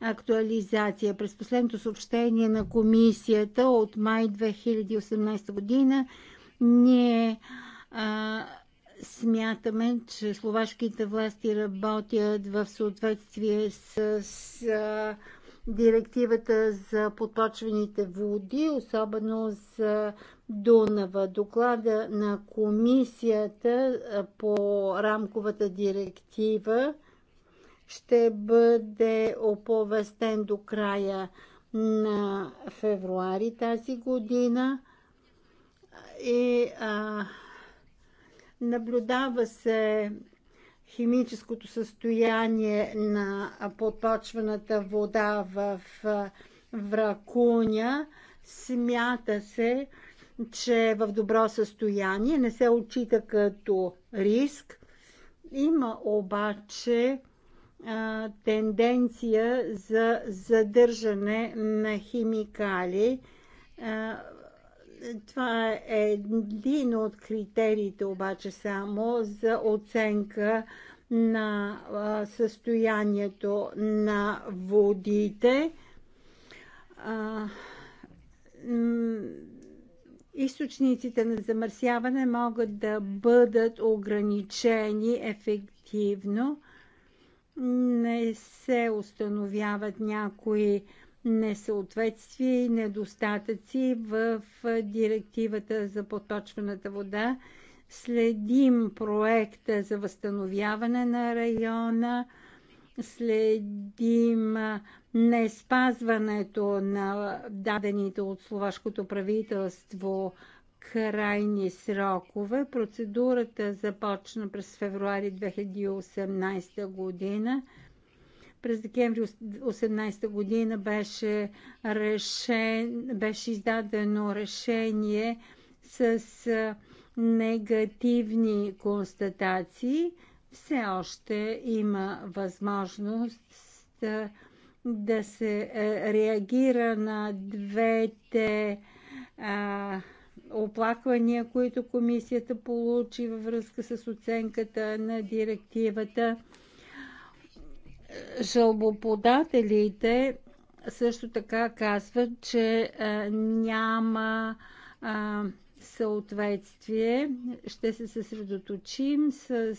актуализация. През последното съобщение на комисията от май 2018 година ние а, смятаме, че словашките власти работят в съответствие с, с а, директивата за подпочвените води, особено за Дунава. Доклада на комисията по рамковата директива ще бъде оповестен до края на февруари тази година и а, наблюдава се химическото състояние на подпочваната вода в Вракуня. Смята се, че е в добро състояние, не се отчита като риск. Има обаче тенденция за задържане на химикали. това е един от критериите обаче само за оценка на състоянието на водите. източниците на замърсяване могат да бъдат ограничени ефективно не се установяват някои несъответствия и недостатъци в директивата за поточната вода. Следим проекта за възстановяване на района, следим не спазването на дадените от словашкото правителство крайни срокове. Процедурата започна през февруари 2018 година. През декември 2018 година беше, решен, беше издадено решение с негативни констатации. Все още има възможност да се реагира на двете а, оплаквания, които комисията получи във връзка с оценката на директивата. Жалбоподателите също така казват, че няма съответствие. Ще се съсредоточим с,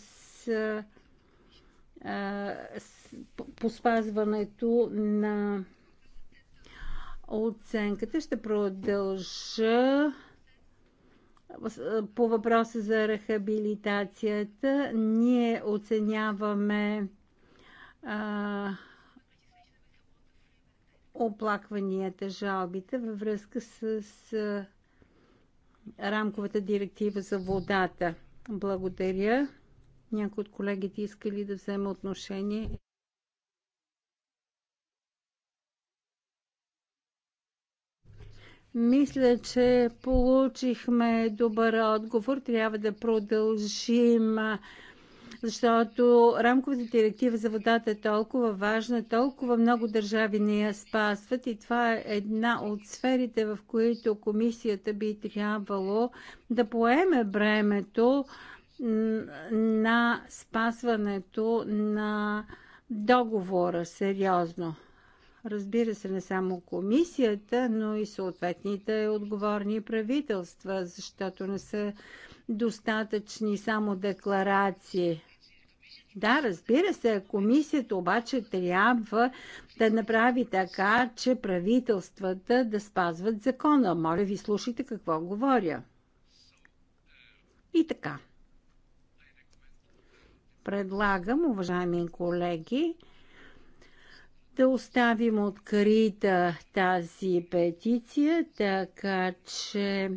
а, с по спазването на оценката. Ще продължа по въпроса за рехабилитацията, ние оценяваме а, оплакванията, жалбите във връзка с, с рамковата директива за водата. Благодаря. Някой от колегите искали да вземе отношение? Мисля, че получихме добър отговор. Трябва да продължим, защото рамковата директива за водата е толкова важна, толкова много държави не я спазват и това е една от сферите, в които комисията би трябвало да поеме бремето на спазването на договора сериозно разбира се, не само комисията, но и съответните отговорни правителства, защото не са достатъчни само декларации. Да, разбира се, комисията обаче трябва да направи така, че правителствата да спазват закона. Моля ви, слушайте какво говоря. И така. Предлагам, уважаеми колеги, да оставим открита тази петиция, така че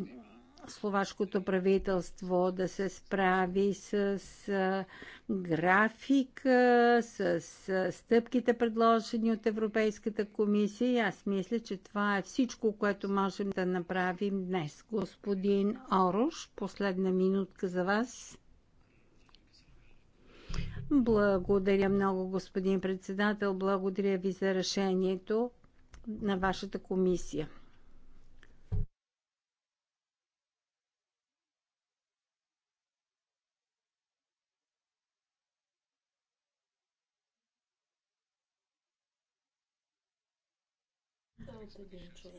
словашкото правителство да се справи с графика, с стъпките предложени от Европейската комисия и аз мисля, че това е всичко, което можем да направим днес. Господин Орош, последна минутка за вас. Благодаря много, господин председател. Благодаря ви за решението на вашата комисия.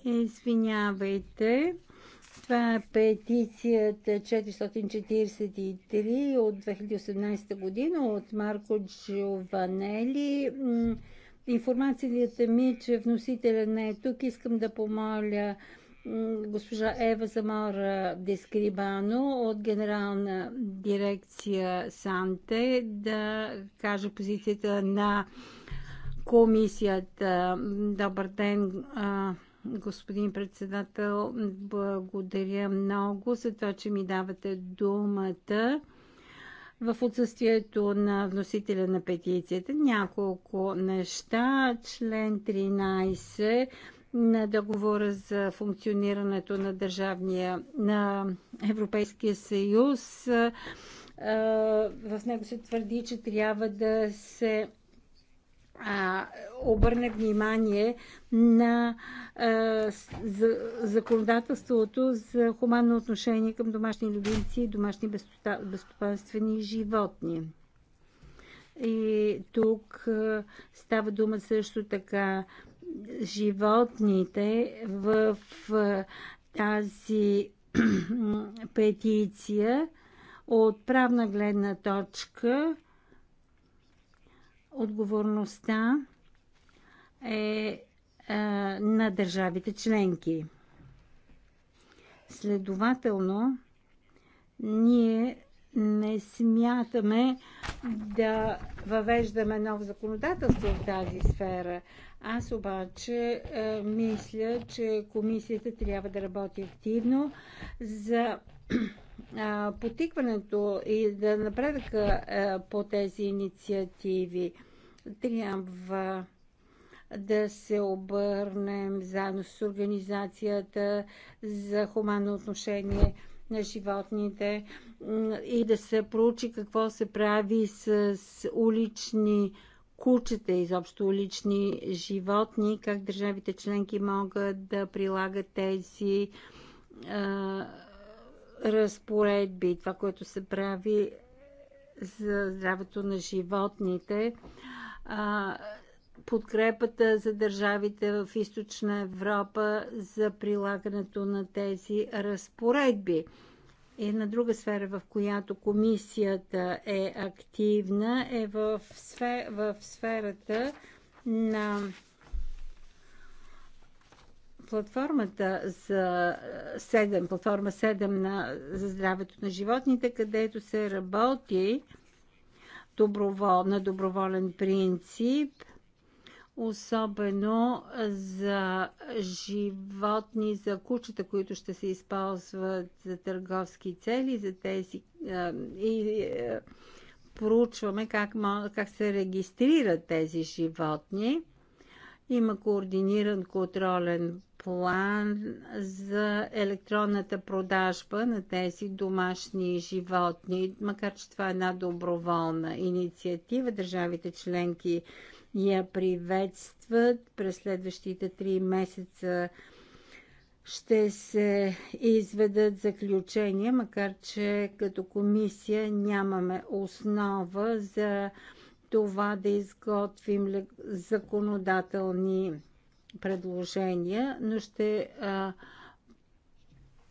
Извинявайте. Това е петицията 443 от 2018 година от Марко Джованели. Информацията ми, е, че вносителя не е тук, искам да помоля госпожа Ева Замора Дескрибано от Генерална дирекция Санте да каже позицията на комисията. Добър ден, господин председател. Благодаря много за това, че ми давате думата в отсъствието на вносителя на петицията. Няколко неща. Член 13 на договора за функционирането на държавния на Европейския съюз. Е, в него се твърди, че трябва да се а, обърне внимание на а, за, законодателството за хуманно отношение към домашни любимци и домашни безстопанствени животни. И тук а, става дума също така животните в а, тази *clears throat* петиция от правна гледна точка Отговорността е, е на държавите членки. Следователно, ние не смятаме да въвеждаме нов законодателство в тази сфера. Аз обаче е, мисля, че комисията трябва да работи активно за потикването и да напредъка по тези инициативи. Трябва да се обърнем заедно с Организацията за хуманно отношение на животните и да се проучи какво се прави с улични кучета, изобщо улични животни, как държавите членки могат да прилагат тези разпоредби, това, което се прави за здравето на животните, а, подкрепата за държавите в Източна Европа за прилагането на тези разпоредби. И Една друга сфера, в която комисията е активна, е в, сфер, в сферата на платформата за 7, е, платформа 7 на, за здравето на животните, където се работи добровол, на доброволен принцип, особено за животни, за кучета, които ще се използват за търговски цели, за тези е, и е, проучваме как, как се регистрират тези животни. Има координиран контролен план за електронната продажба на тези домашни животни, макар че това е една доброволна инициатива. Държавите членки я приветстват. През следващите три месеца ще се изведат заключения, макар че като комисия нямаме основа за това да изготвим законодателни предложения, но ще а,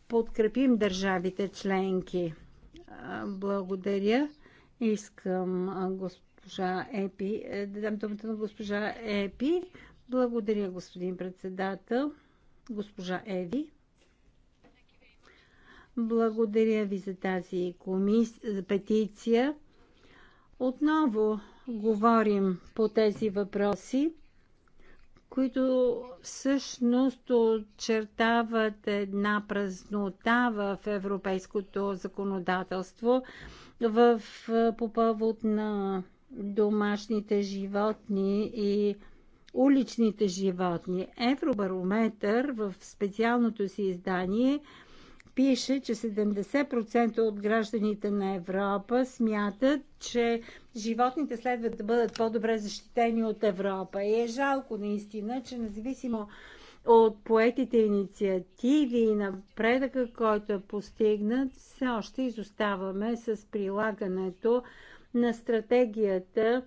подкрепим държавите членки. А, благодаря. Искам а, госпожа Епи, е, да дам думата на госпожа Епи. Благодаря, господин председател. Госпожа Еви. Благодаря ви за тази комис... за петиция. Отново говорим по тези въпроси които всъщност очертават една празнота в европейското законодателство в, по повод на домашните животни и уличните животни. Евробарометър в специалното си издание – пише, че 70% от гражданите на Европа смятат, че животните следва да бъдат по-добре защитени от Европа. И е жалко наистина, че независимо от поетите инициативи и напредъка, който е постигнат, все още изоставаме с прилагането на стратегията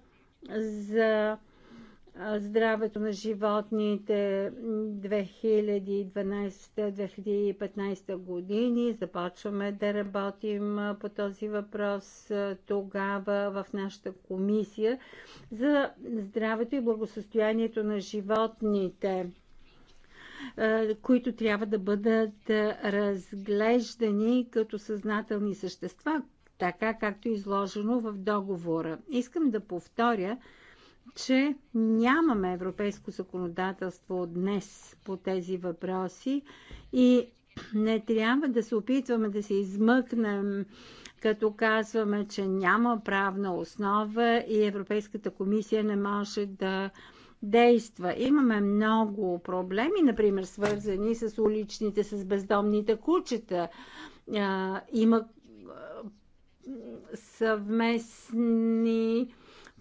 за здравето на животните 2012-2015 години. Започваме да работим по този въпрос тогава в нашата комисия за здравето и благосостоянието на животните които трябва да бъдат разглеждани като съзнателни същества, така както е изложено в договора. Искам да повторя, че нямаме европейско законодателство днес по тези въпроси и не трябва да се опитваме да се измъкнем, като казваме, че няма правна основа и Европейската комисия не може да действа. Имаме много проблеми, например, свързани с уличните, с бездомните кучета. Има съвместни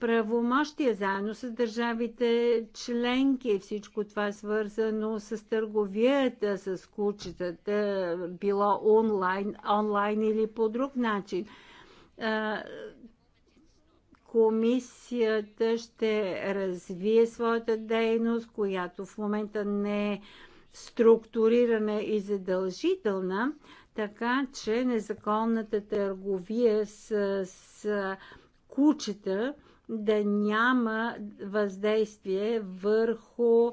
правомощия заедно с държавите членки. Всичко това е свързано с търговията, с кучетата, било онлайн, онлайн или по друг начин. Комисията ще развие своята дейност, която в момента не е структурирана и задължителна, така че незаконната търговия с, с кучета да няма въздействие върху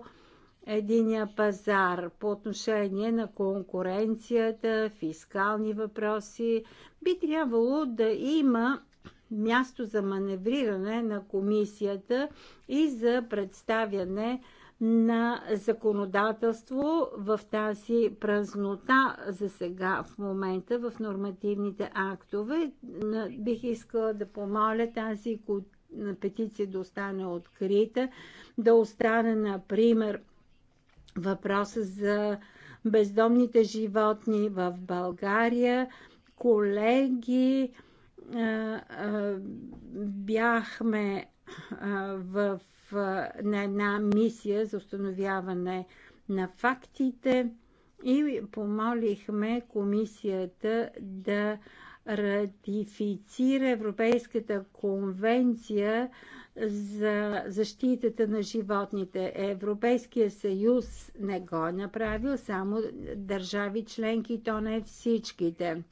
единия пазар по отношение на конкуренцията, фискални въпроси. Би трябвало да има място за маневриране на комисията и за представяне на законодателство в тази празнота за сега, в момента, в нормативните актове. Бих искала да помоля тази на петиция да остане открита, да остане, например, въпроса за бездомните животни в България. Колеги, бяхме в, на една мисия за установяване на фактите и помолихме комисията да ратифицира Европейската конвенция за защитата на животните. Европейския съюз не го е направил, само държави членки, то не всичките.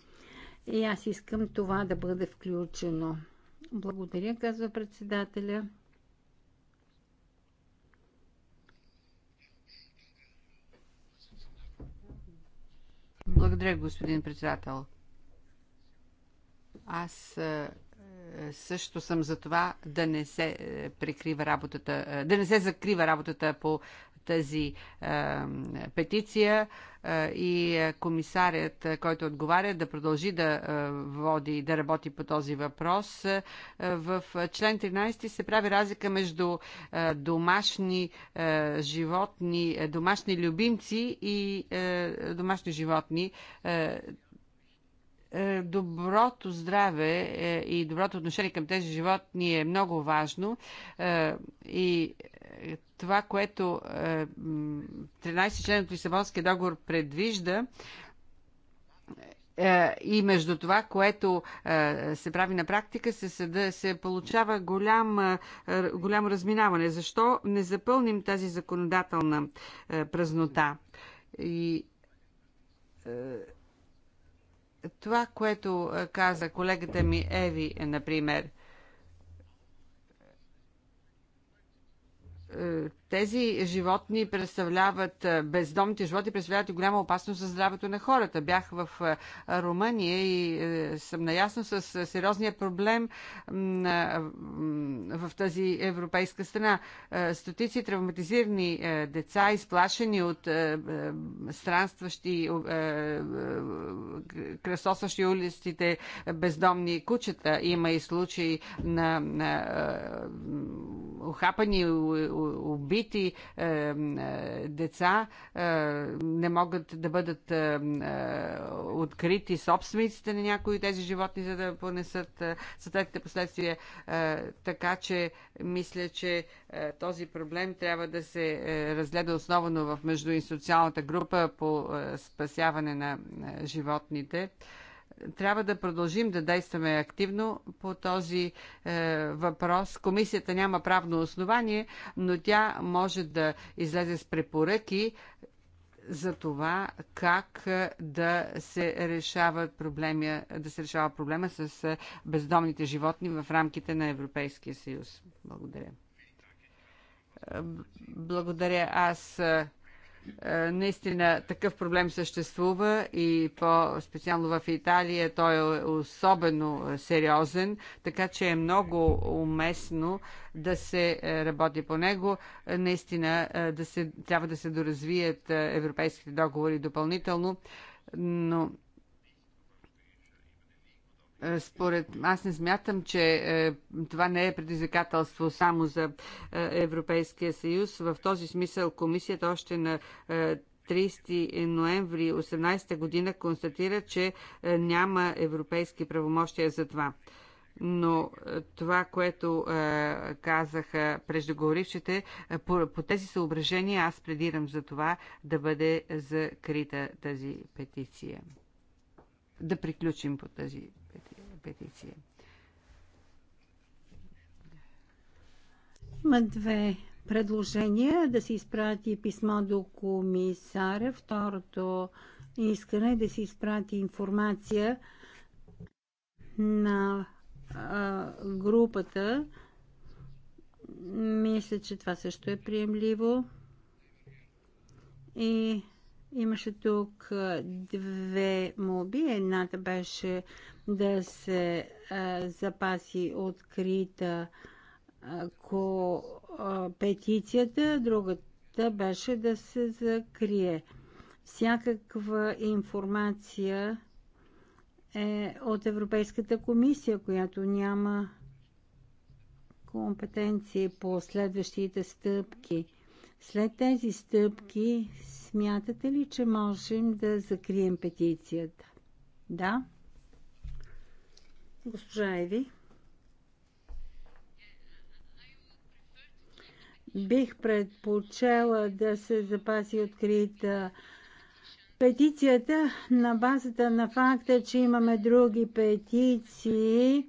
И аз искам това да бъде включено. Благодаря, казва председателя. Благодаря, господин председател. Аз е, е, също съм за това да не се е, прикрива работата, да не се закрива работата по тази е, петиция е, и комисарят, който отговаря, да продължи да е, води, да работи по този въпрос. Е, в член 13 се прави разлика между е, домашни е, животни, е, домашни любимци и е, домашни животни. Е, е, доброто здраве е, и доброто отношение към тези животни е много важно е, и това, което 13 член от Лисабонския договор предвижда, и между това, което се прави на практика, се, съда, се получава голям, голямо разминаване. Защо не запълним тази законодателна празнота? И това, което каза колегата ми Еви, е, например, е, тези животни представляват, е, бездомните животни представляват и голяма опасност за здравето на хората. Бях в е, Румъния и е, съм наясно с сериозния проблем в тази европейска страна. Стотици травматизирани деца, изплашени от странстващи, кръсосващи улиците бездомни кучета. Има и случаи на, на ухапани, убити е, е, деца е, не могат да бъдат е, открити собствениците на някои тези животни, за да понесат съответните последствия. Така че мисля, че този проблем трябва да се разгледа основано в междуинституционалната група по спасяване на животните трябва да продължим да действаме активно по този е, въпрос. Комисията няма правно основание, но тя може да излезе с препоръки за това как е, да се решава проблема, да се решава проблема с е, бездомните животни в рамките на Европейския съюз. Благодаря. Е, благодаря. Аз е, наистина такъв проблем съществува и по-специално в Италия той е особено е, сериозен, така че е много уместно да се е, работи по него. Наистина да се, трябва да се доразвият европейските договори допълнително, но е, според аз не смятам, че е, това не е предизвикателство само за е, Европейския съюз. В този смисъл комисията още на е, 30 ноември 2018 година констатира, че е, няма европейски правомощия за това. Но е, това, което казаха преждеговорившите, по, по тези съображения аз предирам за това да бъде закрита тази петиция. Да приключим по тази петиция. Има две предложения да се изпрати писмо до комисаря. Второто искане е да се изпрати информация на а, групата. Мисля, че това също е приемливо. И Имаше тук две моби. Едната беше да се а, запаси открита ако а, петицията, другата беше да се закрие. Всякаква информация е от Европейската комисия, която няма компетенции по следващите стъпки. След тези стъпки, смятате ли, че можем да закрием петицията? Да. Госпожа Еви. Бих предпочела да се запаси открита петицията на базата на факта, че имаме други петиции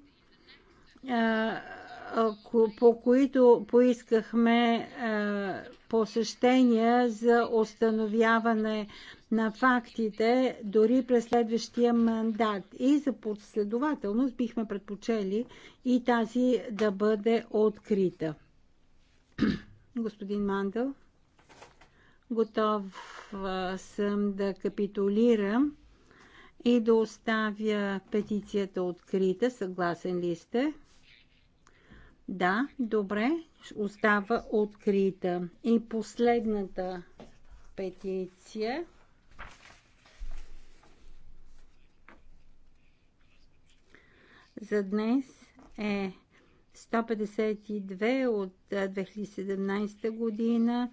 по които поискахме е, посещения за установяване на фактите дори през следващия мандат. И за последователност бихме предпочели и тази да бъде открита. *clears throat* Господин Мандел, готов съм да капитулирам и да оставя петицията открита. Съгласен ли сте? Да, добре, остава открита. И последната петиция. За днес е 152 от 2017 година.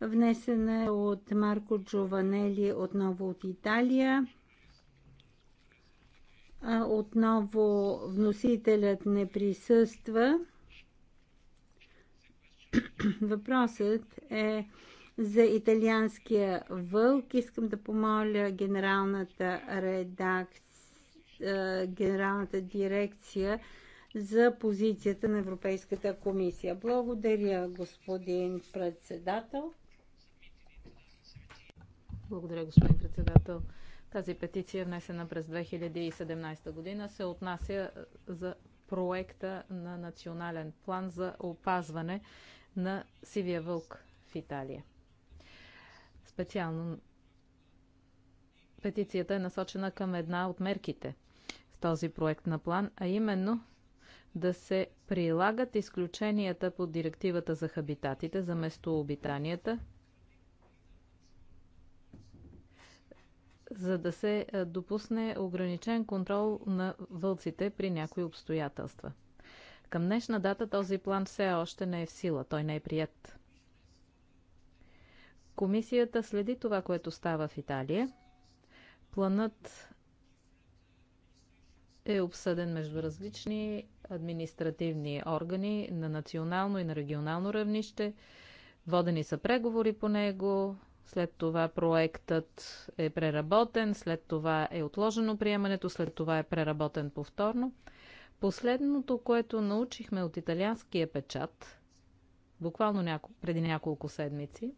Внесена е от Марко Джованели отново от Италия. Отново вносителят не присъства. Въпросът е за италианския вълк. Искам да помоля генералната редакция, е, генералната дирекция за позицията на Европейската комисия. Благодаря, господин председател. Благодаря, господин председател. Тази петиция, внесена през 2017 година, се отнася за проекта на национален план за опазване на сивия вълк в Италия. Специално петицията е насочена към една от мерките с този проект на план, а именно да се прилагат изключенията по директивата за хабитатите, за местообитанията, за да се допусне ограничен контрол на вълците при някои обстоятелства. Към днешна дата този план все още не е в сила. Той не е прият. Комисията следи това, което става в Италия. Планът е обсъден между различни административни органи на национално и на регионално равнище. Водени са преговори по него, след това проектът е преработен, след това е отложено приемането, след това е преработен повторно – Последното, което научихме от италианския печат, буквално няко, преди няколко седмици,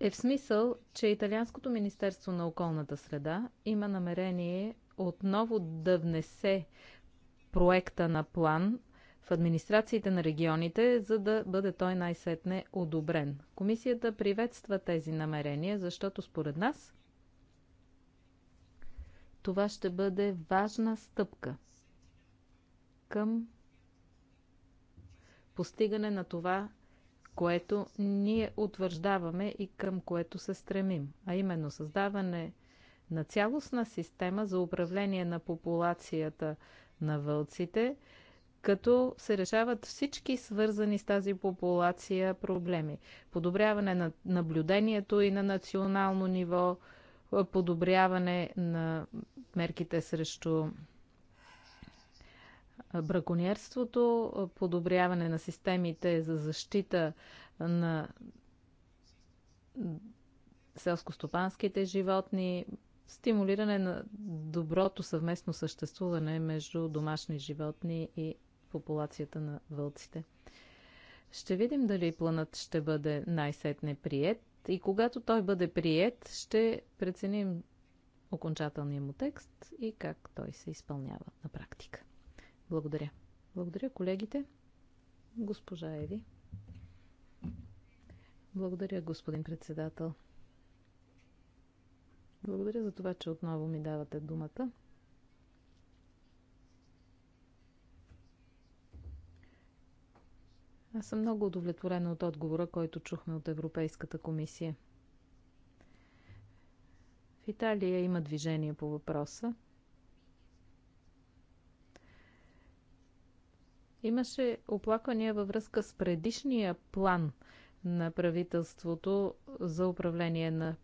е в смисъл, че Италианското Министерство на околната среда има намерение отново да внесе проекта на план в администрациите на регионите, за да бъде той най-сетне одобрен. Комисията приветства тези намерения, защото според нас това ще бъде важна стъпка към постигане на това, което ние утвърждаваме и към което се стремим, а именно създаване на цялостна система за управление на популацията на вълците, като се решават всички свързани с тази популация проблеми. Подобряване на наблюдението и на национално ниво, подобряване на мерките срещу браконьерството, подобряване на системите за защита на селскостопанските животни, стимулиране на доброто съвместно съществуване между домашни животни и популацията на вълците. Ще видим дали планът ще бъде най-сетне прият и когато той бъде прият, ще преценим окончателния му текст и как той се изпълнява на практика. Благодаря. Благодаря колегите. Госпожа Еви. Благодаря, господин председател. Благодаря за това, че отново ми давате думата. Аз съм много удовлетворена от отговора, който чухме от Европейската комисия. В Италия има движение по въпроса. Имаше оплаквания във връзка с предишния план на правителството за управление на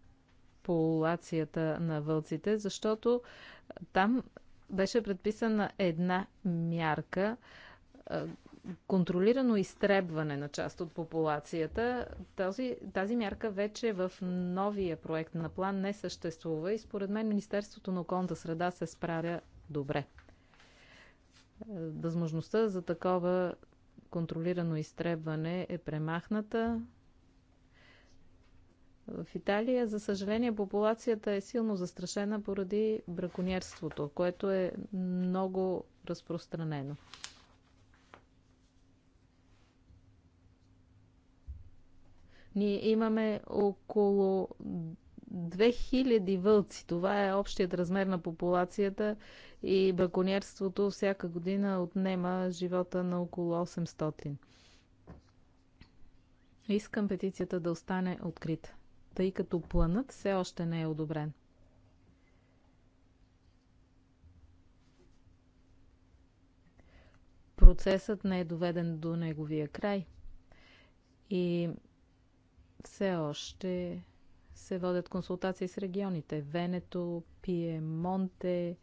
популацията на вълците, защото там беше предписана една мярка, контролирано изтребване на част от популацията, този, тази мярка вече е в новия проект на план не съществува и според мен Министерството на околната среда се справя добре. Възможността за такова контролирано изтребване е премахната. В Италия, за съжаление, популацията е силно застрашена поради браконьерството, което е много разпространено. Ние имаме около 2000 вълци. Това е общият размер на популацията и браконьерството всяка година отнема живота на около 800. Искам петицията да остане открита, тъй като планът все още не е одобрен. Процесът не е доведен до неговия край и все още се водят консултации с регионите. Венето, Пиемонте,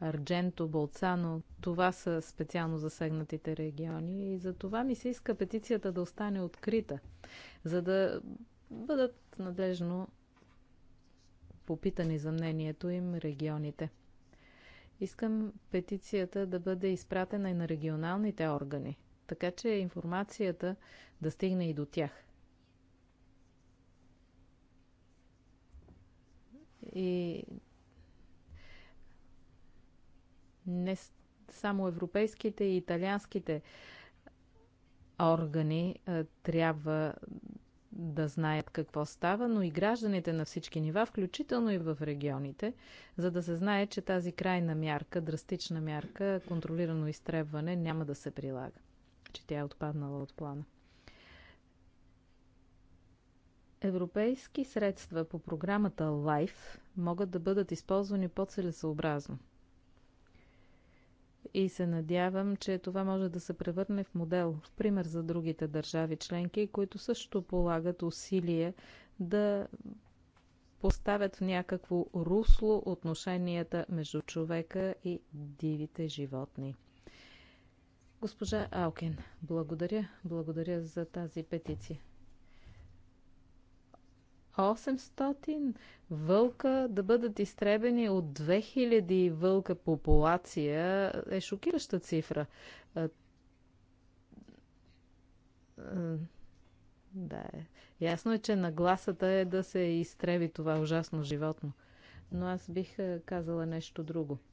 Ардженто, Болцано. Това са специално засегнатите региони и за това ми се иска петицията да остане открита, за да бъдат надежно попитани за мнението им регионите. Искам петицията да бъде изпратена и на регионалните органи – така че информацията да стигне и до тях. И не само европейските и италианските органи трябва да знаят какво става, но и гражданите на всички нива, включително и в регионите, за да се знае, че тази крайна мярка, драстична мярка, контролирано изтребване няма да се прилага че тя е отпаднала от плана. Европейски средства по програмата LIFE могат да бъдат използвани по-целесообразно. И се надявам, че това може да се превърне в модел, в пример за другите държави членки, които също полагат усилия да поставят в някакво русло отношенията между човека и дивите животни. Госпожа Алкин, благодаря. Благодаря за тази петиция. 800 вълка да бъдат изтребени от 2000 вълка популация е шокираща цифра. Да, е. Ясно е, че нагласата е да се изтреби това ужасно животно. Но аз бих казала нещо друго –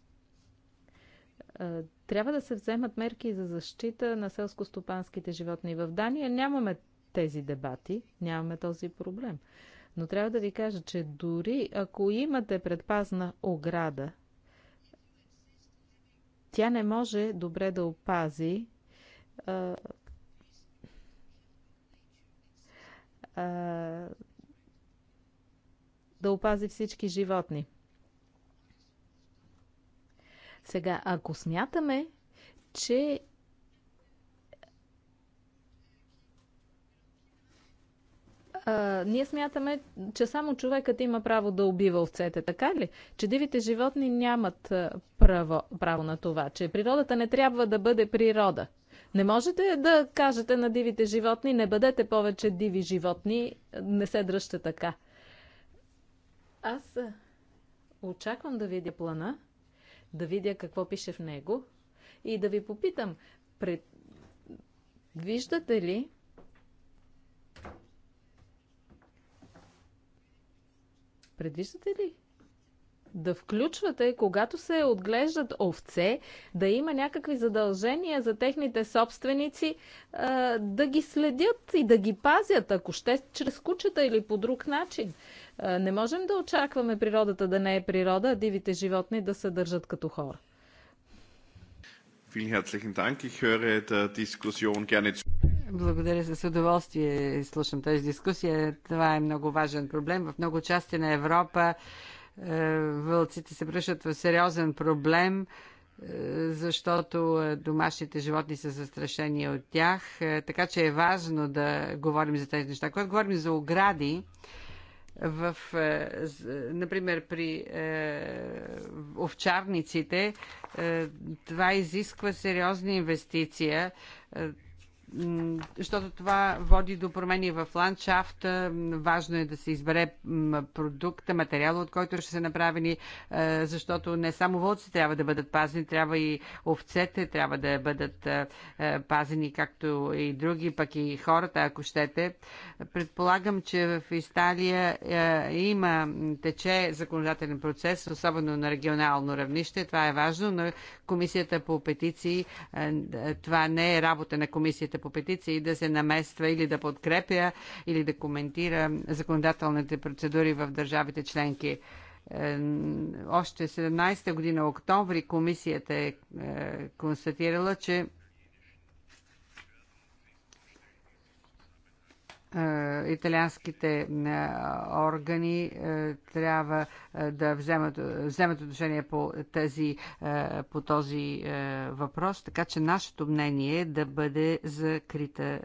е, трябва да се вземат мерки за защита на селско-стопанските животни. В Дания нямаме тези дебати, нямаме този проблем. Но трябва да ви кажа, че дори ако имате предпазна ограда, тя не може добре да опази а, а, да опази всички животни. Сега, ако смятаме, че А, ние смятаме, че само човекът има право да убива овцете, така ли? Че дивите животни нямат право, право на това, че природата не трябва да бъде природа. Не можете да кажете на дивите животни, не бъдете повече диви животни, не се дръжте така. Аз очаквам да видя плана да видя какво пише в него и да ви попитам, пред... виждате ли Предвиждате ли да включвате, когато се отглеждат овце, да има някакви задължения за техните собственици да ги следят и да ги пазят, ако ще чрез кучета или по друг начин. Е, не можем да очакваме природата да не е природа, а дивите животни да се държат като хора. Благодаря с удоволствие. Слушам тази дискусия. Това е много важен проблем. В много части на Европа е, вълците се връщат в сериозен проблем е, защото домашните животни са застрашени от тях. Така че е важно да говорим за тези неща. Когато говорим за огради, в, е, например, при е, овчарниците, е, това изисква сериозна инвестиция защото това води до промени в ландшафта. Важно е да се избере продукта, материала, от който ще са направени, е, защото не само вълци трябва да бъдат пазени, трябва и овцете трябва да бъдат е, е, пазени, както и други, пък и хората, ако щете. Предполагам, че в Италия има тече законодателен процес, особено на регионално равнище. Това е важно, но комисията по петиции, това не е работа на комисията подписите по петиции да се намества или да подкрепя или да коментира законодателните процедури в държавите членки. Е, още 17-та година, октомври, комисията е, е констатирала, че Е, италианските е, органи е, трябва да вземат, вземат отношение по, тези, по този въпрос, така че нашето мнение е да бъде закрита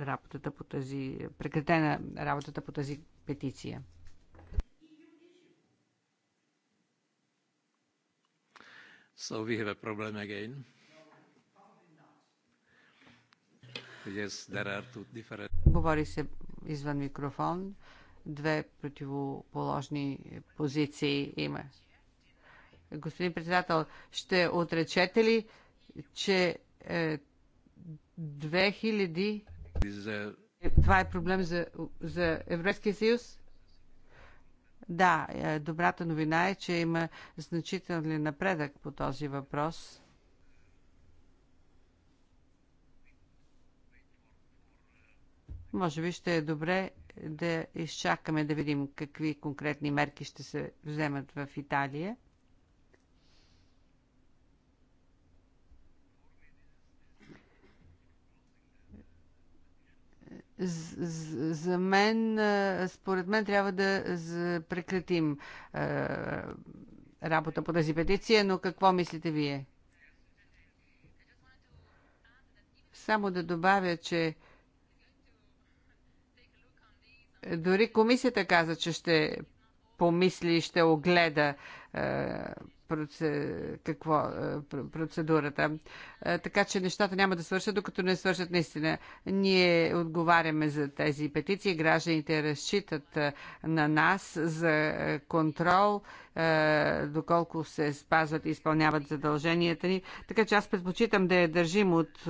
работата по тази, прекратена работата по тази петиция. So we have a problem again. Yes, there are two different. Говори се извън микрофон. Две противоположни позиции има. Господин председател, ще отречете ли, че е, 2000... Това е проблем за, за Европейския съюз? Да, е, добрата новина е, че има значителен напредък по този въпрос. Може би ще е добре да изчакаме да видим какви конкретни мерки ще се вземат в Италия. За мен, според мен, трябва да прекратим работа по тази петиция, но какво мислите вие? Само да добавя, че дори комисията каза, че ще помисли и ще огледа е, какво, е, процедурата. Е, така че нещата няма да свършат, докато не свършат наистина. Ние отговаряме за тези петиции, гражданите разчитат на нас за контрол, доколко се спазват и изпълняват задълженията ни. Така че аз предпочитам да я държим от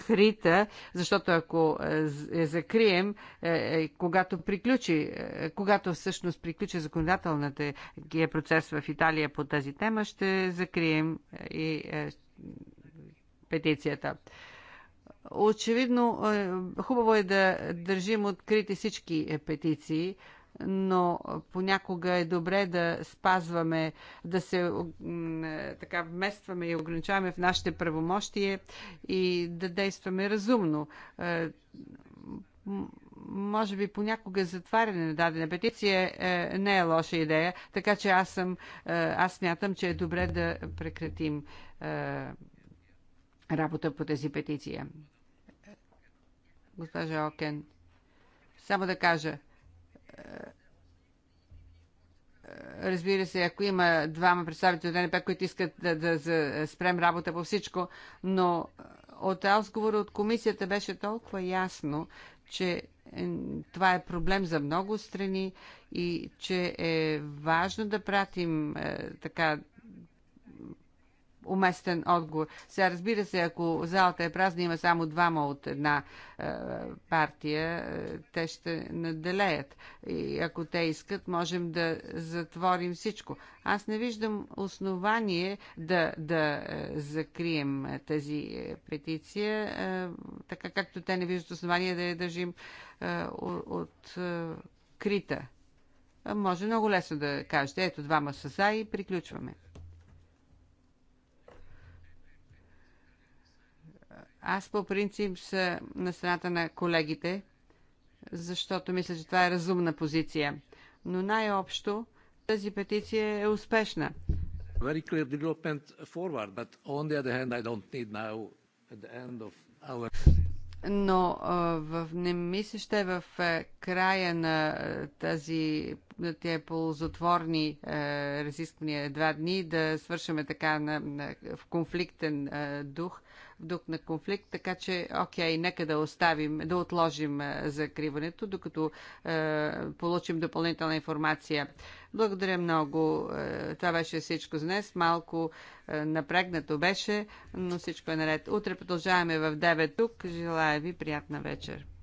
открита, защото ако я е, е, закрием, е, когато приключи, когато всъщност приключи законодателната процес в Италия по тази тема, ще закрием и петицията. Очевидно, хубаво е да държим открити всички петиции, но понякога е добре да спазваме, да се е, така вместваме и ограничаваме в нашите правомощия и да действаме разумно е, може би понякога затваряне на дадена петиция е, не е лоша идея, така че аз съм, аз смятам, че е добре да прекратим работа по тази петиция. Госпожа Окен, само да кажа, разбира се, ако има двама представители от НП, които искат да, да, да спрем работа по всичко, но от разговора от комисията беше толкова ясно, че е, това е проблем за много страни и че е важно да пратим е, така уместен отговор. Сега разбира се, ако залата е празна, има само двама от една е, партия, е, те ще наделеят. И ако те искат, можем да затворим всичко. Аз не виждам основание да, да е, закрием тази е, петиция, е, така както те не виждат основание да я държим е, от е, крита. Може много лесно да кажете, ето двама са за и приключваме. Аз по принцип съм на страната на колегите, защото мисля, че това е разумна позиция. Но най-общо тази петиция е успешна. Very clear development forward, but on the other hand, I don't need now at the end of our... Но в, не ми се ще в края на тази на тези ползотворни е, разисквания два дни да свършаме така на, на, в конфликтен е, дух дух на конфликт, така че, окей, нека да оставим, да отложим е, закриването, докато е, получим допълнителна информация. Благодаря много. Е, това беше всичко за днес. Малко е, напрегнато беше, но всичко е наред. Утре продължаваме в 9 тук. Желая ви приятна вечер.